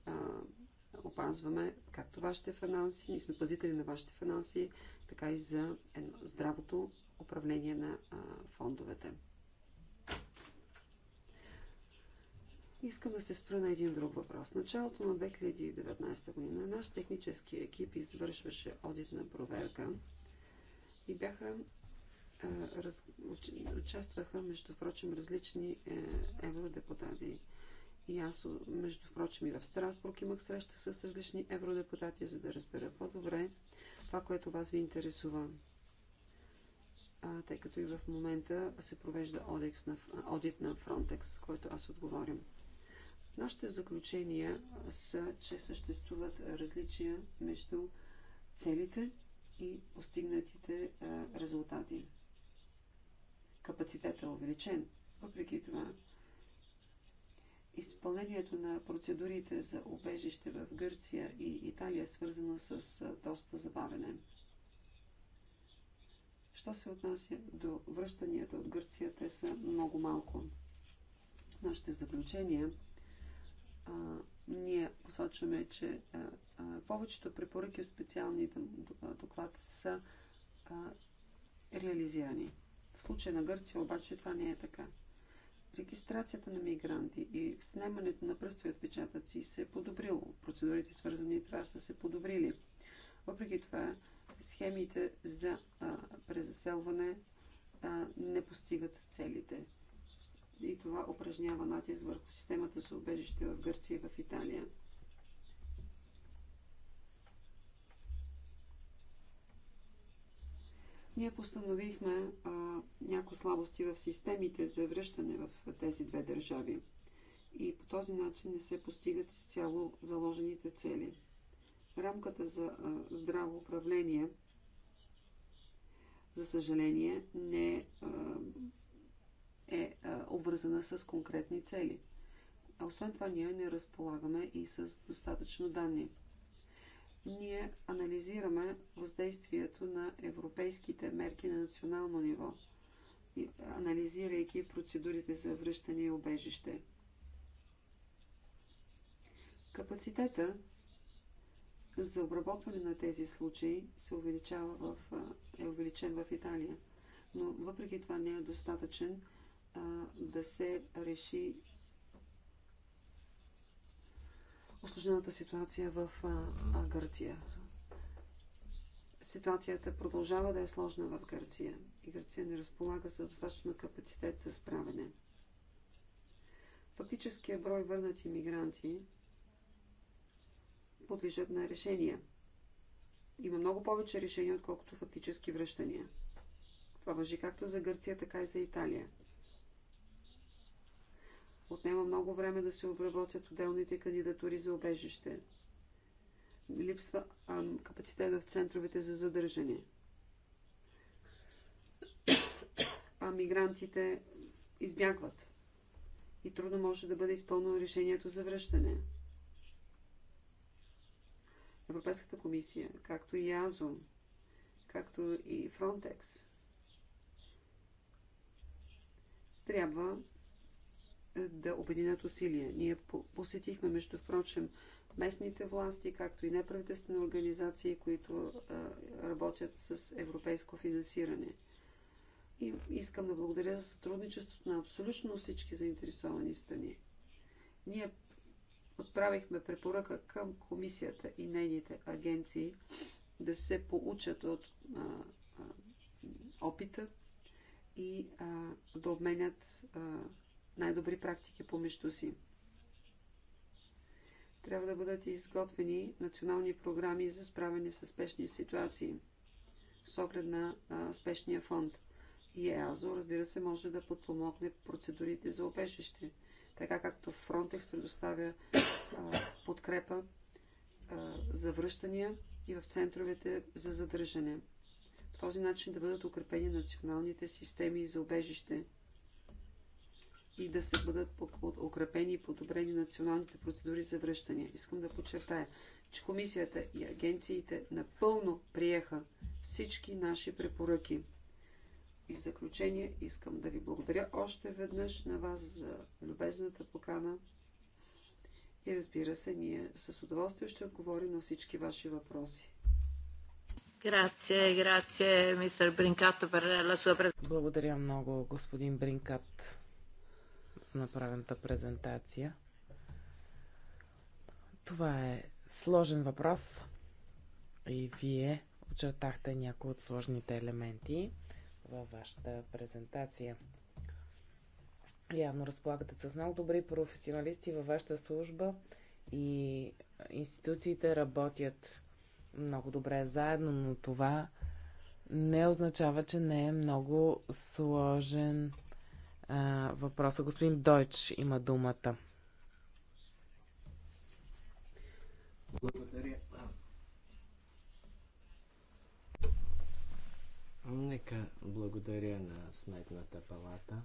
опазваме както вашите финанси, ние сме пазители на вашите финанси, така и за едно здравото управление на фондовете. Искам да се спра на един друг въпрос. Началото на 2019 година наш технически екип извършваше одитна проверка и бяха а, раз, участваха, между прочим, различни е, евродепутати. И аз, между прочим, и в Страсбург имах среща с различни евродепутати, за да разбера по-добре това, което вас ви интересува тъй като и в момента се провежда на, одит на Frontex, който аз отговорям. Нашите заключения са, че съществуват различия между целите и постигнатите резултати. Капацитетът е увеличен. Въпреки това, изпълнението на процедурите за убежище в Гърция и Италия е свързано с доста забавене. Що се отнася до връщанията от Гърция, те са много малко. Нашите заключения а, ние посочваме, че а, а, повечето препоръки от специалния доклад са а, реализирани. В случая на Гърция обаче това не е така. Регистрацията на мигранти и снемането на пръстови отпечатъци се е подобрило. Процедурите свързани с това са се подобрили. Въпреки това, схемите за а, презаселване а, не постигат целите. И това упражнява натиск върху системата за убежище в Гърция и в Италия. Ние постановихме някои слабости в системите за връщане в тези две държави. И по този начин не се постигат изцяло заложените цели. Рамката за здраво управление, за съжаление, не е обвързана с конкретни цели. А освен това, ние не разполагаме и с достатъчно данни. Ние анализираме въздействието на европейските мерки на национално ниво, анализирайки процедурите за връщане и обежище. Капацитета за обработване на тези случаи се увеличава в, е увеличен в Италия. Но въпреки това не е достатъчен а, да се реши осложнената ситуация в а, а, Гърция. Ситуацията продължава да е сложна в Гърция и Гърция не разполага с достатъчно капацитет за справяне. Фактическия брой върнати мигранти подлежат на решения. Има много повече решения, отколкото фактически връщания. Това въжи както за Гърция, така и за Италия. Отнема много време да се обработят отделните кандидатури за обежище. Липсва ам, капацитет в центровете за задържане. А мигрантите избягват. И трудно може да бъде изпълнено решението за връщане. Европейската комисия, както и Азум, както и Фронтекс, трябва е, да обединят усилия. Ние посетихме, между впрочем, местните власти, както и неправителствени организации, които а, е, работят с европейско финансиране. И искам да благодаря за сътрудничеството на абсолютно всички заинтересовани страни. Ние отправихме препоръка към комисията и нейните агенции да се получат от а, а, опита и а, да обменят най-добри практики помежду си. Трябва да бъдат изготвени национални програми за справяне с спешни ситуации с оглед на а, спешния фонд. И ЕАЗО, разбира се, може да подпомогне процедурите за обежище – така както Frontex предоставя а, подкрепа а, за връщания и в центровете за задържане. По този начин да бъдат укрепени националните системи за обежище и да се бъдат укрепени и подобрени националните процедури за връщане. Искам да подчертая, че комисията и агенциите напълно приеха всички наши препоръки – и в заключение искам да ви благодаря още веднъж на вас за любезната покана. И разбира се, ние с удоволствие ще отговорим на всички ваши въпроси. Благодаря много, господин Бринкат, за направената презентация. Това е сложен въпрос и вие очертахте някои от сложните елементи във вашата презентация. Явно разполагате с много добри професионалисти във вашата служба и институциите работят много добре заедно, но това не означава, че не е много сложен а, въпрос. Господин Дойч има думата. Благодаря. Нека благодаря на Сметната палата.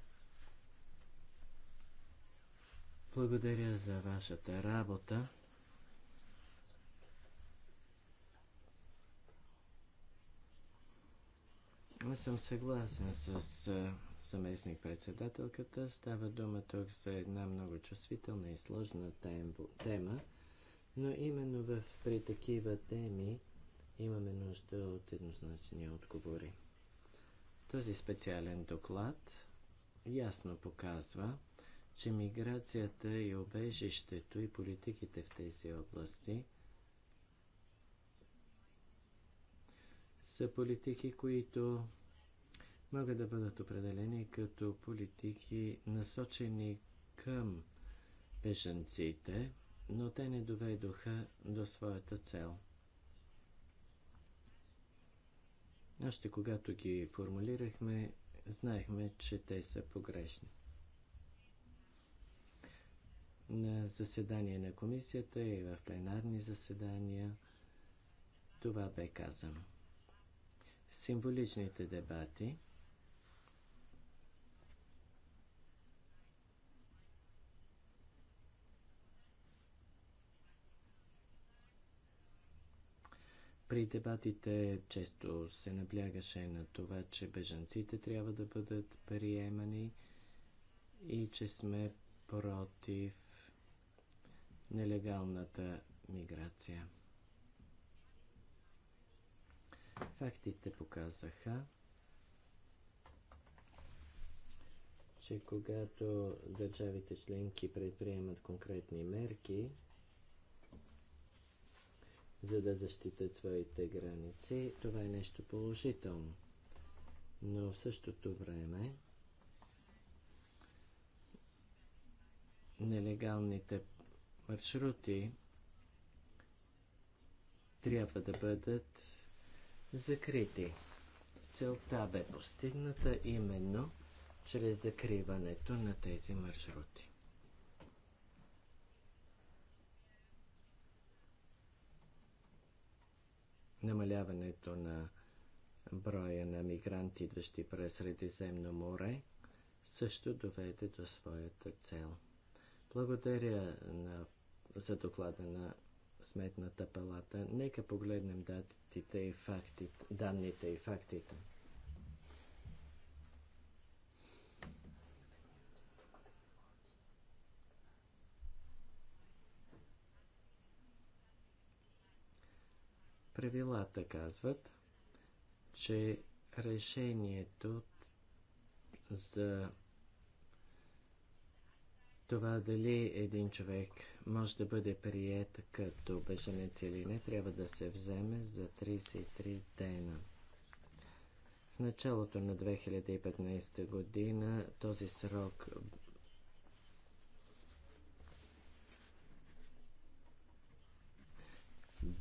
Благодаря за вашата работа. Аз съм съгласен с съместник председателката Става дума тук за една много чувствителна и сложна тема, но именно в, при такива теми имаме нужда от еднозначни отговори. Този специален доклад ясно показва, че миграцията и обежището и политиките в тези области са политики, които могат да бъдат определени като политики насочени към бежанците, но те не доведоха до своята цел – Още когато ги формулирахме, знаехме, че те са погрешни. На заседание на комисията и в пленарни заседания това бе казано. Символичните дебати – При дебатите често се наблягаше на това, че бежанците трябва да бъдат приемани и че сме против нелегалната миграция. Фактите показаха, че когато държавите членки предприемат конкретни мерки, за да защитат своите граници. Това е нещо положително. Но в същото време нелегалните маршрути трябва да бъдат закрити. Целта бе постигната именно чрез закриването на тези маршрути. намаляването на броя на мигранти, идващи през Средиземно море, също доведе до своята цел. Благодаря на, за доклада на Сметната палата. Нека погледнем датите и фактите, данните и фактите. Правилата казват, че решението за това дали един човек може да бъде прият като беженец или не, трябва да се вземе за 33 дена. В началото на 2015 година този срок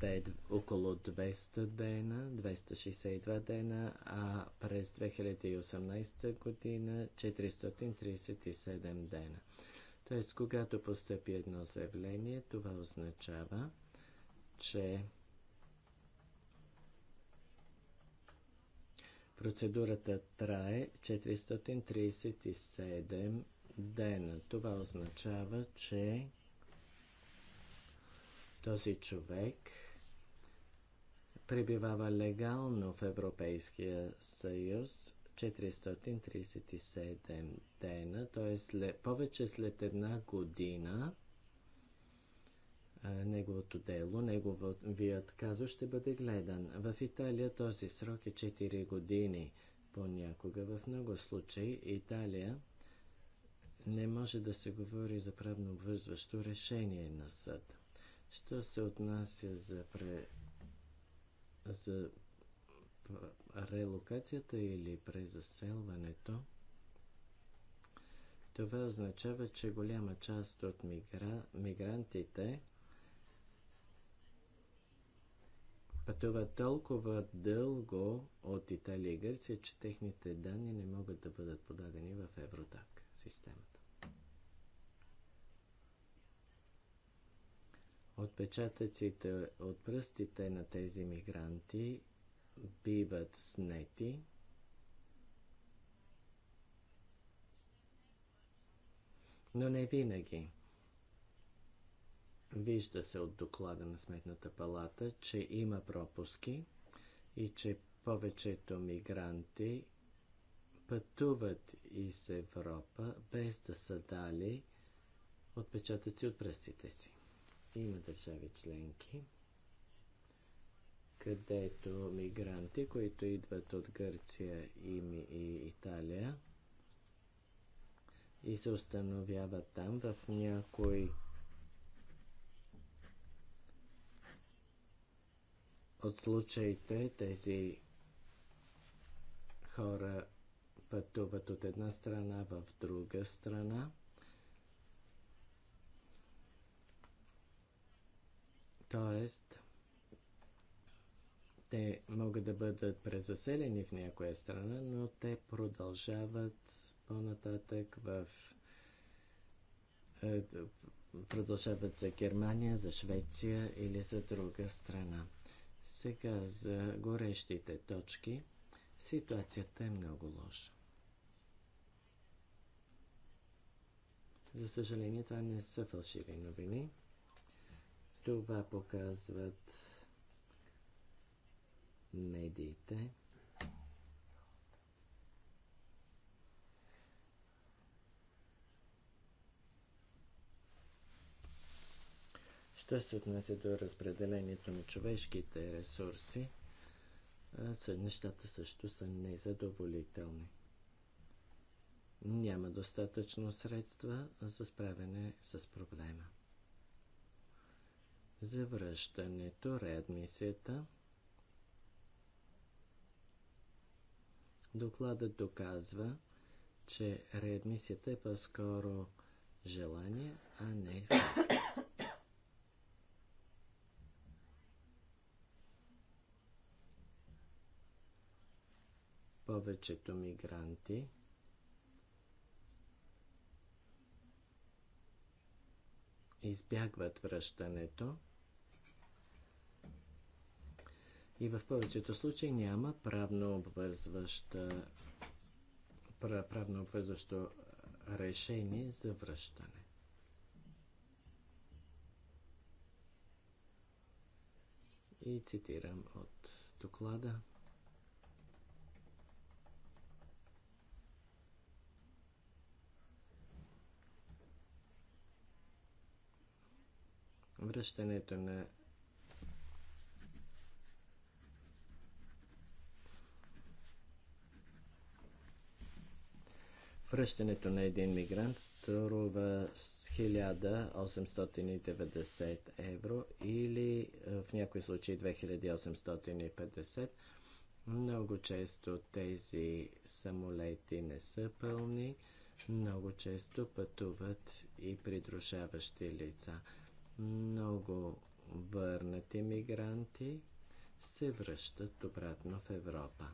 бе около 200 дена, 262 дена, а през 2018 година 437 дена. Тоест, когато постъпи едно заявление, това означава, че процедурата трае 437 дена. Това означава, че този човек пребивава легално в Европейския съюз 437 дена, т.е. повече след една година неговото дело, неговият казус ще бъде гледан. В Италия този срок е 4 години. Понякога в много случаи Италия не може да се говори за правно обвързващо решение на съд. Що се отнася за пре за релокацията или презаселването, това означава, че голяма част от мигра... мигрантите пътуват толкова дълго от Италия и Гърция, че техните данни не могат да бъдат подадени в Евротак системата. Отпечатъците от пръстите на тези мигранти биват снети но не винаги. Вижда се от доклада на Сметната палата, че има пропуски и че повечето мигранти пътуват из Европа без да са дали отпечатъци от пръстите си. Има държави членки, където мигранти, които идват от Гърция и, и Италия и се установяват там в някои от случаите тези хора пътуват от една страна в друга страна – Тоест, те могат да бъдат презаселени в някоя страна, но те продължават по-нататък в е, продължават за Германия, за Швеция или за друга страна. Сега за горещите точки ситуацията е много лоша. За съжаление, това не са фалшиви новини. Това показват медиите. Що се отнесе до разпределението на човешките ресурси, нещата също са незадоволителни. Няма достатъчно средства за справяне с проблема за връщането, реадмисията. Докладът доказва, че реадмисията е по-скоро желание, а не факт. Повечето мигранти избягват връщането. и в повечето случаи няма правно обвързваща правно обвързващо решение за връщане. И цитирам от доклада. Връщането на Връщането на един мигрант струва 1890 евро или е, в някои случаи 2850. Много често тези самолети не са пълни, много често пътуват и придружаващи лица. Много върнати мигранти се връщат обратно в Европа.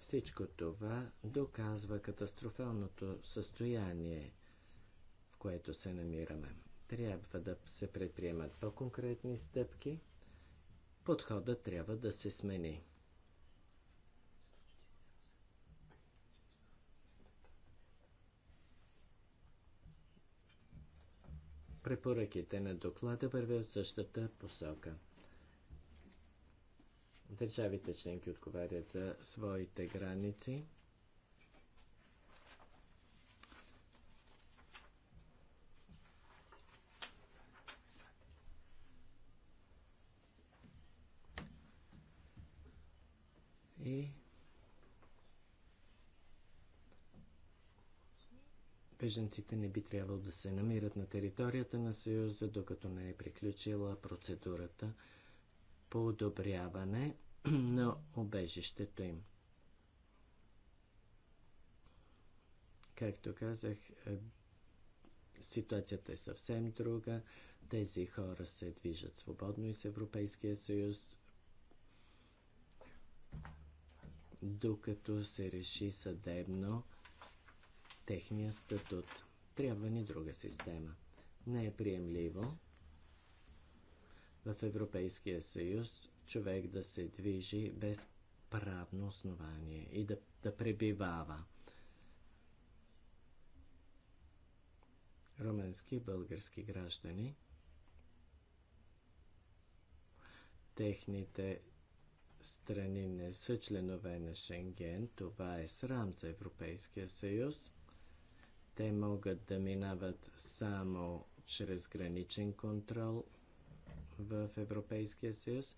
Всичко това доказва катастрофалното състояние, в което се намираме. Трябва да се предприемат по-конкретни стъпки. Подходът трябва да се смени. Препоръките на доклада вървят в същата посока. Държавите членки отговарят за своите граници. И беженците не би трябвало да се намират на територията на Съюза, докато не е приключила процедурата подобряване на обежището им. Както казах, е, ситуацията е съвсем друга. Тези хора се движат свободно из Европейския съюз, докато се реши съдебно техния статут. Трябва ни друга система. Не е приемливо в Европейския съюз човек да се движи без правно основание и да, да пребивава. Руменски български граждани, техните страни не са членове на Шенген, това е срам за Европейския съюз. Те могат да минават само чрез граничен контрол в Европейския съюз.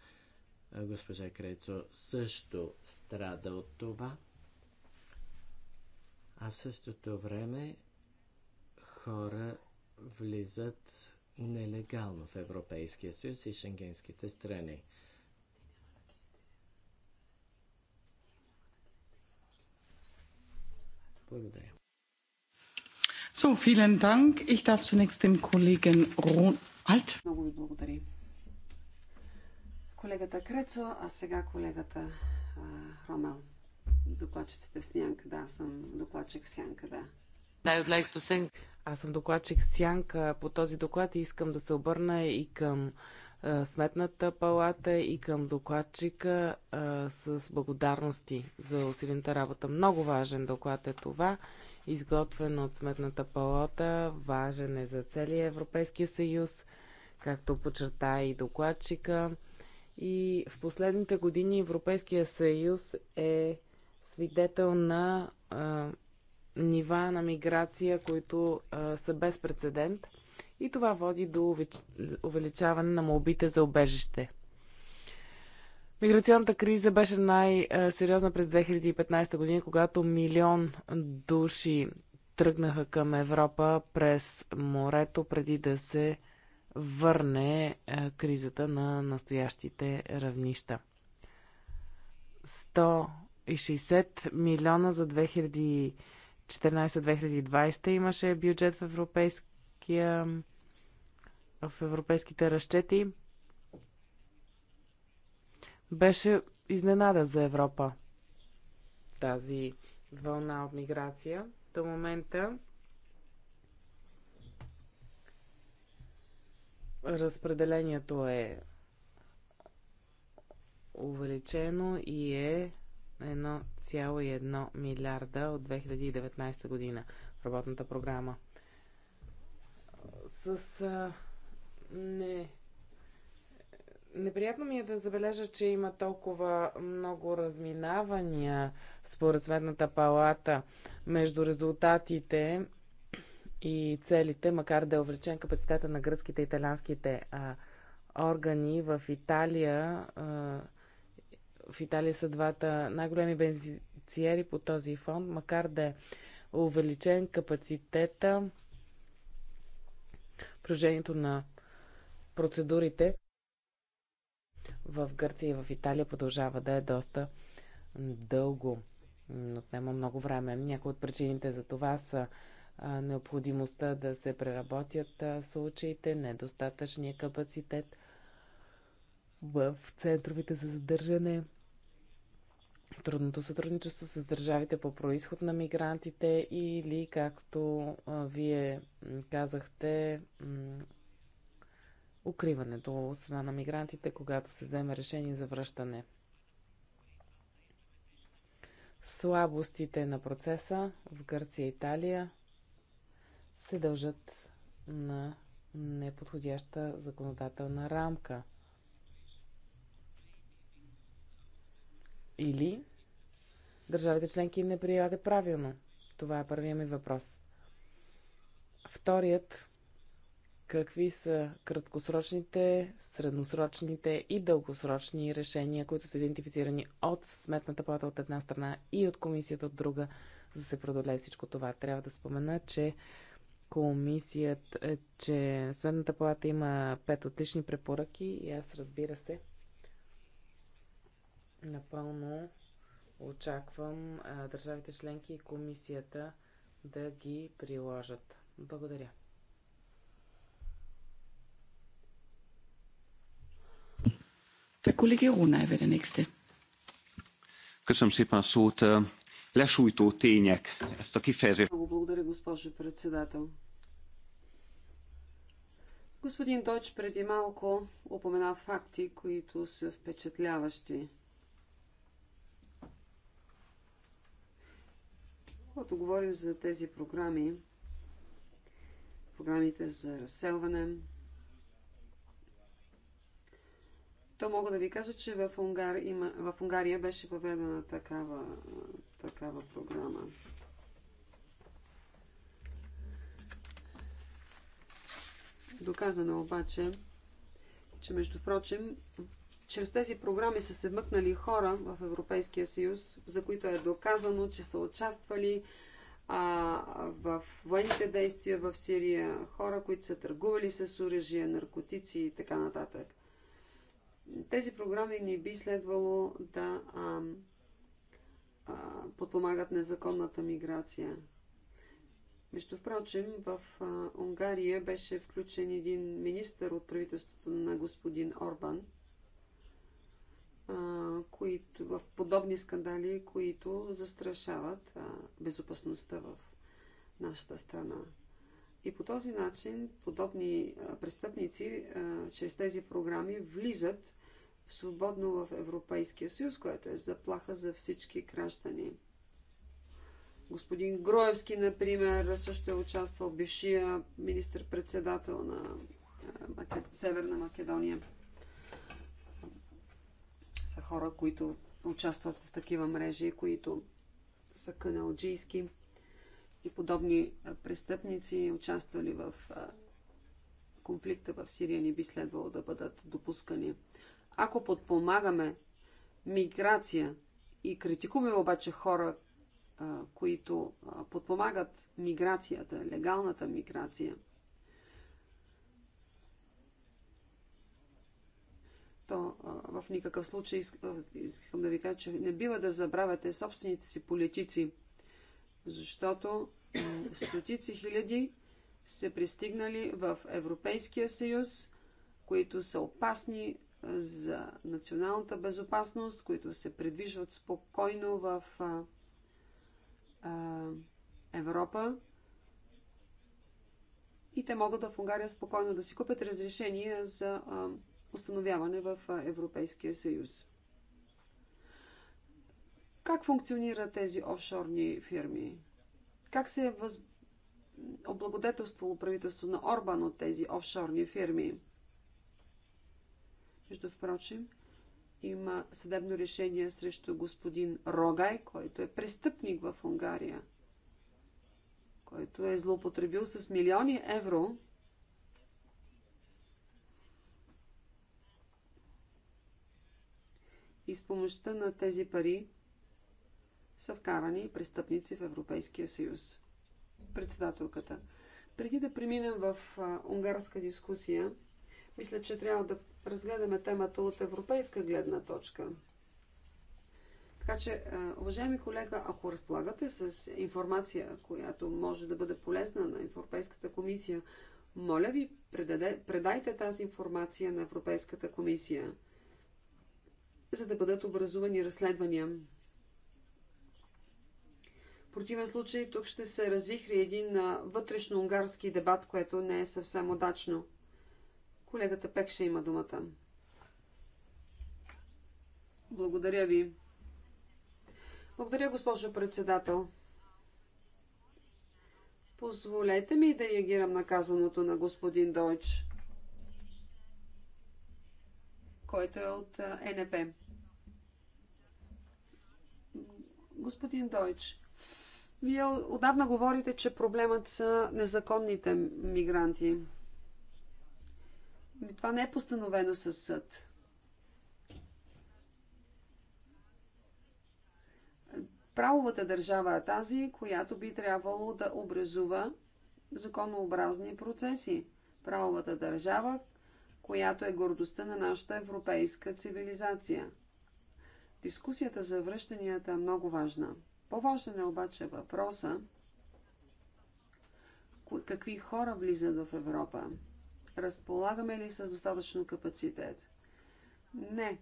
Госпожа Крецо също страда от това. А в същото време хора влизат нелегално в Европейския съюз и шенгенските страни. Благодаря. So, vielen Dank. Ich darf zunächst dem Kollegen Ron Alt. Много ви благодаря колегата Крецо, а сега колегата а, Ромел. Докладчиците в Сянка, да, съм докладчик в Сянка, да. Да, от Like Аз съм докладчик в Сянка по този доклад и искам да се обърна и към а, Сметната палата и към докладчика а, с благодарности за усилената работа. Много важен доклад е това изготвен от Сметната палата, важен е за целия Европейския съюз, както подчерта и докладчика. И в последните години Европейския съюз е свидетел на а, нива на миграция, които а, са без прецедент. И това води до увеличаване на молбите за обежище. Миграционната криза беше най-сериозна през 2015 година, когато милион души тръгнаха към Европа през морето, преди да се върне е, кризата на настоящите равнища. 160 милиона за 2014-2020 имаше бюджет в европейския в европейските разчети. Беше изненада за Европа тази вълна от миграция. До момента разпределението е увеличено и е 1,1 милиарда от 2019 година в работната програма. С а, не. Неприятно ми е да забележа, че има толкова много разминавания според Сметната палата между резултатите и целите, макар да е увеличен капацитета на гръцките и италянските а, органи в Италия. А, в Италия са двата най-големи бенефициери по този фонд, макар да е увеличен капацитета, приложението на процедурите в Гърция и в Италия продължава да е доста дълго. Отнема много време. Някои от причините за това са необходимостта да се преработят случаите, недостатъчния капацитет в центровете за задържане, трудното сътрудничество с държавите по происход на мигрантите или, както вие казахте, укриването от страна на мигрантите, когато се вземе решение за връщане. Слабостите на процеса в Гърция и Италия се дължат на неподходяща законодателна рамка. Или държавите членки не прилагат правилно. Това е първият ми въпрос. Вторият какви са краткосрочните, средносрочните и дългосрочни решения, които са идентифицирани от Сметната плата от една страна и от комисията от друга, за да се продолее всичко това. Трябва да спомена, че комисията, е, че Сметната палата има пет отлични препоръки и аз разбира се напълно очаквам държавите членки и комисията да ги приложат. Благодаря. Der Kollege Runa wäre der Nächste. Köszönöm szépen a lesújtó tények, ezt a kifejezést. Много благодаря, госпожо председател. Господин Дойч, преди малко упомена факти, които са впечатляващи. Когато говорим за тези програми, програмите за разселване, то мога да ви кажа, че в, Унгар има, в Унгария беше въведена такава такава програма. Доказано обаче, че между прочим, чрез тези програми са се вмъкнали хора в Европейския съюз, за които е доказано, че са участвали а, в военните действия в Сирия, хора, които са търгували с оръжия, наркотици и така нататък. Тези програми не би следвало да А, подпомагат незаконната миграция. Между впрочем, в Унгария беше включен един министър от правителството на господин Орбан, които, в подобни скандали, които застрашават а, безопасността в нашата страна. И по този начин подобни а, престъпници а, чрез тези програми влизат свободно в Европейския съюз, което е заплаха за всички граждани. Господин Гроевски, например, също е участвал бившия министр-председател на Северна Македония. Са хора, които участват в такива мрежи, които са каналджийски и подобни престъпници, участвали в конфликта в Сирия, не би следвало да бъдат допускани. Ако подпомагаме миграция и критикуваме обаче хора, които подпомагат миграцията, легалната миграция, то в никакъв случай искам да ви кажа, че не бива да забравяте собствените си политици, защото стотици хиляди се пристигнали в Европейския съюз, които са опасни за националната безопасност, които се придвижват спокойно в а, а, Европа. И те могат в Унгария спокойно да си купят разрешение за а, установяване в Европейския съюз. Как функционират тези офшорни фирми? Как се е въз... облагодетелствало правителство на Орбан от тези офшорни фирми? Между впрочем, има съдебно решение срещу господин Рогай, който е престъпник в Унгария, който е злоупотребил с милиони евро и с помощта на тези пари са вкарани престъпници в Европейския съюз. Председателката. Преди да преминем в унгарска дискусия, мисля, че трябва да разгледаме темата от европейска гледна точка. Така че, е, уважаеми колега, ако разполагате с информация, която може да бъде полезна на Европейската комисия, моля ви, предаде, предайте тази информация на Европейската комисия, за да бъдат образувани разследвания. В противен случай тук ще се развихри един е, вътрешно-унгарски дебат, което не е съвсем удачно. Колегата Пек ще има думата. Благодаря ви. Благодаря, госпожо председател. Позволете ми да реагирам на казаното на господин Дойч, който е от НП. Господин Дойч, вие отдавна говорите, че проблемът са незаконните мигранти. Ами, това не е постановено със съд. Правовата държава е тази, която би трябвало да образува законообразни процеси. Правовата държава, която е гордостта на нашата европейска цивилизация. Дискусията за връщанията е много важна. По-важен е обаче въпроса какви хора влизат в Европа разполагаме ли с достатъчно капацитет? Не.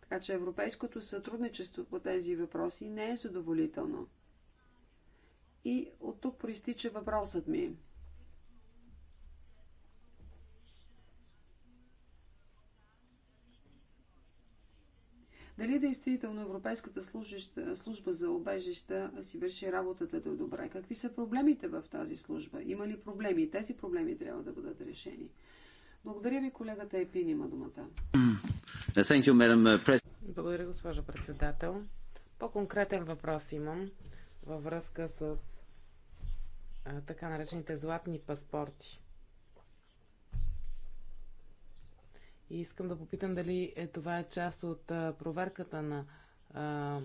Така че европейското сътрудничество по тези въпроси не е задоволително. И от тук проистича въпросът ми. Дали действително Европейската служба за обежища си върши работата до добре? Какви са проблемите в тази служба? Има ли проблеми? Тези проблеми трябва да бъдат решени. Благодаря ви, колегата Епин има думата. Mm. Uh, Благодаря, госпожо председател. По-конкретен въпрос имам във връзка с а, така наречените златни паспорти. И искам да попитам дали е, това е част от а, проверката на а,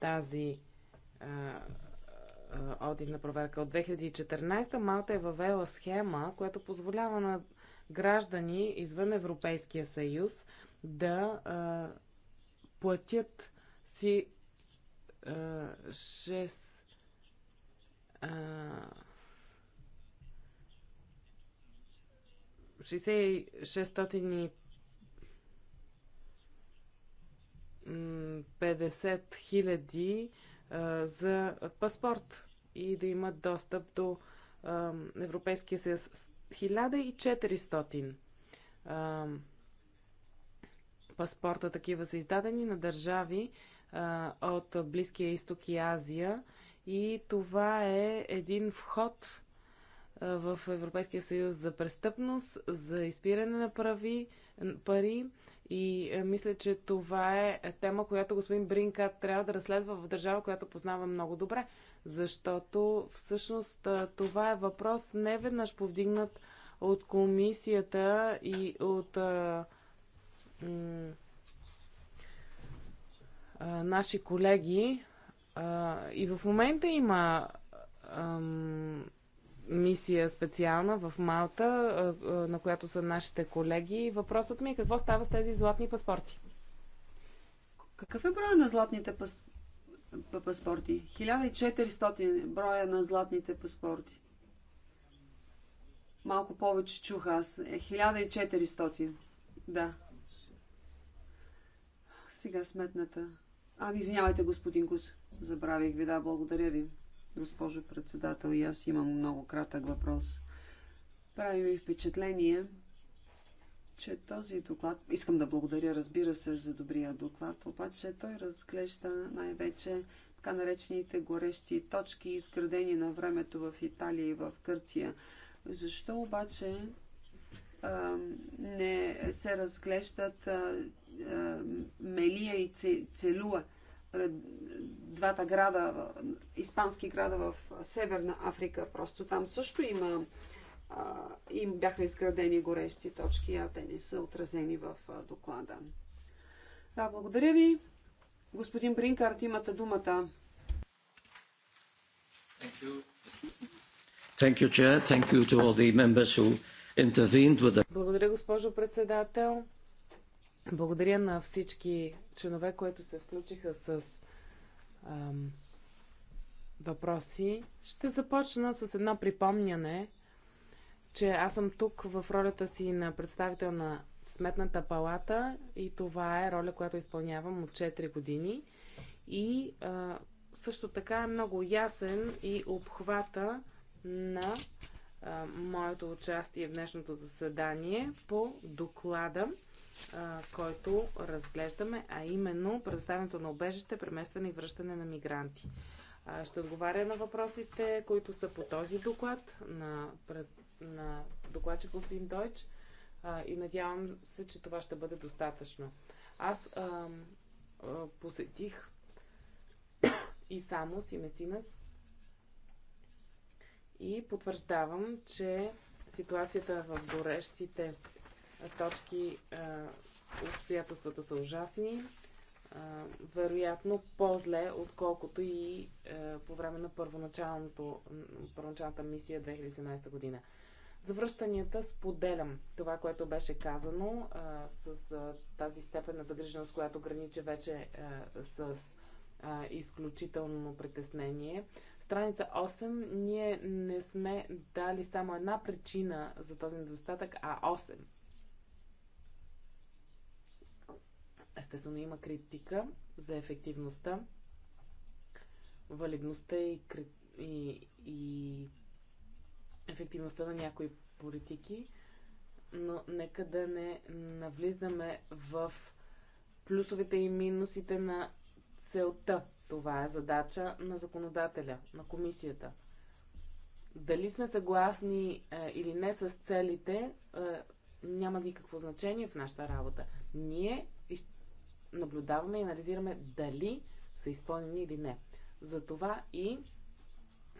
тази а, одитна проверка. От 2014 Малта е въвела схема, която позволява на граждани извън Европейския съюз да а, платят си а, 6 а, 650 50 хиляди за паспорт и да имат достъп до Европейския съюз. 1400 паспорта такива са издадени на държави от Близкия изток и Азия. И това е един вход в Европейския съюз за престъпност, за изпиране на прави, пари и мисля, че това е тема, която господин Бринка трябва да разследва в държава, която познава много добре, защото всъщност това е въпрос не веднъж повдигнат от комисията и от а, а, наши колеги. А, и в момента има мисия специална в Малта, на която са нашите колеги. Въпросът ми е какво става с тези златни паспорти? Какъв е броя на златните пас... паспорти? 1400 е броя на златните паспорти. Малко повече чух аз. Е 1400. Да. Сега сметната. А, извинявайте, господин Кус. Забравих ви, да, благодаря ви госпожо председател. И аз имам много кратък въпрос. Прави ми впечатление, че този доклад... Искам да благодаря, разбира се, за добрия доклад, обаче той разглежда най-вече така наречените горещи точки, изградени на времето в Италия и в Кърция. Защо обаче а, не се разглеждат а, а, Мелия и Целуа? Е, двата града, испански града в Северна Африка. Просто там също има им бяха изградени горещи точки, а те не са отразени в доклада. Да, благодаря ви. Господин Бринкарт, имате думата. Thank you. Thank you, Chair. Thank you to all the members who intervened with the... Благодаря, госпожо председател. Благодаря на всички членове, които се включиха с ам, въпроси. Ще започна с едно припомняне, че аз съм тук в ролята си на представител на Сметната палата и това е роля, която изпълнявам от 4 години. И а, също така е много ясен и обхвата на а, моето участие в днешното заседание по доклада който разглеждаме, а именно предоставянето на обежище, преместване и връщане на мигранти. Ще отговаря на въпросите, които са по този доклад на, на докладчик господин Дойч и надявам се, че това ще бъде достатъчно. Аз а, а, посетих и Самос, и Месинас и потвърждавам, че ситуацията в горещите точки. Обстоятелствата са ужасни. Вероятно по-зле, отколкото и по време на първоначалната мисия 2017 година. Завръщанията споделям това, което беше казано а, с а, тази степен на загриженост, която граниче вече а, с а, изключително притеснение. Страница 8. Ние не сме дали само една причина за този недостатък, а 8. Естествено има критика за ефективността, валидността и, и, и ефективността на някои политики, но нека да не навлизаме в плюсовете и минусите на целта. Това е задача на законодателя, на комисията. Дали сме съгласни е, или не с целите, е, няма никакво значение в нашата работа. Ние наблюдаваме и анализираме дали са изпълнени или не. Затова и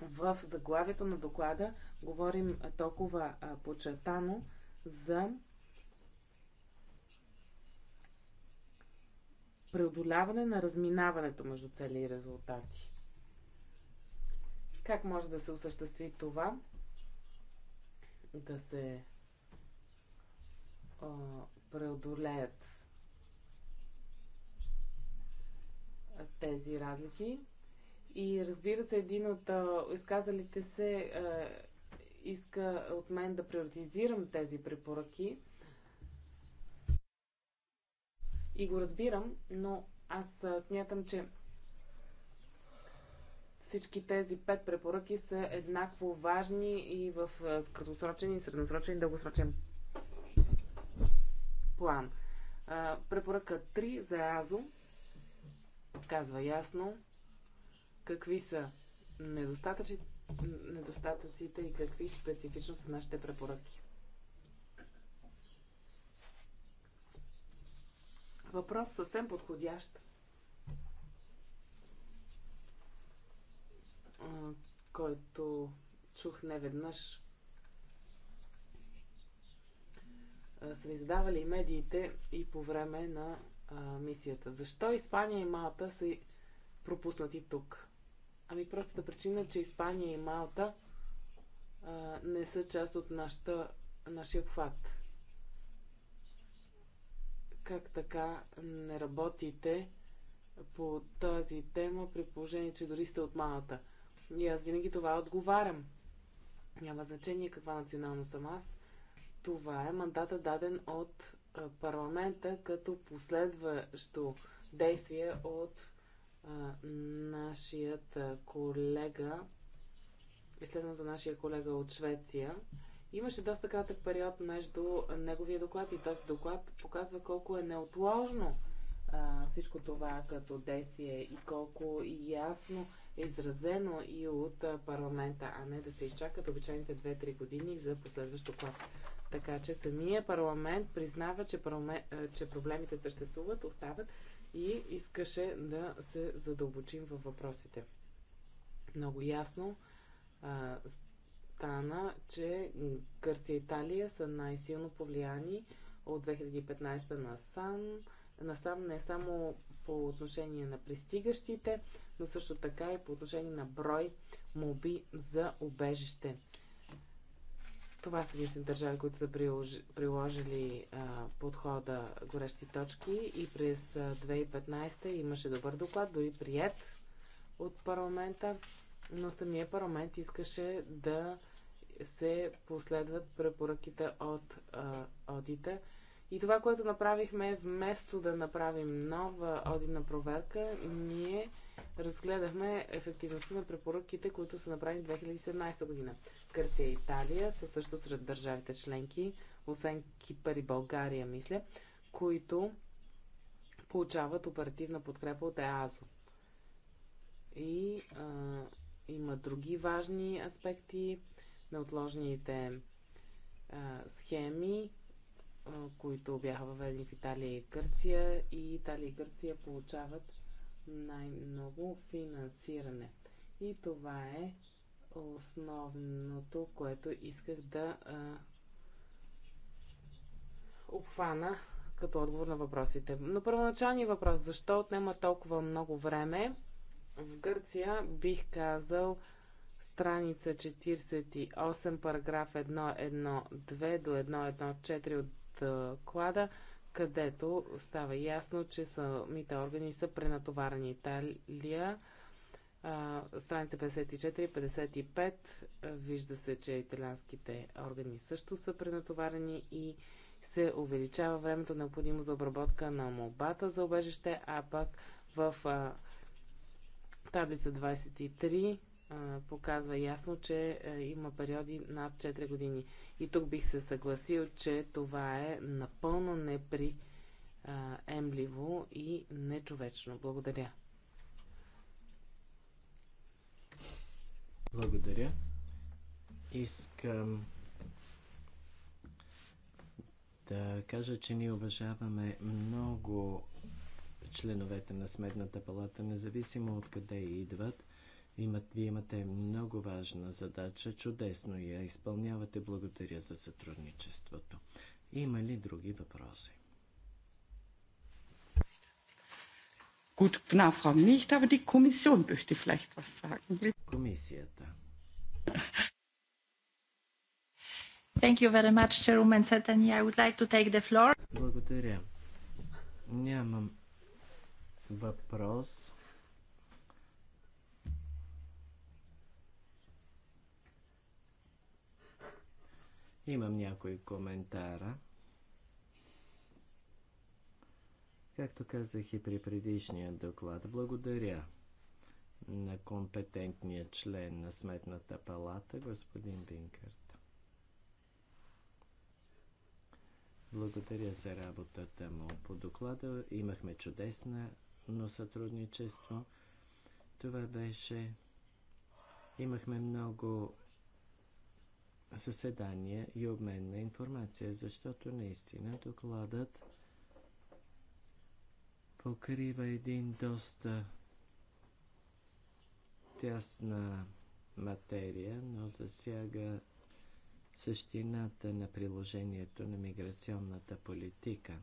в заглавието на доклада говорим толкова почертано за преодоляване на разминаването между цели и резултати. Как може да се осъществи това? Да се преодолеят тези разлики. И разбира се, един от изказалите се иска от мен да приоритизирам тези препоръки. И го разбирам, но аз смятам, че всички тези пет препоръки са еднакво важни и в краткосрочен и средносрочен и дългосрочен план. Препоръка 3 за Азо казва ясно какви са недостатъците и какви специфично са нашите препоръки. Въпрос съвсем подходящ. който чух неведнъж. Са ви задавали и медиите и по време на а, мисията. Защо Испания и Малта са пропуснати тук? Ами простата причина, че Испания и Малта а, не са част от нашата, нашия обхват. Как така не работите по тази тема, при положение, че дори сте от Малта? И аз винаги това отговарям. Няма значение каква национално съм аз. Това е мандата даден от е, парламента като последващо действие от а, е, нашият е, колега, изследването на нашия колега от Швеция. Имаше доста кратък период между неговия доклад и този доклад показва колко е неотложно а, всичко това като действие и колко ясно е изразено и от парламента, а не да се изчакат обичайните 2-3 години за последващ доклад. Така че самия парламент признава, че, парламент, е, че проблемите съществуват, остават и искаше да се задълбочим във въпросите. Много ясно а, стана, че Гърция и Италия са най-силно повлияни от 2015 насам, насам не само по отношение на пристигащите, но също така и по отношение на брой моби за убежище. Това са единствени държави, които са приложили а, подхода горещи точки и през 2015 имаше добър доклад, дори прият от парламента, но самия парламент искаше да се последват препоръките от а, одита. И това, което направихме, вместо да направим нова одитна проверка, ние разгледахме ефективността на препоръките, които са направени 2017 година. Гърция и Италия са също сред държавите членки, освен Кипър и България, мисля, които получават оперативна подкрепа от ЕАЗО. И а, има други важни аспекти на отложените а, схеми, а, които бяха въведени в Италия и Гърция. И Италия и Гърция получават най-много финансиране. И това е основното, което исках да а, обхвана като отговор на въпросите. Но първоначалният въпрос, защо отнема толкова много време? В Гърция бих казал страница 48, параграф 1.1.2 до 1.1.4 от клада, където става ясно, че самите органи са пренатоварени. Италия страница 54-55 вижда се, че италианските органи също са пренатоварени и се увеличава времето необходимо за обработка на молбата за обежище, а пък в а, таблица 23 а, показва ясно, че а, има периоди над 4 години. И тук бих се съгласил, че това е напълно неприемливо и нечовечно. Благодаря. Благодаря. Искам да кажа, че ние уважаваме много членовете на Сметната палата, независимо от къде идват. Имат, вие имате много важна задача, чудесно я изпълнявате. Благодаря за сътрудничеството. Има ли други въпроси? Gut, nachfragen nicht, aber die Kommission möchte vielleicht was sagen. Комисията. Thank you very much, Chairman. Certainly, I would like to take the floor. Благодаря. Нямам въпрос. Имам някои коментара. Както казах и при предишния доклад, благодаря на компетентния член на Сметната палата, господин Бинкърт. Благодаря за работата му по доклада. Имахме чудесна но сътрудничество. Това беше... Имахме много съседания и обмен на информация, защото наистина докладът покрива един доста тясна материя, но засяга същината на приложението на миграционната политика.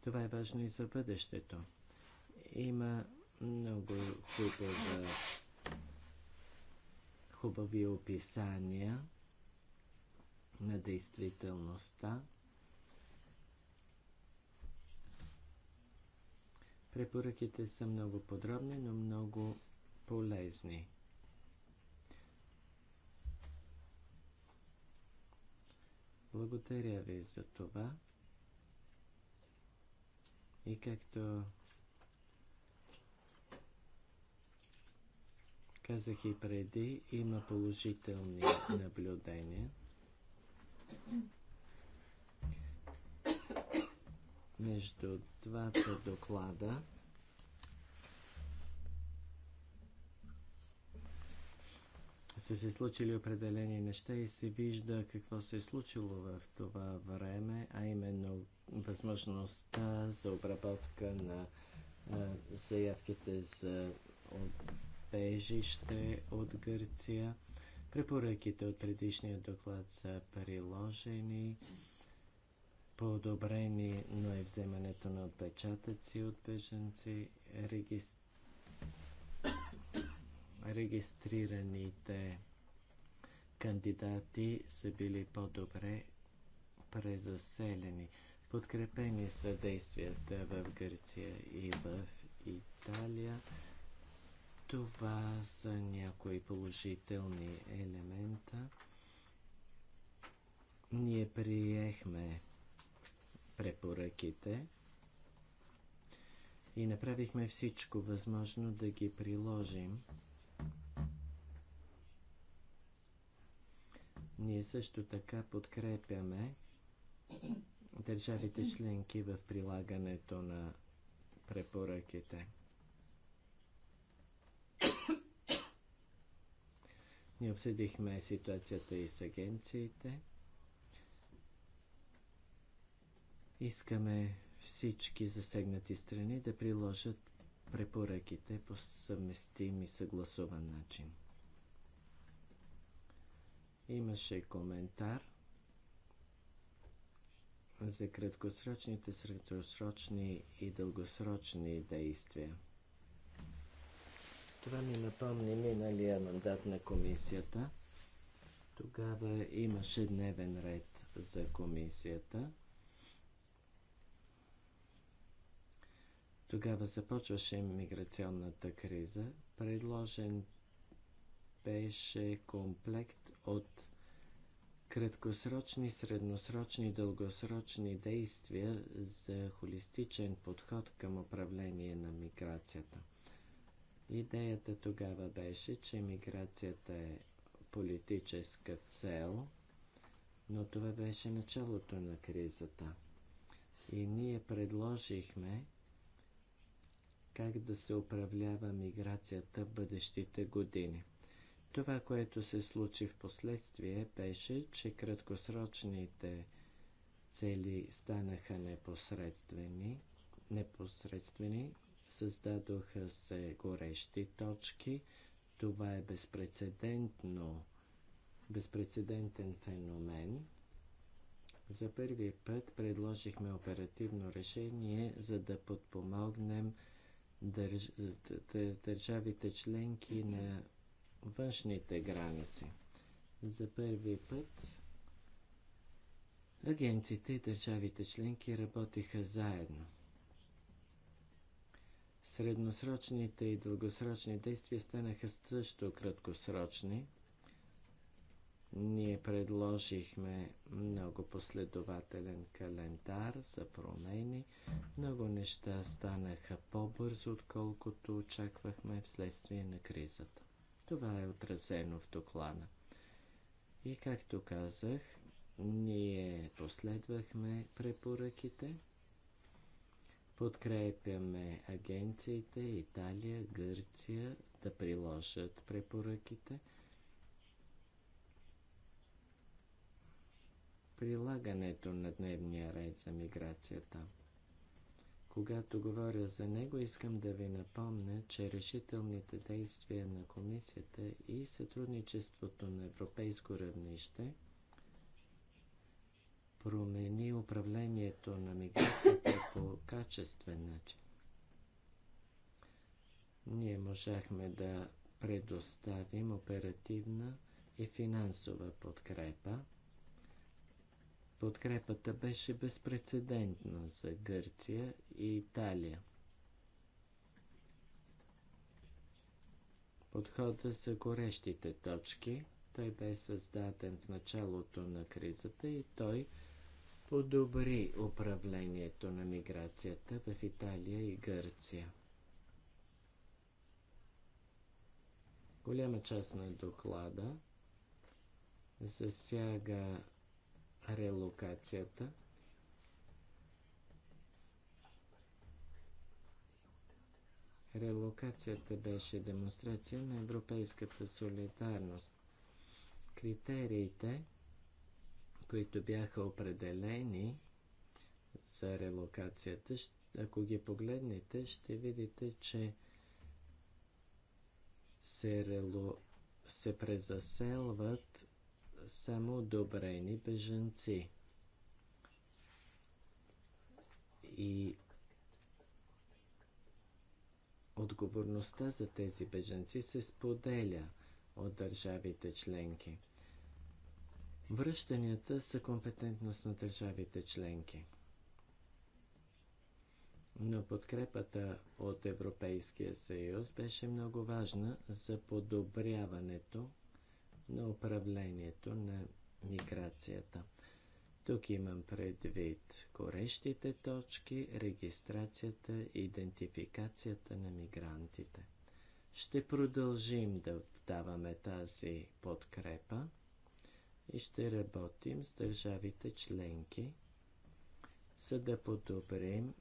Това е важно и за бъдещето. Има много хубава, хубави описания на действителността. Препоръките са много подробни, но много полезни. Благодаря ви за това. И както казах и преди, има положителни наблюдения. между двата доклада. са се случили определени неща и се вижда какво се е случило в това време, а именно възможността за обработка на заявките за обежище от Гърция. Препоръките от предишния доклад са приложени. Подобрени, но е вземането на отпечатъци от беженци, регистр... регистрираните кандидати са били по-добре презаселени. Подкрепени са действията в Гърция и в Италия. Това са някои положителни елемента. Ние приехме препоръките и направихме всичко възможно да ги приложим. Ние също така подкрепяме държавите членки в прилагането на препоръките. Ние обсъдихме ситуацията и с агенциите. Искаме всички засегнати страни да приложат препоръките по съвместим и съгласуван начин. Имаше коментар за краткосрочните, средносрочни и дългосрочни действия. Това ми напомни миналия мандат на комисията. Тогава имаше дневен ред за комисията. Тогава започваше миграционната криза. Предложен беше комплект от краткосрочни, средносрочни и дългосрочни действия за холистичен подход към управление на миграцията. Идеята тогава беше, че миграцията е политическа цел, но това беше началото на кризата. И ние предложихме как да се управлява миграцията в бъдещите години. Това, което се случи в последствие, беше, че краткосрочните цели станаха непосредствени, непосредствени създадоха се горещи точки. Това е безпредседентно, безпредседентен феномен. За първи път предложихме оперативно решение, за да подпомогнем държ... държавите членки на външните граници. За първи път агенците и държавите членки работиха заедно. Средносрочните и дългосрочни действия станаха също краткосрочни – ние предложихме много последователен календар за промени. Много неща станаха по-бързо, отколкото очаквахме вследствие на кризата. Това е отразено в доклада. И както казах, ние последвахме препоръките, подкрепяме агенциите Италия, Гърция да приложат препоръките – прилагането на дневния ред за миграцията. Когато говоря за него, искам да ви напомня, че решителните действия на комисията и сътрудничеството на европейско равнище промени управлението на миграцията по качествен начин. Ние можахме да предоставим оперативна и финансова подкрепа Подкрепата беше безпредседентна за Гърция и Италия. Подхода за горещите точки. Той бе създаден в началото на кризата и той подобри управлението на миграцията в Италия и Гърция. Голяма част на доклада засяга релокацията. Релокацията беше демонстрация на европейската солидарност. Критериите, които бяха определени за релокацията, ако ги погледнете, ще видите, че се, рело... се презаселват само одобрени бежанци. И отговорността за тези бежанци се споделя от държавите членки. Връщанията са компетентност на държавите членки. Но подкрепата от Европейския съюз беше много важна за подобряването на управлението на миграцията. Тук имам предвид горещите точки, регистрацията и идентификацията на мигрантите. Ще продължим да даваме тази подкрепа и ще работим с държавите членки, за да подобрим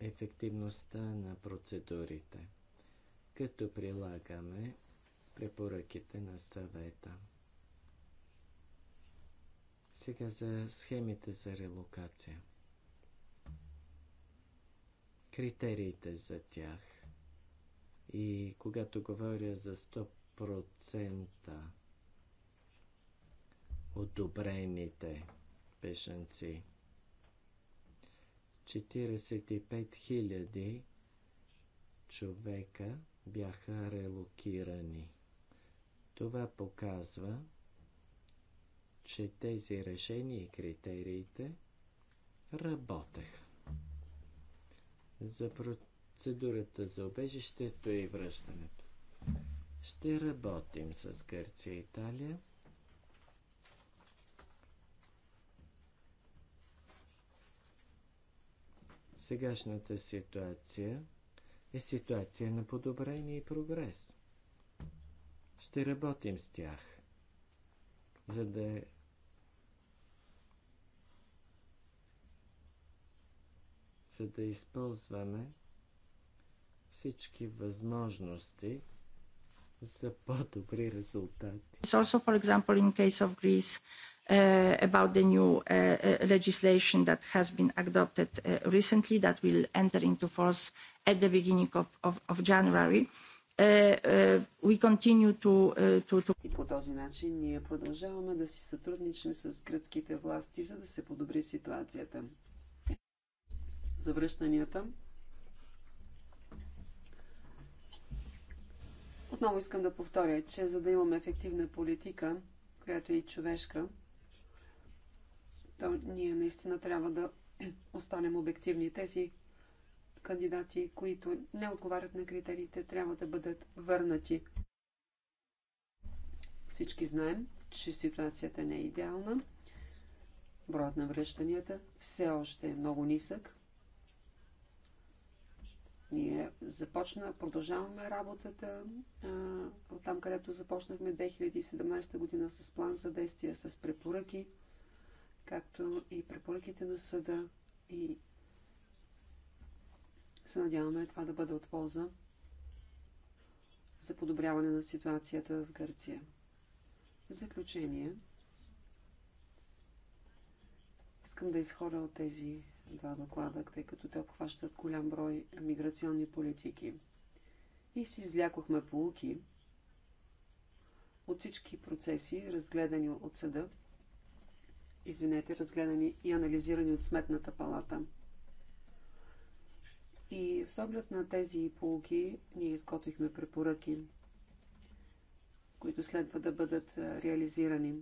ефективността на процедурите, като прилагаме препоръките на съвета. Сега за схемите за релокация. Критериите за тях. И когато говоря за 100% одобрените пешанци. 45 000 човека бяха релокирани. Това показва, че тези решения и критериите работеха. За процедурата за обежището и връщането. Ще работим с Гърция и Италия. Сегашната ситуация е ситуация на подобрение и прогрес. Ще работим с тях, за да за да използваме всички възможности за по-добри резултати. It's also, for example, in case of Greece, uh, about the new uh, legislation that has been adopted uh, recently that will enter into force at the beginning of, of, of January. Uh, е, е, we continue е, to, to, И по този начин ние продължаваме да си сътрудничим с гръцките власти, за да се подобри ситуацията. Завръщанията. Отново искам да повторя, че за да имаме ефективна политика, която е и човешка, то ние наистина трябва да останем обективни. Тези кандидати, които не отговарят на критериите, трябва да бъдат върнати. Всички знаем, че ситуацията не е идеална. Броят на връщанията все още е много нисък. Ние започна, продължаваме работата а, от там, където започнахме 2017 година с план за действие, с препоръки, както и препоръките на съда и се надяваме това да бъде от полза за подобряване на ситуацията в Гърция. В заключение, искам да изходя от тези два доклада, тъй като те обхващат голям брой миграционни политики. И си излякохме полуки от всички процеси, разгледани от съда, извинете, разгледани и анализирани от Сметната палата – и с оглед на тези полуки ние изготвихме препоръки, които следва да бъдат реализирани.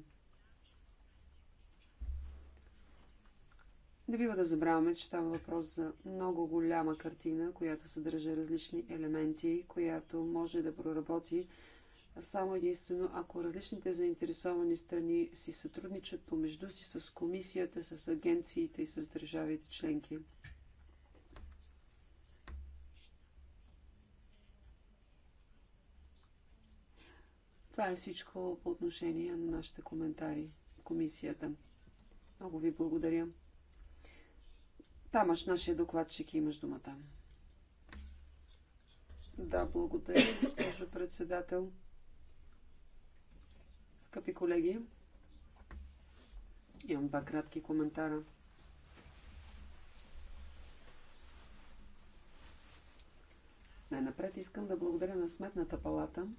Не бива да забравяме, че става въпрос за много голяма картина, която съдържа различни елементи, която може да проработи само единствено, ако различните заинтересовани страни си сътрудничат помежду си с комисията, с агенциите и с държавите членки – Това е всичко по отношение на нашите коментари в комисията. Много ви благодаря. Тамаш, нашия докладчик, имаш думата. Да, благодаря, госпожо председател. Скъпи колеги, имам два кратки коментара. Най-напред искам да благодаря на Сметната палата –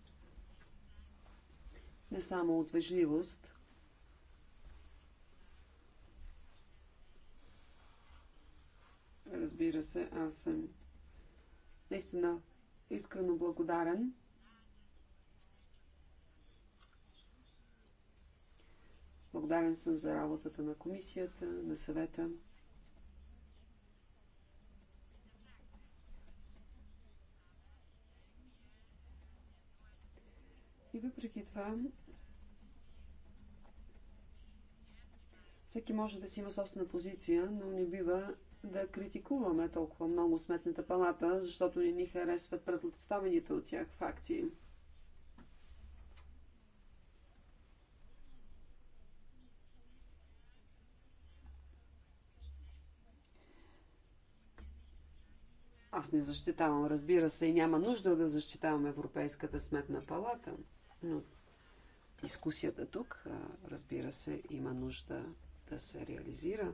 не само от вежливост. Разбира се, аз съм наистина искрено благодарен. Благодарен съм за работата на комисията, на съвета. И въпреки това, всеки може да си има собствена позиция, но не бива да критикуваме толкова много сметната палата, защото не ни харесват предоставените от тях факти. Аз не защитавам, разбира се, и няма нужда да защитавам Европейската сметна палата – но дискусията тук, разбира се, има нужда да се реализира,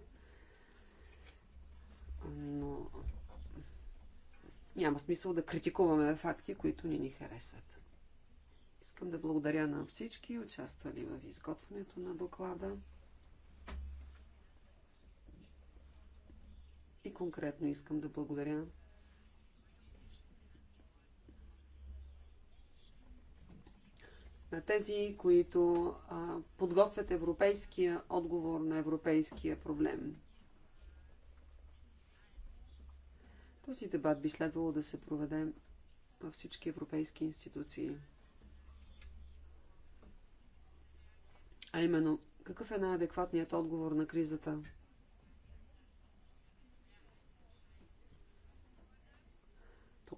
но няма смисъл да критикуваме факти, които не ни харесват. Искам да благодаря на всички, участвали в изготвянето на доклада. И конкретно искам да благодаря на тези, които а, подготвят европейския отговор на европейския проблем. Този дебат би следвало да се проведе във всички европейски институции. А именно, какъв е най-адекватният отговор на кризата?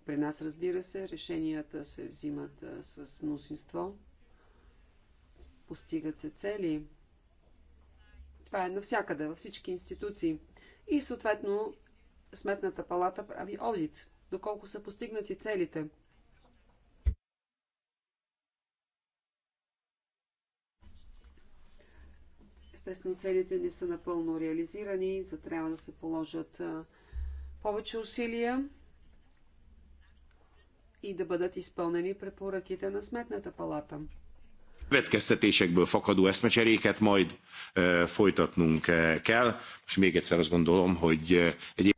При нас, разбира се, решенията се взимат с мнозинство постигат се цели. Това е навсякъде, във всички институции. И съответно Сметната палата прави одит, доколко са постигнати целите. Естествено, целите не са напълно реализирани, за трябва да се положат повече усилия и да бъдат изпълнени препоръките на Сметната палата következtetésekből fakadó eszmecseréket majd folytatnunk kell. Most még egyszer azt gondolom, hogy egy...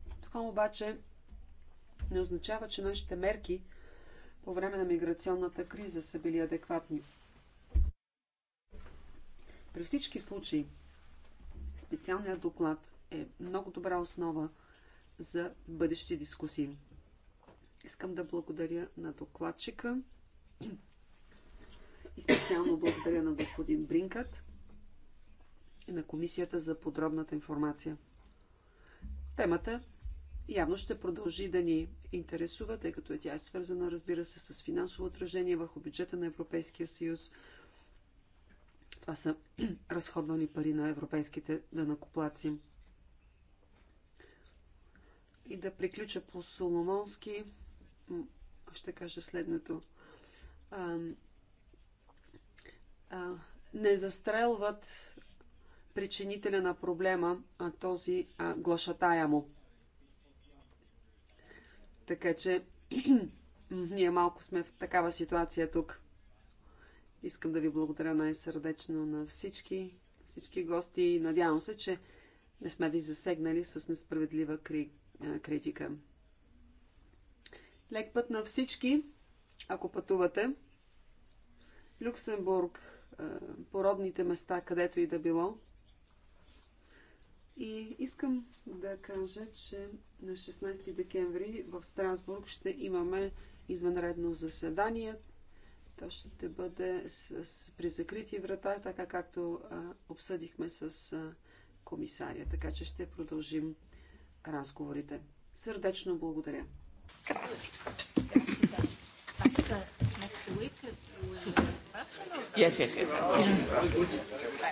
не означава, че нашите мерки по време на миграционната криза са били адекватни. При всички случаи, специалният доклад е много добра основа за бъдещи дискусии. Искам да благодаря на докладчика и специално благодаря на господин Бринкът и на комисията за подробната информация. Темата явно ще продължи да ни интересува, тъй като тя е свързана, разбира се, с финансово отражение върху бюджета на Европейския съюз. Това са разходвани пари на европейските данакоплаци. И да приключа по Соломонски, ще кажа следното а, не застрелват причинителя на проблема, а този а, глашатая му. Така че ние малко сме в такава ситуация тук. Искам да ви благодаря най-сърдечно на всички, всички гости и надявам се, че не сме ви засегнали с несправедлива кри... критика. Лек път на всички, ако пътувате. Люксембург породните места, където и да било. И искам да кажа, че на 16 декември в Страсбург ще имаме извънредно заседание. То ще бъде с, с, при закрити врата, така както а, обсъдихме с а, комисаря. Така че ще продължим разговорите. Сърдечно благодаря. Yes, yes, yes.